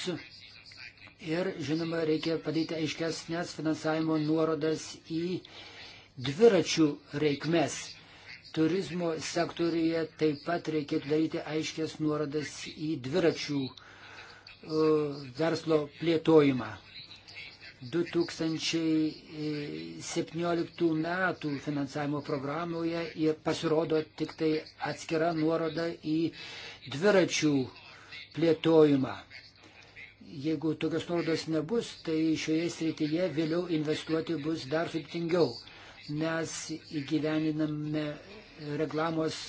ir, žinoma, reikia padėti aiškesnės finansavimo nuorodas į dviračių reikmes. Turizmo sektoriuje taip pat reikėtų daryti aiškės nuorodas į dviračių e, verslo plėtojimą. 2017 metų finansavimo programoje pasirodo tik tai atskira nuoroda į dviračių plėtojimą. Jeigu tokios nuorodos nebus, tai šioje srityje vėliau investuoti bus dar sudėtingiau, nes įgyveniname reklamos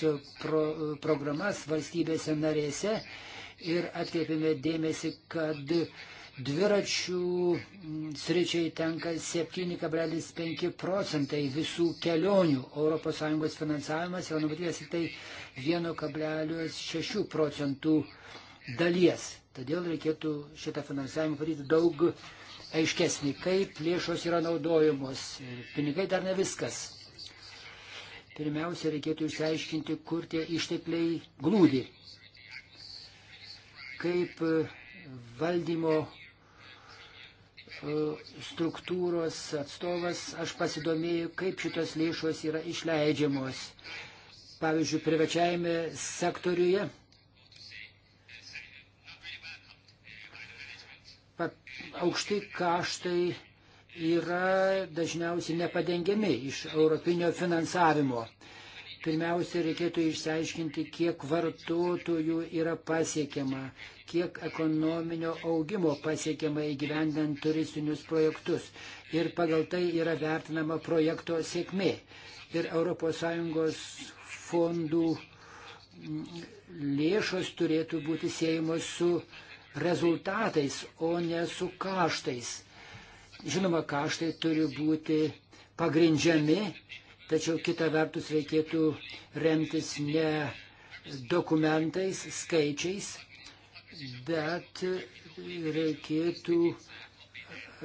pro, programas valstybėse narėse ir atkreipėme dėmesį, kad dviračių sričiai tenka 7,5 procentai visų kelionių. ES finansavimas yra numatytas tik tai 1,6 procentų dalies. Todėl reikėtų šitą finansavimą padaryti daug aiškesnį, kaip lėšos yra naudojamos. Pinigai dar ne viskas. Pirmiausia, reikėtų išsiaiškinti, kur tie ištekliai glūdi. Kaip e, valdymo e, struktūros atstovas, aš pasidomėjau, kaip šitos lėšos yra išleidžiamos. Pavyzdžiui, privačiajame sektoriuje aukšti kaštai yra dažniausiai nepadengiami iš europinio finansavimo. Pirmiausia, reikėtų išsiaiškinti, kiek vartotojų yra pasiekiama, kiek ekonominio augimo pasiekiama įgyvendant turistinius projektus. Ir pagal tai yra vertinama projekto sėkmė. Ir ES fondų lėšos turėtų būti siejamos su rezultatais, o ne su kaštais. Žinoma, kaštai turi būti pagrindžiami, tačiau kita vertus reikėtų remtis ne dokumentais, skaičiais, bet reikėtų e,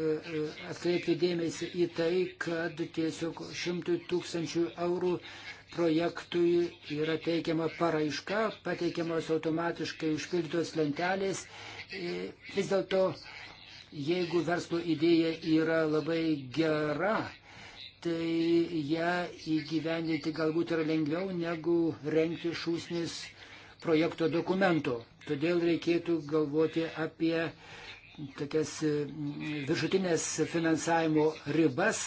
e, atkreipti dėmesį į tai, kad tiesiog šimtų tūkstančių eurų projektui yra teikiama paraiška, pateikiamos automatiškai užpildytos lentelės E, vis dėlto, jeigu verslo idėja yra labai gera, tai ją įgyvendinti galbūt yra lengviau negu renkti šūsnis projekto dokumentų. Todėl reikėtų galvoti apie tokias mm, viršutinės finansavimo ribas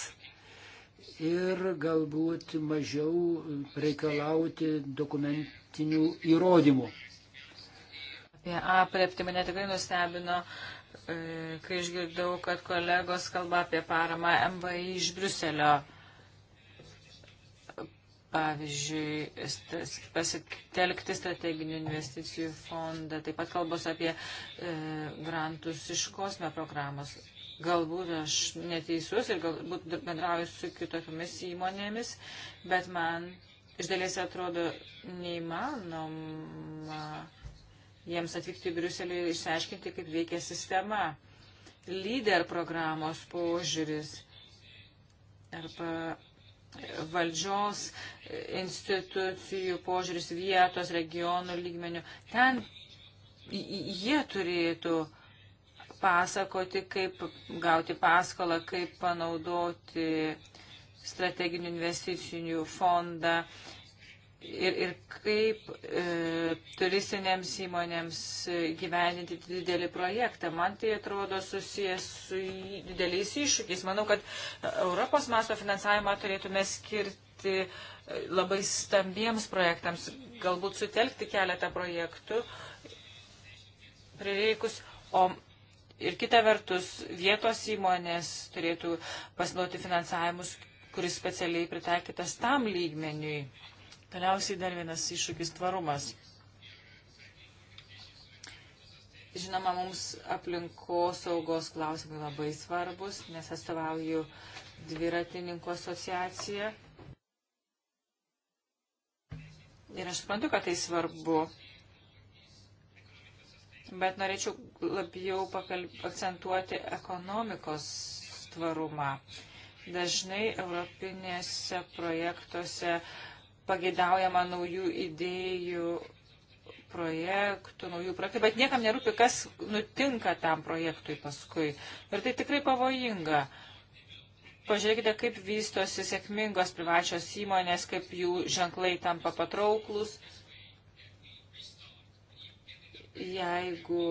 ir galbūt mažiau reikalauti dokumentinių įrodymų apie aprepti. Mane tikrai nustebino, e, kai išgirdau, kad kolegos kalba apie paramą MVI iš Bruselio. Pavyzdžiui, pasitelkti strateginių investicijų fondą. Taip pat kalbos apie e, grantus iš kosme programos. Galbūt aš neteisus ir galbūt bendrauju su kitokiamis įmonėmis, bet man iš dalies atrodo neįmanoma jiems atvykti į Briuselį ir išsiaiškinti, kaip veikia sistema. Lyder programos požiūris arba valdžios institucijų požiūris vietos, regionų lygmenių. Ten jie turėtų pasakoti, kaip gauti paskolą, kaip panaudoti strateginių investicinių fondą, ir, ir kaip e, turistinėms įmonėms gyveninti didelį projektą. Man tai atrodo susijęs su dideliais iššūkiais. Manau, kad Europos masto finansavimą turėtume skirti e, labai stambiems projektams, galbūt sutelkti keletą projektų prireikus. O ir kita vertus, vietos įmonės turėtų pasinaudoti finansavimus, kuris specialiai pritaikytas tam lygmeniui. Galiausiai dar vienas iššūkis tvarumas. Žinoma, mums aplinkosaugos klausimai labai svarbus, nes atstovauju dviratininkų asociaciją. Ir aš suprantu, kad tai svarbu. Bet norėčiau labiau pakalb... akcentuoti ekonomikos tvarumą. Dažnai europinėse projektuose uh, pageidaujama naujų idėjų, projektų, naujų projektų, bet niekam nerūpi, kas nutinka tam projektui paskui. Ir tai tikrai pavojinga. Pažiūrėkite, kaip vystosi sėkmingos privačios įmonės, kaip jų ženklai tampa patrauklus. Jeigu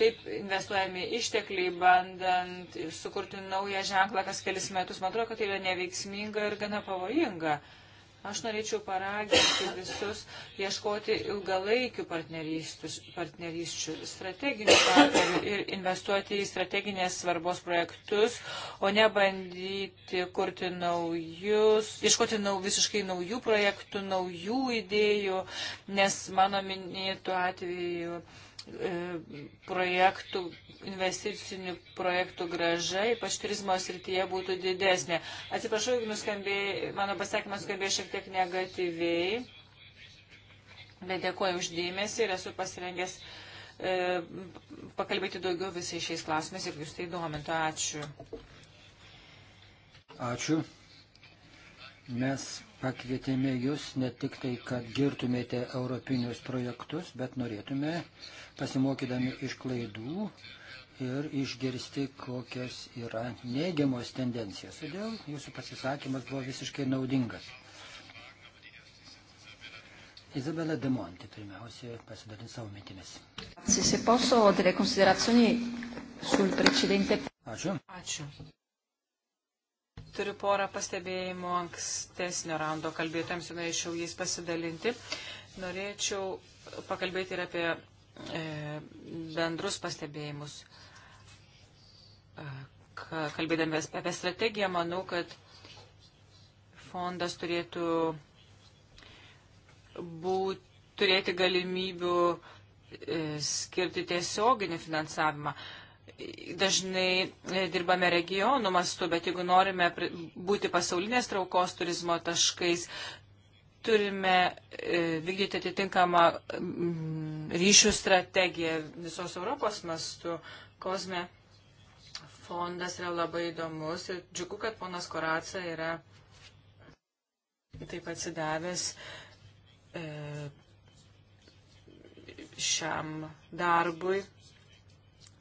taip investuojami ištekliai, bandant sukurti naują ženklą kas kelis metus, man atrodo, kad tai yra neveiksminga ir gana pavojinga. Uh, Aš norėčiau paraginti visus ieškoti ilgalaikių partnerysčių, strateginių partnerių ir investuoti į strateginės svarbos projektus, o ne bandyti kurti naujus, ieškoti nau, visiškai naujų projektų, naujų idėjų, nes mano minėtų atveju E, projektų, investicinių projektų graža, ypač turizmo srityje, būtų didesnė. Atsiprašau, jeigu nuskambėjai, mano pasakymas skambėjo šiek tiek negatyviai, bet dėkuoju uždėmesi ir esu pasirengęs e, pakalbėti daugiau visais šiais klausimais ir jūs tai domintų. Ačiū. Ačiū. Mes pakvietėme jūs ne tik tai, kad girtumėte europinius projektus, bet norėtume, pasimokydami iš klaidų ir išgirsti, kokios yra neigiamos tendencijos. Todėl jūsų pasisakymas buvo visiškai naudingas. Izabela De Monti pirmiausia pasidalins savo mintimis. Ačiū. Ačiū. Turiu porą pastebėjimų ankstesnio rando kalbėtojams ir norėčiau jais pasidalinti. Norėčiau pakalbėti ir apie e, bendrus pastebėjimus. E, kalbėdami apie strategiją, manau, kad fondas turėtų būt, turėti galimybių e, skirti tiesioginį finansavimą. E, dažnai e, dirbame regionų mastu, bet jeigu norime būti pasaulinės traukos turizmo taškais, turime e, vykdyti atitinkamą mm, ryšių strategiją visos Europos mastu. Kozme fondas yra labai įdomus ir džiugu, kad ponas Koraca yra taip atsidavęs e, šiam darbui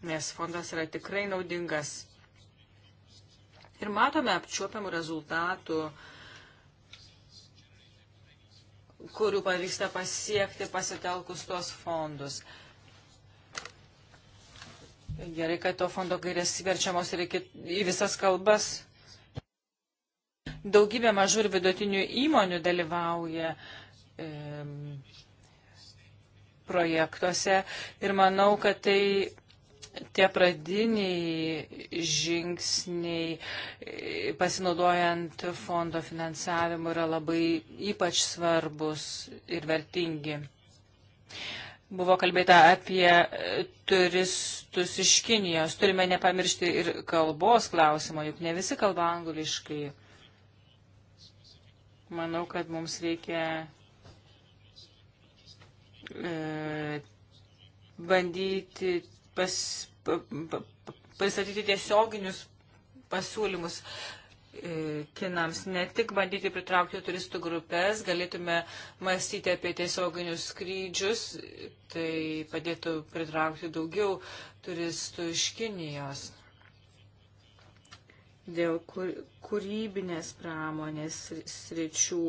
nes fondas yra tikrai naudingas. Ir matome apčiuopiamų rezultatų, kurių pavyksta pasiekti pasitelkus tuos fondus. Gerai, kad to fondo gairės verčiamos ir į visas kalbas daugybė mažų ir vidutinių įmonių dalyvauja e, projektuose ir manau, kad tai tie pradiniai žingsniai e, pasinaudojant fondo finansavimu yra labai ypač svarbus ir vertingi. Buvo kalbėta apie e, turistus iš Kinijos. Turime nepamiršti ir kalbos klausimo, juk ne visi kalba angliškai. Manau, kad mums reikia e, bandyti pas, pa, pa, pristatyti tiesioginius pasiūlymus e, kinams, ne tik bandyti pritraukti turistų grupės, galėtume mąstyti apie tiesioginius skrydžius, tai padėtų pritraukti daugiau turistų iš Kinijos. Dėl kūrybinės pramonės sričių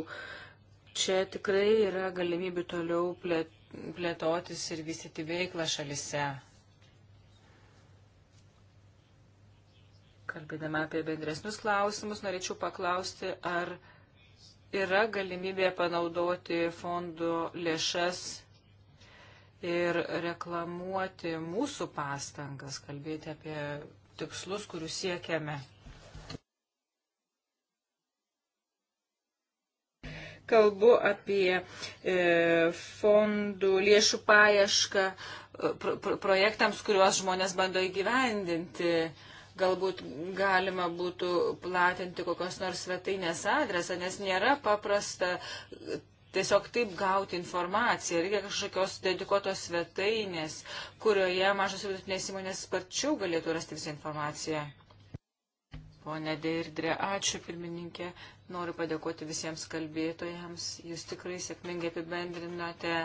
čia tikrai yra galimybių toliau plėtotis ir vystyti veiklą šalise. Kalbėdama apie bendresnius klausimus, norėčiau paklausti, ar yra galimybė panaudoti fondų lėšas ir reklamuoti mūsų pastangas, kalbėti apie tikslus, kurių siekiame. Kalbu apie e, fondų lėšų paiešką e, pro, pro, projektams, kuriuos žmonės bando įgyvendinti. E, galbūt galima būtų platinti kokios nors svetainės adresą, nes nėra paprasta tiesiog taip gauti informaciją. Reikia kažkokios dedikuotos svetainės, kurioje mažos ir vidutinės įmonės sparčiau galėtų rasti visą informaciją. Pone Deirdre, ačiū pirmininkė. Noriu padėkoti visiems kalbėtojams. Jūs tikrai sėkmingai apibendrinote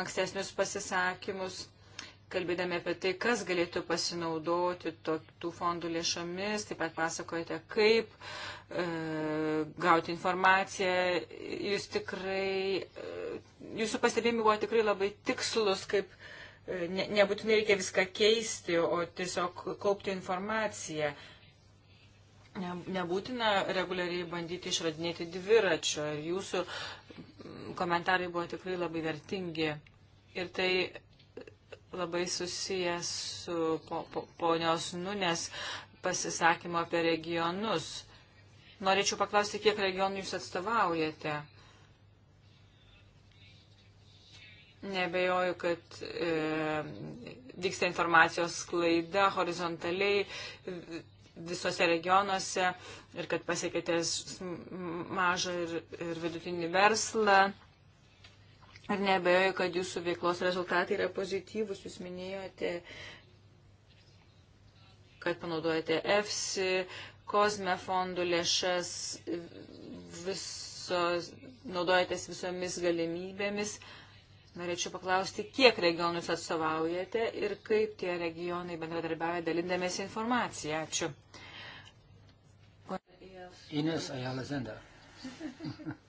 ankstesnius pasisakymus kalbėdami apie tai, kas galėtų pasinaudoti to, tų fondų lėšomis, taip pat pasakojate, kaip e, gauti informaciją. Jūs tikrai, e, jūsų pastebėjimai buvo tikrai labai tikslus, kaip e, ne, nebūtinai reikia viską keisti, o tiesiog kaupti informaciją. Ne, nebūtina reguliariai bandyti išradinėti dviračio. Jūsų komentarai buvo tikrai labai vertingi. Ir tai labai susijęs su po, po, ponios Nunes pasisakymo apie regionus. Norėčiau paklausti, kiek regionų jūs atstovaujate? Nebejoju, kad e, vyksta informacijos sklaida horizontaliai visose regionuose ir kad pasiekėte mažą ir, ir vidutinį verslą. Ar nebejoju, kad jūsų veiklos rezultatai yra pozityvus, jūs minėjote, kad panaudojate EFSI, kozme fondų lėšas, visos, naudojatės visomis galimybėmis. Norėčiau paklausti, kiek regionus atstovaujate ir kaip tie regionai bendradarbiavę dalindamėsi informaciją. Ačiū. Ines Ayala Zenda.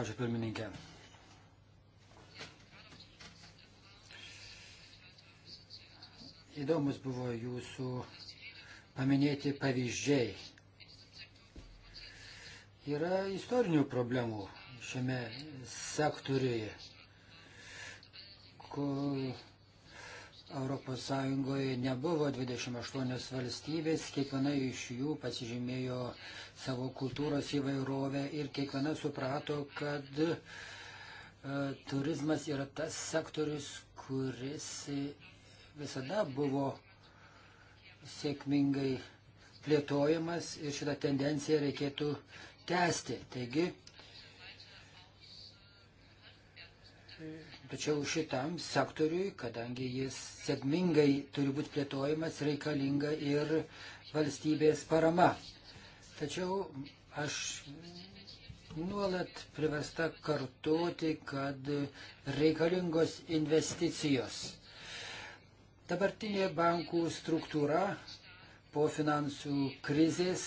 Ačiū pirmininkė. Įdomus buvo jūsų paminėti pavyzdžiai. Yra istorinių problemų šiame sektoriuje, kur ES nebuvo 28 valstybės, kiekviena iš jų pasižymėjo savo kultūros įvairovę ir kiekviena suprato, kad e, turizmas yra tas sektorius, kuris visada buvo sėkmingai plėtojamas ir šitą tendenciją reikėtų tęsti. Taigi, Tačiau šitam sektoriui, kadangi jis sėkmingai turi būti plėtojamas, reikalinga ir valstybės parama. Tačiau aš nuolat priversta kartuoti, kad reikalingos investicijos. Dabartinė bankų struktūra po finansų krizės,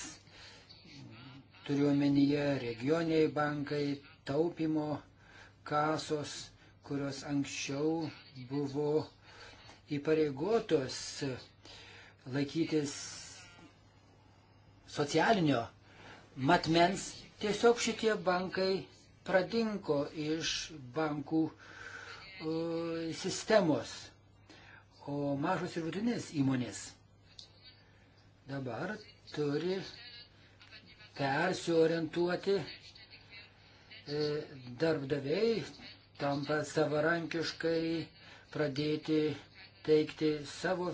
turiuomenyje regioniai bankai, taupimo kasos, kurios anksčiau buvo įpareigotos laikytis socialinio matmens, tiesiog šitie bankai pradinko iš bankų e, sistemos, o mažos ir vidutinės įmonės dabar turi persiorientuoti e, darbdaviai tampa savarankiškai pradėti teikti savo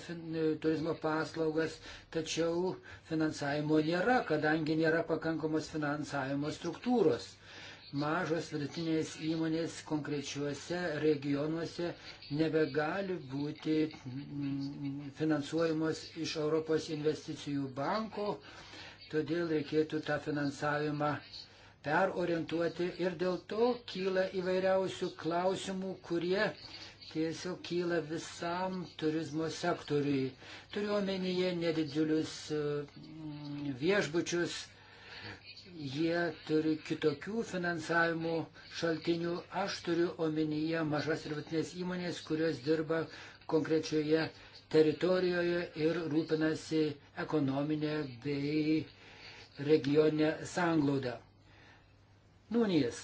turizmo paslaugas, tačiau finansavimo nėra, kadangi nėra pakankamos finansavimo struktūros. Mažos vidutinės įmonės konkrečiuose regionuose nebegali būti mm, finansuojamos iš Europos investicijų banko, todėl reikėtų tą finansavimą perorientuoti ir dėl to kyla įvairiausių klausimų, kurie tiesiog kyla visam turizmo sektoriui. Turiuomenyje nedidžiulius mm, viešbučius, jie turi kitokių finansavimo šaltinių. Aš turiu omenyje mažas ir vidutinės įmonės, kurios dirba konkrečioje teritorijoje ir rūpinasi ekonominė bei regioninė sanglauda. Nūnijas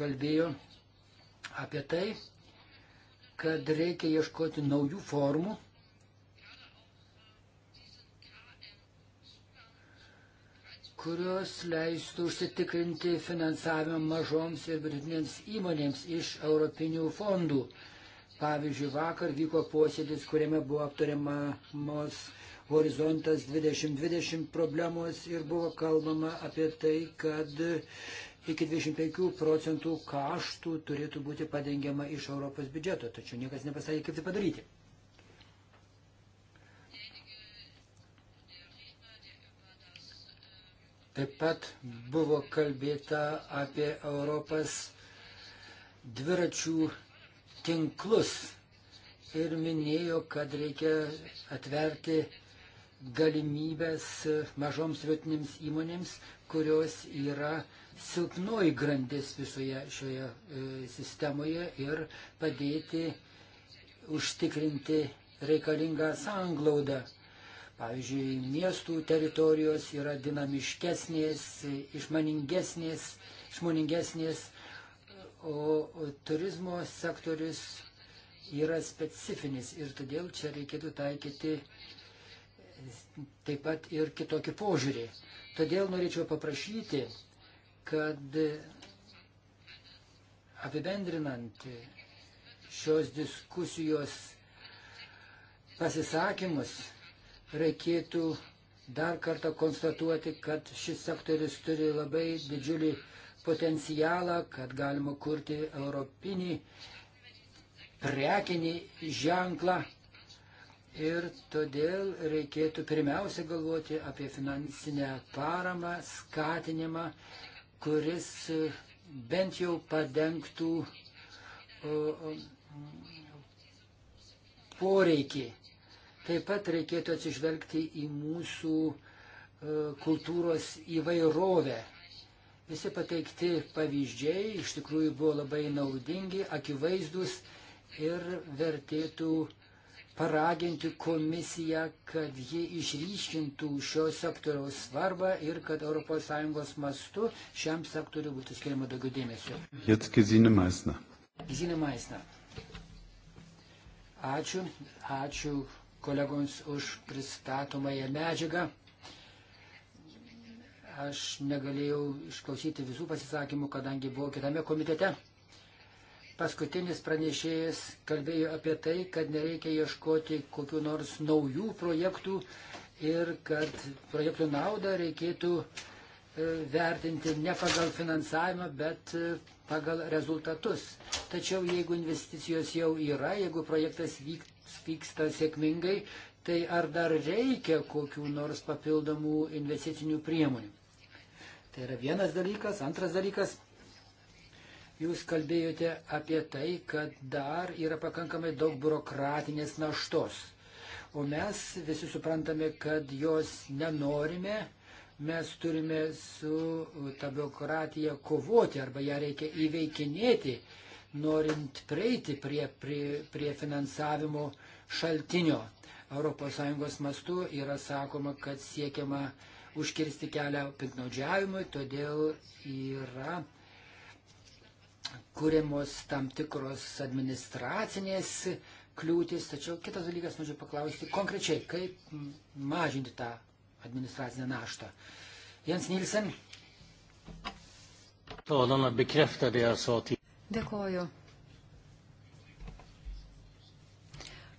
kalbėjo apie tai, kad reikia ieškoti naujų formų. kurios leistų užsitikrinti finansavimą mažoms ir vidutinėms įmonėms iš europinių fondų. Pavyzdžiui, vakar vyko posėdis, kuriame buvo aptariamos horizontas 2020 problemos ir buvo kalbama apie tai, kad iki 25 procentų kaštų turėtų būti padengiama iš Europos biudžeto, tačiau niekas nepasakė, kaip tai padaryti. Taip pat buvo kalbėta apie Europos dviračių tinklus ir minėjo, kad reikia atverti galimybės mažoms vietinėms įmonėms, kurios yra silpnoji grandis visoje šioje e, sistemoje ir padėti užtikrinti reikalingą sanglaudą. Pavyzdžiui, miestų teritorijos yra dinamiškesnės, išmaningesnės, išmoningesnės, o turizmo sektorius yra specifinis ir todėl čia reikėtų taikyti taip pat ir kitokį požiūrį. Todėl norėčiau paprašyti kad apibendrinant šios diskusijos pasisakymus, reikėtų dar kartą konstatuoti, kad šis sektoris turi labai didžiulį potencialą, kad galima kurti europinį prekinį ženklą. Ir todėl reikėtų pirmiausia galvoti apie finansinę paramą, skatinimą kuris bent jau padengtų poreikį. Taip pat reikėtų atsižvelgti į mūsų e, kultūros įvairovę. Visi pateikti pavyzdžiai iš tikrųjų buvo labai naudingi, akivaizdus ir vertėtų uh, paraginti komisiją, kad ji išryškintų šio sektoriaus svarbą ir kad ES mastu šiam sektoriu būtų skiriama daugiau dėmesio. Jetzt Gesine Meisner. Gesine Meisner. Ačiū, ačiū kolegoms už pristatomąją medžiagą. Aš negalėjau išklausyti visų pasisakymų, kadangi buvau kitame komitete. Paskutinis pranešėjas kalbėjo apie tai, kad nereikia ieškoti kokiu nors naujų projektų ir kad projektų naudą reikėtų e, vertinti ne pagal finansavimą, bet e, pagal rezultatus. Tačiau jeigu investicijos jau yra, jeigu projektas vyksta sėkmingai, tai ar dar reikia kokių nors papildomų investicinių priemonių? Tai yra vienas dalykas. Antras dalykas Jūs kalbėjote apie tai, kad dar yra pakankamai daug biurokratinės naštos. O mes visi suprantame, kad jos nenorime, mes turime su ta biurokratija kovoti arba ją reikia įveikinėti, norint prieiti prie, prie, prie finansavimo šaltinio. ES mastu yra sakoma, kad siekiama užkirsti kelią piknaudžiavimui, todėl yra kūrimos tam tikros administracinės kliūtis, tačiau kitas dalykas, noriu paklausti konkrečiai, kaip mažinti tą administracinę naštą. Jens Nilsen. Talarna bekräftar det jag sa till. Dėkoju.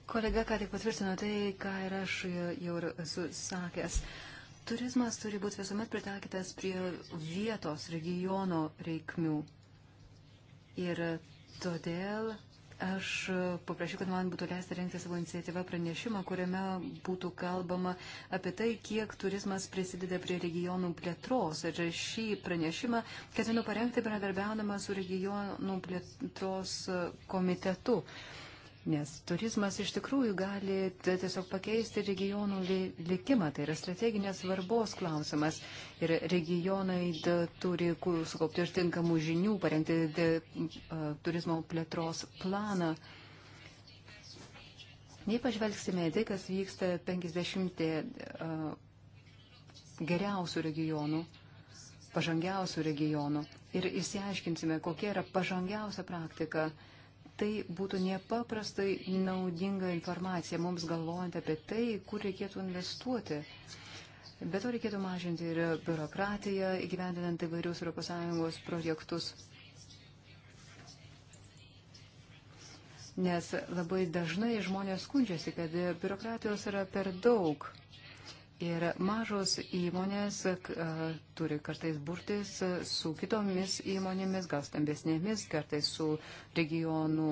Kolega ką tik patvirtino tai, ką ir aš jau esu sakęs. Turizmas turi būti visuomet pritaikytas prie vietos regiono reikmių. Ir todėl aš paprašiau, kad man būtų leista rengti savo iniciatyvą pranešimą, kuriame būtų kalbama apie tai, kiek turizmas prisideda prie regionų plėtros. Ir šį pranešimą ketinu parengti bendradarbiaudama su regionų plėtros komitetu. Uh, nes turizmas iš tikrųjų gali tiesiog pakeisti regionų likimą, tai yra strateginės svarbos klausimas ir regionai da, turi sukaupti ir tinkamų žinių, parengti da, turizmo plėtros planą. Jei pažvelgsime tai, kas vyksta 50 a, geriausių regionų, pažangiausių regionų ir įsiaiškinsime, kokia yra pažangiausia praktika, Tai būtų nepaprastai naudinga informacija mums galvojant apie tai, kur reikėtų investuoti. Be to reikėtų mažinti ir biurokratiją, įgyvendinant įvairius ES projektus. Nes labai dažnai žmonės skundžiasi, kad biurokratijos yra per daug. Ir mažos įmonės turi kartais burtis e, su kitomis įmonėmis, gal stambesnėmis, kartais su regionų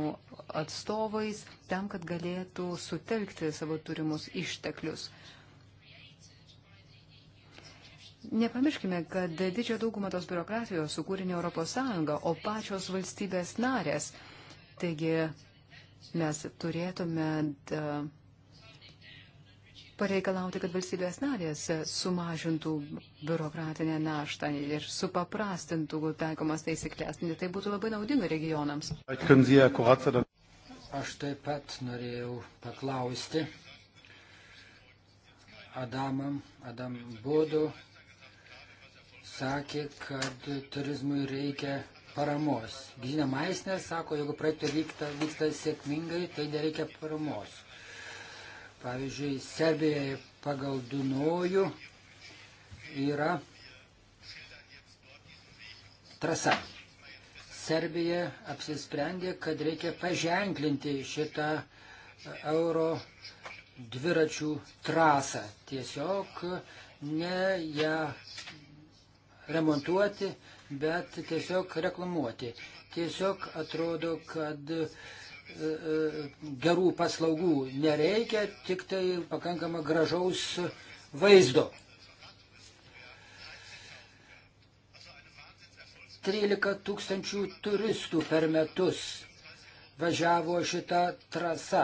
atstovais, tam, kad galėtų sutelkti savo turimus išteklius. Nepamirškime, kad didžią daugumą tos biurokratijos sukūrė ne Europos Sąjunga, o pačios valstybės narės. Taigi mes turėtume. Da, pareikalauti, kad valstybės narės sumažintų biurokratinę naštą ir supaprastintų taikomas taisyklės. Tai būtų labai naudinga regionams. Aš taip pat norėjau paklausti Adamam, Adam Būdu sakė, kad turizmui reikia paramos. Gina Maisnė sako, jeigu projektai vyksta, vyksta sėkmingai, tai nereikia paramos. Pavyzdžiui, Serbijai pagal Dunojų yra trasa. Serbija apsisprendė, kad reikia paženklinti šitą euro dviračių trasą. Tiesiog ne ją remontuoti, bet tiesiog reklamuoti. Tiesiog atrodo, kad gerų paslaugų nereikia, tik tai pakankamą gražaus vaizdo. 13 tūkstančių turistų per metus važiavo šitą trasą.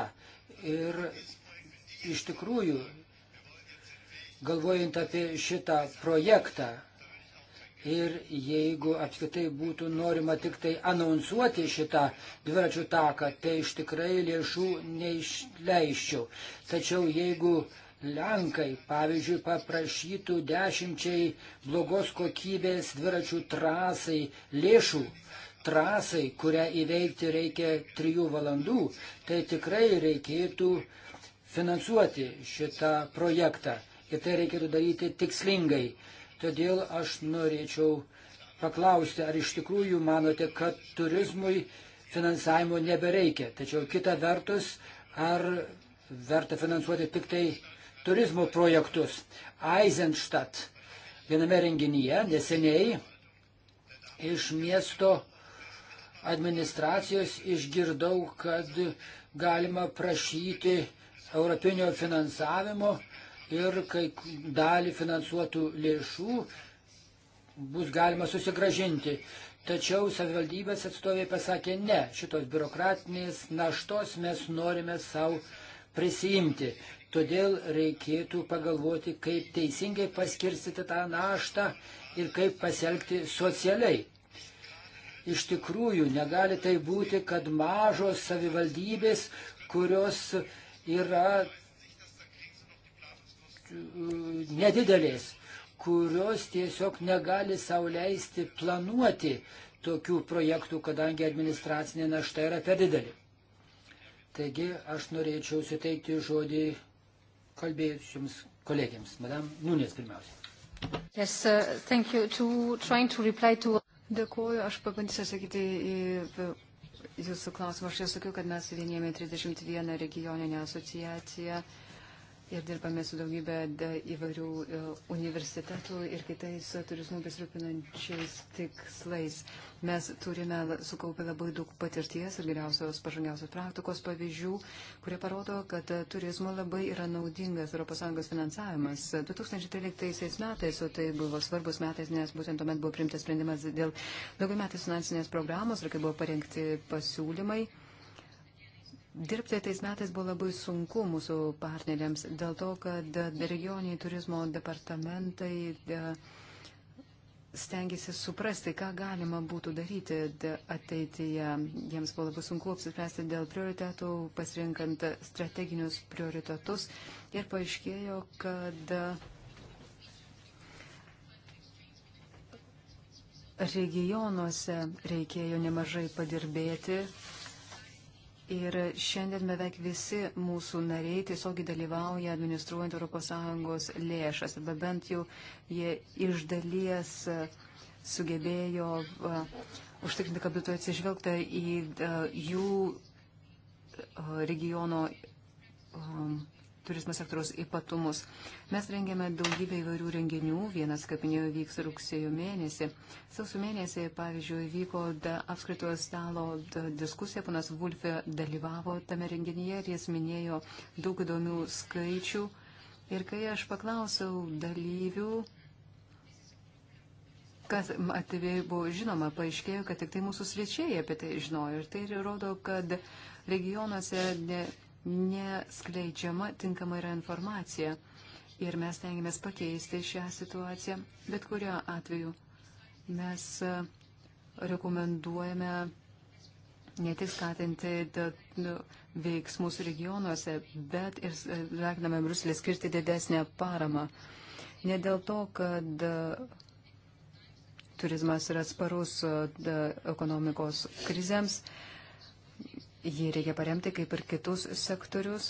Ir iš tikrųjų, galvojant apie šitą projektą, Ir jeigu apskritai būtų norima tik tai anonsuoti šitą dviračių taką, tai iš tikrai lėšų neišleiščiau. Tačiau jeigu Lenkai, pavyzdžiui, paprašytų dešimčiai blogos kokybės dviračių trasai lėšų, trasai, kurią įveikti reikia trijų valandų, tai tikrai reikėtų finansuoti šitą projektą. Ir tai reikėtų daryti tikslingai. Todėl aš norėčiau paklausti, ar iš tikrųjų manote, kad turizmui finansavimo nebereikia. Tačiau kita vertus, ar verta finansuoti tik tai turizmo projektus. Eisenstadt viename renginyje neseniai iš miesto administracijos išgirdau, kad galima prašyti europinio finansavimo ir kai dalį finansuotų lėšų bus galima susigražinti. Tačiau savivaldybės atstovė pasakė, ne, šitos biurokratinės naštos mes norime savo prisijimti. Todėl reikėtų pagalvoti, kaip teisingai paskirstyti tą naštą ir kaip pasielgti socialiai. Iš tikrųjų, negali tai būti, kad mažos savivaldybės, kurios yra nedidelės, kurios tiesiog negali sauliaisti planuoti tokių projektų, kadangi administracinė našta yra per didelė. Taigi aš norėčiau suteikti žodį kalbėjusiems kolegiams. Madam Nūnės pirmiausia. Yes, uh, thank you. To, trying to reply to... Dėkuoju, aš pabandysiu atsakyti į jūsų klausimą. Aš jau sakiau, kad mes vienijame 31 regioninę asociaciją. Uh, ir dirbame su daugybė įvairių e, universitetų ir kitais turizmų besirūpinančiais tikslais. Mes turime sukaupę labai daug patirties ir geriausios pažangiausios praktikos pavyzdžių, kurie parodo, kad e, turizmo labai yra naudingas ES finansavimas. 2013 metais, o tai buvo svarbus metais, nes būtent tuomet buvo primtas sprendimas dėl daugiametės finansinės programos ir kai buvo parengti pasiūlymai. Dirbti tais metais buvo labai sunku mūsų partneriams dėl to, kad regioniai turizmo departamentai e, stengiasi suprasti, ką galima būtų daryti ateityje. Jiems buvo labai sunku apsispręsti dėl prioritetų, pasirinkant strateginius prioritetus ir paaiškėjo, kad regionuose reikėjo nemažai padirbėti Ir šiandien beveik visi mūsų nariai tiesiogiai dalyvauja administruojant ES lėšas, arba bent jau jie iš dalies e, sugebėjo uh, užtikrinti, kad būtų atsižvelgta į uh, jų uh, regiono um, turizmo sektoriaus ypatumus. Mes rengėme daugybę įvairių renginių, vienas, kaip minėjau, vyks rugsėjo mėnesį. Sausio mėnesį, pavyzdžiui, vyko apskritojo stalo diskusija, panas Vulfė dalyvavo tame renginyje ir jis minėjo daug įdomių skaičių. Ir kai aš paklausiau dalyvių, kas atveju buvo žinoma, paaiškėjo, kad tik tai mūsų svečiai apie tai žinojo. Ir tai rodo, kad regionuose ne, neskleidžiama tinkama yra informacija. Ir mes tengiamės pakeisti šią situaciją. Bet kurio atveju mes e, rekomenduojame ne tik skatinti nu, veiksmus regionuose, bet ir e, raginame Bruselį skirti didesnę paramą. Ne dėl to, kad e, turizmas yra sparus ekonomikos krizėms, Jį reikia paremti kaip ir kitus sektorius.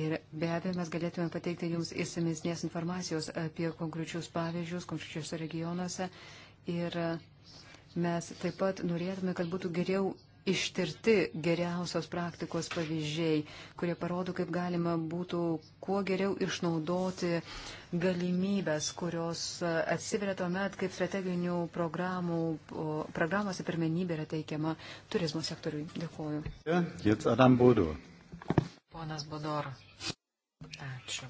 Ir be abejo, mes galėtume pateikti jums įsimesnės informacijos apie konkrečius pavyzdžius, konkrečiuose regionuose. Ir mes taip pat norėtume, kad būtų geriau ištirti geriausios praktikos pavyzdžiai, kurie parodo, kaip galima būtų kuo geriau išnaudoti galimybės, kurios e, atsiveria tuomet, kaip strateginių programų, programuose pirmenybė yra teikiama turizmo sektoriui. Dėkuoju. Jetzt Adam Bodo. Ponas Bodor. Ačiū.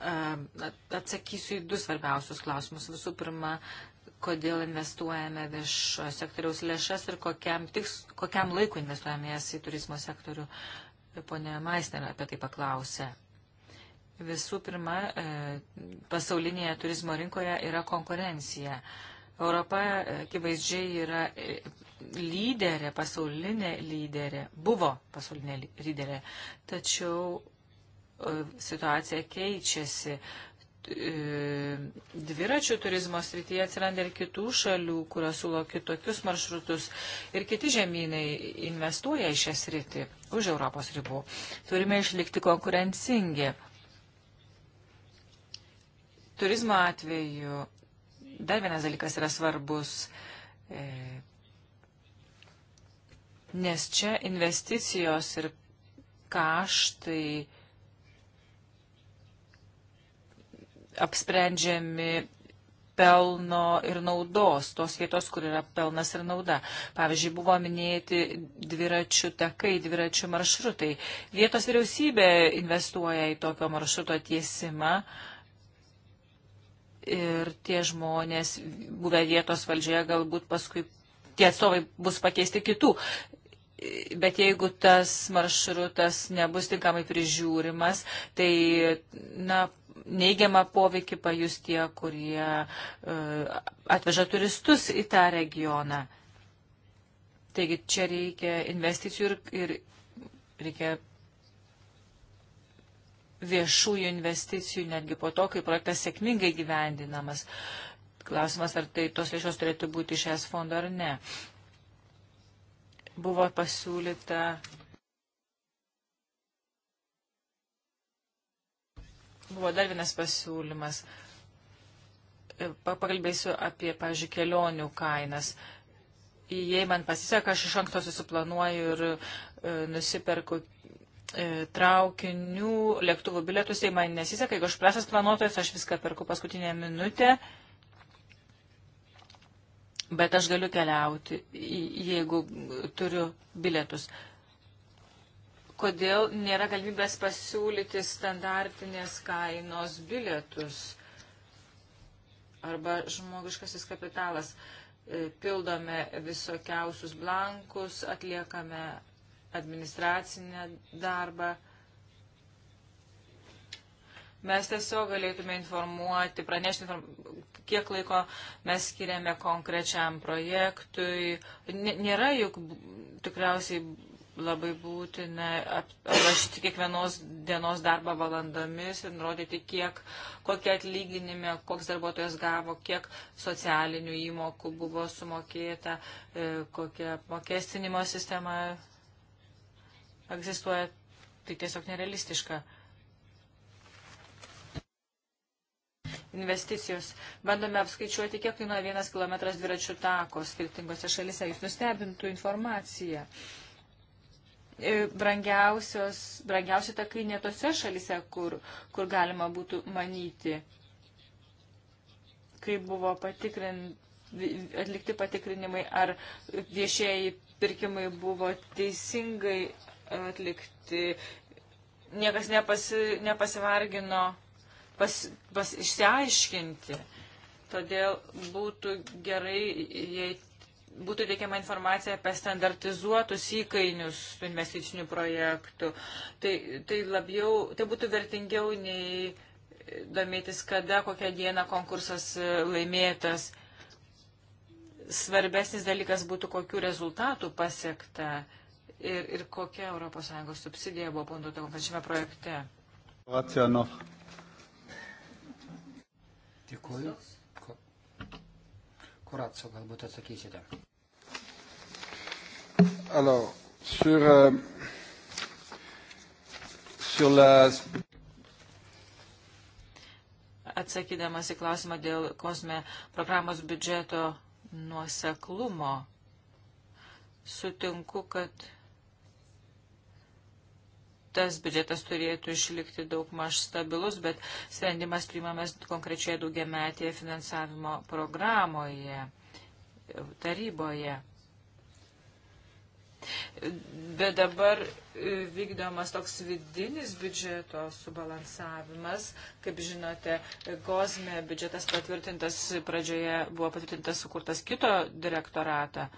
Atsakysiu į du svarbiausius klausimus. Visų pirma, kodėl investuojame viešo sektoriaus lėšas ir kokiam, tiks, kokiam laiku investuojame jas į turizmo sektorių. Pone Maisner apie tai paklausė. Visų pirma, e, pasaulinėje turizmo rinkoje yra konkurencija. Europa akivaizdžiai yra e, lyderė, pasaulinė lyderė, buvo pasaulinė lyderė, tačiau e, situacija keičiasi. E, dviračių turizmo srityje atsiranda ir kitų šalių, kurios siūlo kitokius maršrutus ir kiti žemynai investuoja į šią sritį už Europos ribų. Turime išlikti konkurencingi. Turizmo atveju dar vienas dalykas yra svarbus, e, nes čia investicijos ir kaštai apsprendžiami pelno ir naudos, tos vietos, kur yra pelnas ir nauda. Pavyzdžiui, buvo minėti dviračių takai, dviračių maršrutai. Vietos vyriausybė investuoja į tokio maršruto tiesimą. Ir tie žmonės, buvę vietos valdžioje, galbūt paskui tie atstovai bus pakeisti kitų. Bet jeigu tas maršrutas nebus tinkamai prižiūrimas, tai, na, neigiamą poveikį pajus tie, kurie e, atveža turistus į tą regioną. Taigi čia reikia investicijų ir, ir reikia viešųjų investicijų netgi po to, kai projektas sėkmingai gyvendinamas. Klausimas, ar tai tos lėšos turėtų būti iš es fondo ar ne. Buvo pasiūlyta buvo dar vienas pasiūlymas. E, pakalbėsiu apie, pažiūrėjau, kelionių kainas. Jei man pasiseka, aš iš anksto susiplanuoju ir e, nusiperku e, traukinių, lėktuvų bilietus, tai man nesiseka, jeigu aš prasas planuotojas, aš viską perku paskutinę minutę, bet aš galiu keliauti, jeigu turiu bilietus kodėl nėra galimybės pasiūlyti standartinės kainos bilietus arba žmogiškasis kapitalas. E, pildome visokiausius blankus, atliekame administracinę darbą. Mes tiesiog galėtume informuoti, pranešti, kiek laiko mes skiriame konkrečiam projektui. Nėra juk tikriausiai labai būtina aprašyti kiekvienos dienos darbą valandomis ir nurodyti, kiek, kokie atlyginime, koks darbuotojas gavo, kiek socialinių įmokų buvo sumokėta, e, kokia apmokestinimo sistema egzistuoja. Tai tiesiog nerealistiška. investicijos. Bandome apskaičiuoti, kiek kainuoja vienas kilometras dviračių tako skirtingose šalise. Jūs nustebintų informaciją. Uh, E, brangiausi takai ne tose šalise, kur, kur galima būtų manyti, kai buvo patikrin, atlikti patikrinimai, ar viešieji pirkimai buvo teisingai atlikti. Niekas nepasi, nepasivargino pas, pas, išsiaiškinti. Todėl būtų gerai, jei būtų teikiama informacija apie standartizuotus įkainius investicinių projektų. Tai, tai, labiau, tai būtų vertingiau nei domėtis, kada, kokią dieną konkursas e, laimėtas. Svarbesnis dalykas būtų, kokiu rezultatu pasiekta ir, ir kokia ES subsidija buvo panduota konkrečiame projekte. Racianov. Dėkuoju. Kuraco galbūt atsakysite. Alors, sur, euh, sur la... Atsakydamas į klausimą dėl kosme programos biudžeto nuoseklumo, sutinku, kad tas biudžetas turėtų išlikti daug maž stabilus, bet sprendimas priimamas konkrečioje daugiametėje finansavimo programoje, taryboje. Bet dabar e, vykdomas toks vidinis biudžeto subalansavimas. Kaip žinote, Gozme biudžetas patvirtintas pradžioje, buvo patvirtintas sukurtas kito direktorato.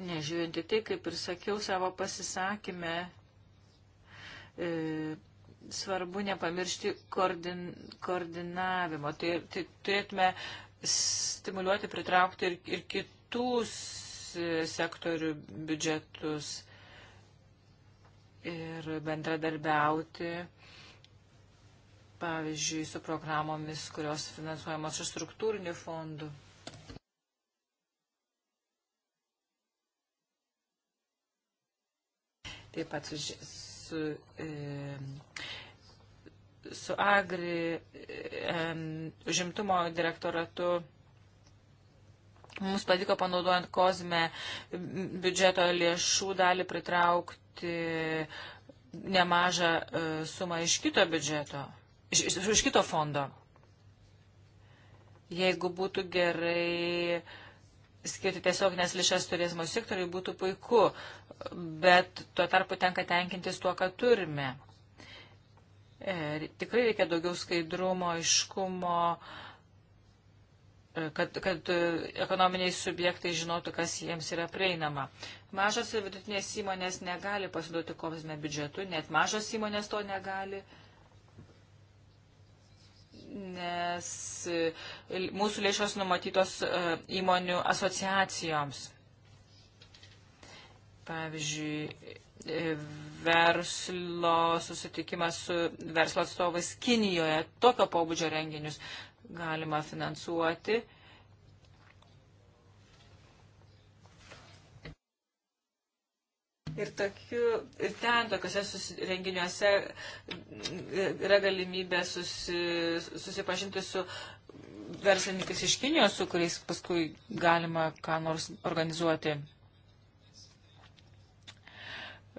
Nežiūrint į tai, kaip ir sakiau savo pasisakymę, e, svarbu nepamiršti koordin, koordinavimo. Tai, tai turėtume stimuliuoti, pritraukti ir, ir kitus e, sektorių biudžetus ir bendradarbiauti, pavyzdžiui, su programomis, kurios finansuojamos iš struktūrinių fondų. Taip pat su su, e, su Agri e, užimtumo direktoratu. Mums pavyko panaudojant kozmę biudžeto lėšų dalį pritraukti nemažą e, sumą iš kito biudžeto, iš, iš, iš kito fondo. Jeigu būtų gerai skirti tiesioginės lišas turizmo sektoriui būtų puiku bet tuo tarpu tenka tenkintis tuo, ką turime. E, ir tikrai reikia daugiau skaidrumo, iškumo, e, kad, kad e, ekonominiai subjektai žinotų, kas jiems yra prieinama. Mažos ir vidutinės įmonės negali pasiduoti kovizme biudžetu, net mažos įmonės to negali, nes mūsų lėšos numatytos įmonių asociacijoms. Pavyzdžiui, e, verslo susitikimas su verslo atstovais Kinijoje, tokio pobūdžio renginius galima finansuoti. Ir, tokiu, ir ten tokiuose renginiuose yra galimybė susi, susipažinti su verslininkais iš Kinijos, su kuriais paskui galima ką nors organizuoti.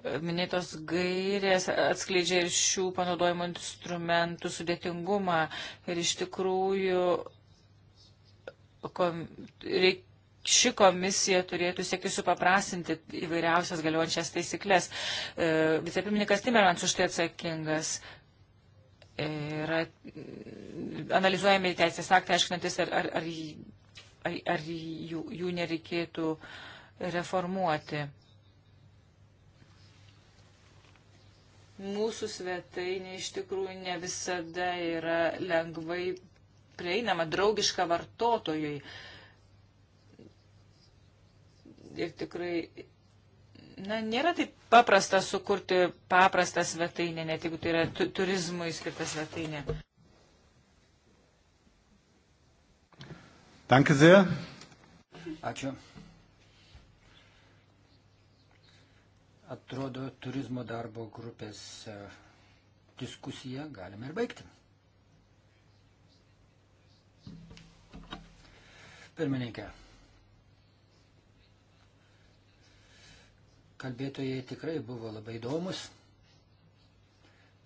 Minėtos gairės atskleidžia ir šių panaudojimo instrumentų sudėtingumą ir iš tikrųjų kom, reik, ši komisija turėtų siekti supaprastinti įvairiausias galiojančias taisyklės. E, Vicepirmininkas Timermans už tai atsakingas. E, yra analizuojami teisės aktai, aiškinantis, ar, ar, ar, ar, ar jų, jų nereikėtų reformuoti. Mūsų svetainė iš tikrųjų ne visada yra lengvai prieinama, draugiška vartotojui. Ir tikrai, na, nėra taip paprasta sukurti paprastą svetainę, net jeigu tai yra tu, turizmui skirta svetainė. Danke sehr. Ačiū. Atrodo, turizmo darbo grupės e, diskusiją galime ir baigti. Pirmininkė. Kalbėtojai tikrai buvo labai įdomus,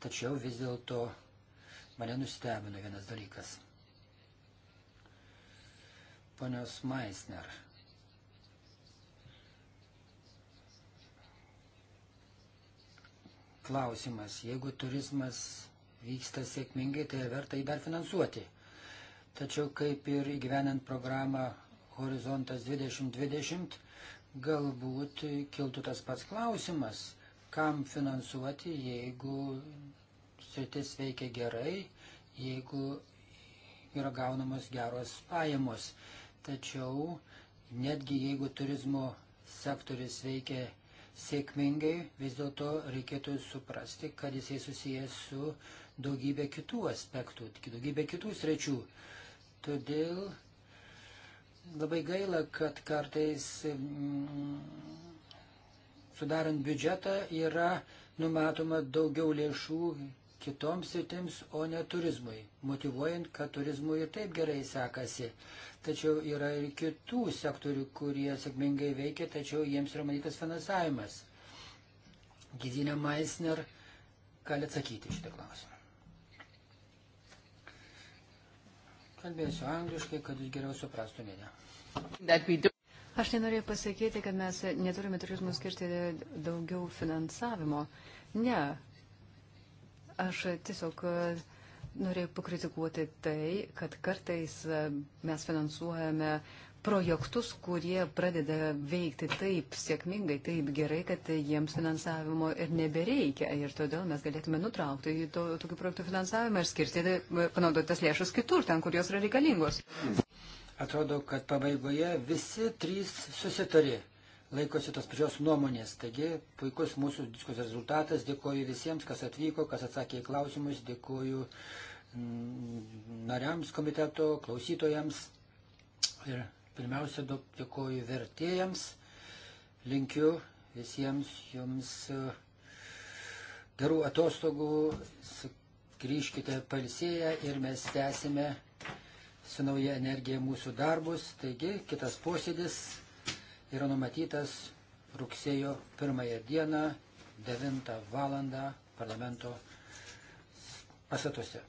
tačiau vis dėlto mane nustebino vienas dalykas. Ponios Maisner klausimas. Jeigu turizmas vyksta sėkmingai, tai verta jį dar finansuoti. Tačiau kaip ir įgyvenant programą Horizontas 2020, galbūt kiltų tas pats klausimas, kam finansuoti, jeigu sritis veikia gerai, jeigu yra gaunamos geros pajamos. Tačiau netgi jeigu turizmo sektoris veikia gerai, sėkmingai, vis dėlto reikėtų suprasti, kad jisai susijęs su daugybė kitų aspektų, daugybė kitų sričių. Todėl labai gaila, kad kartais mm, sudarant biudžetą yra numatoma daugiau lėšų kitoms sritims, o ne turizmui, motivuojant, kad turizmui ir taip gerai sekasi. Tačiau yra ir kitų sektorių, kurie sėkmingai veikia, tačiau jiems yra matytas finansavimas. Gizinė Maisner gali atsakyti šitą klausimą. Kalbėsiu angliškai, kad jūs geriau suprastumėte. Aš nenorėjau pasakyti, kad mes neturime turizmų skirti daugiau finansavimo. Ne, Aš tiesiog e, norėjau pakritikuoti tai, kad kartais e, mes finansuojame projektus, kurie pradeda veikti taip sėkmingai, taip gerai, kad jiems finansavimo ir nebereikia. Ir todėl mes galėtume nutraukti to, tokių projektų finansavimą ir skirti, e, panaudotas lėšas kitur, ten, kur jos yra reikalingos. Atrodo, kad pabaigoje visi trys susitarė laikosi tos pačios nuomonės. Taigi, puikus mūsų diskusijos rezultatas. Dėkoju visiems, kas atvyko, kas atsakė į klausimus. Dėkoju mm, nariams komiteto, klausytojams. Ir pirmiausia, dėkoju vertėjams. Linkiu visiems jums e, gerų atostogų. Grįžkite palsėję ir mes tęsime su nauja energija mūsų darbus. Taigi, kitas posėdis yra numatytas rugsėjo 1 dieną 9 val. parlamento pastatuose.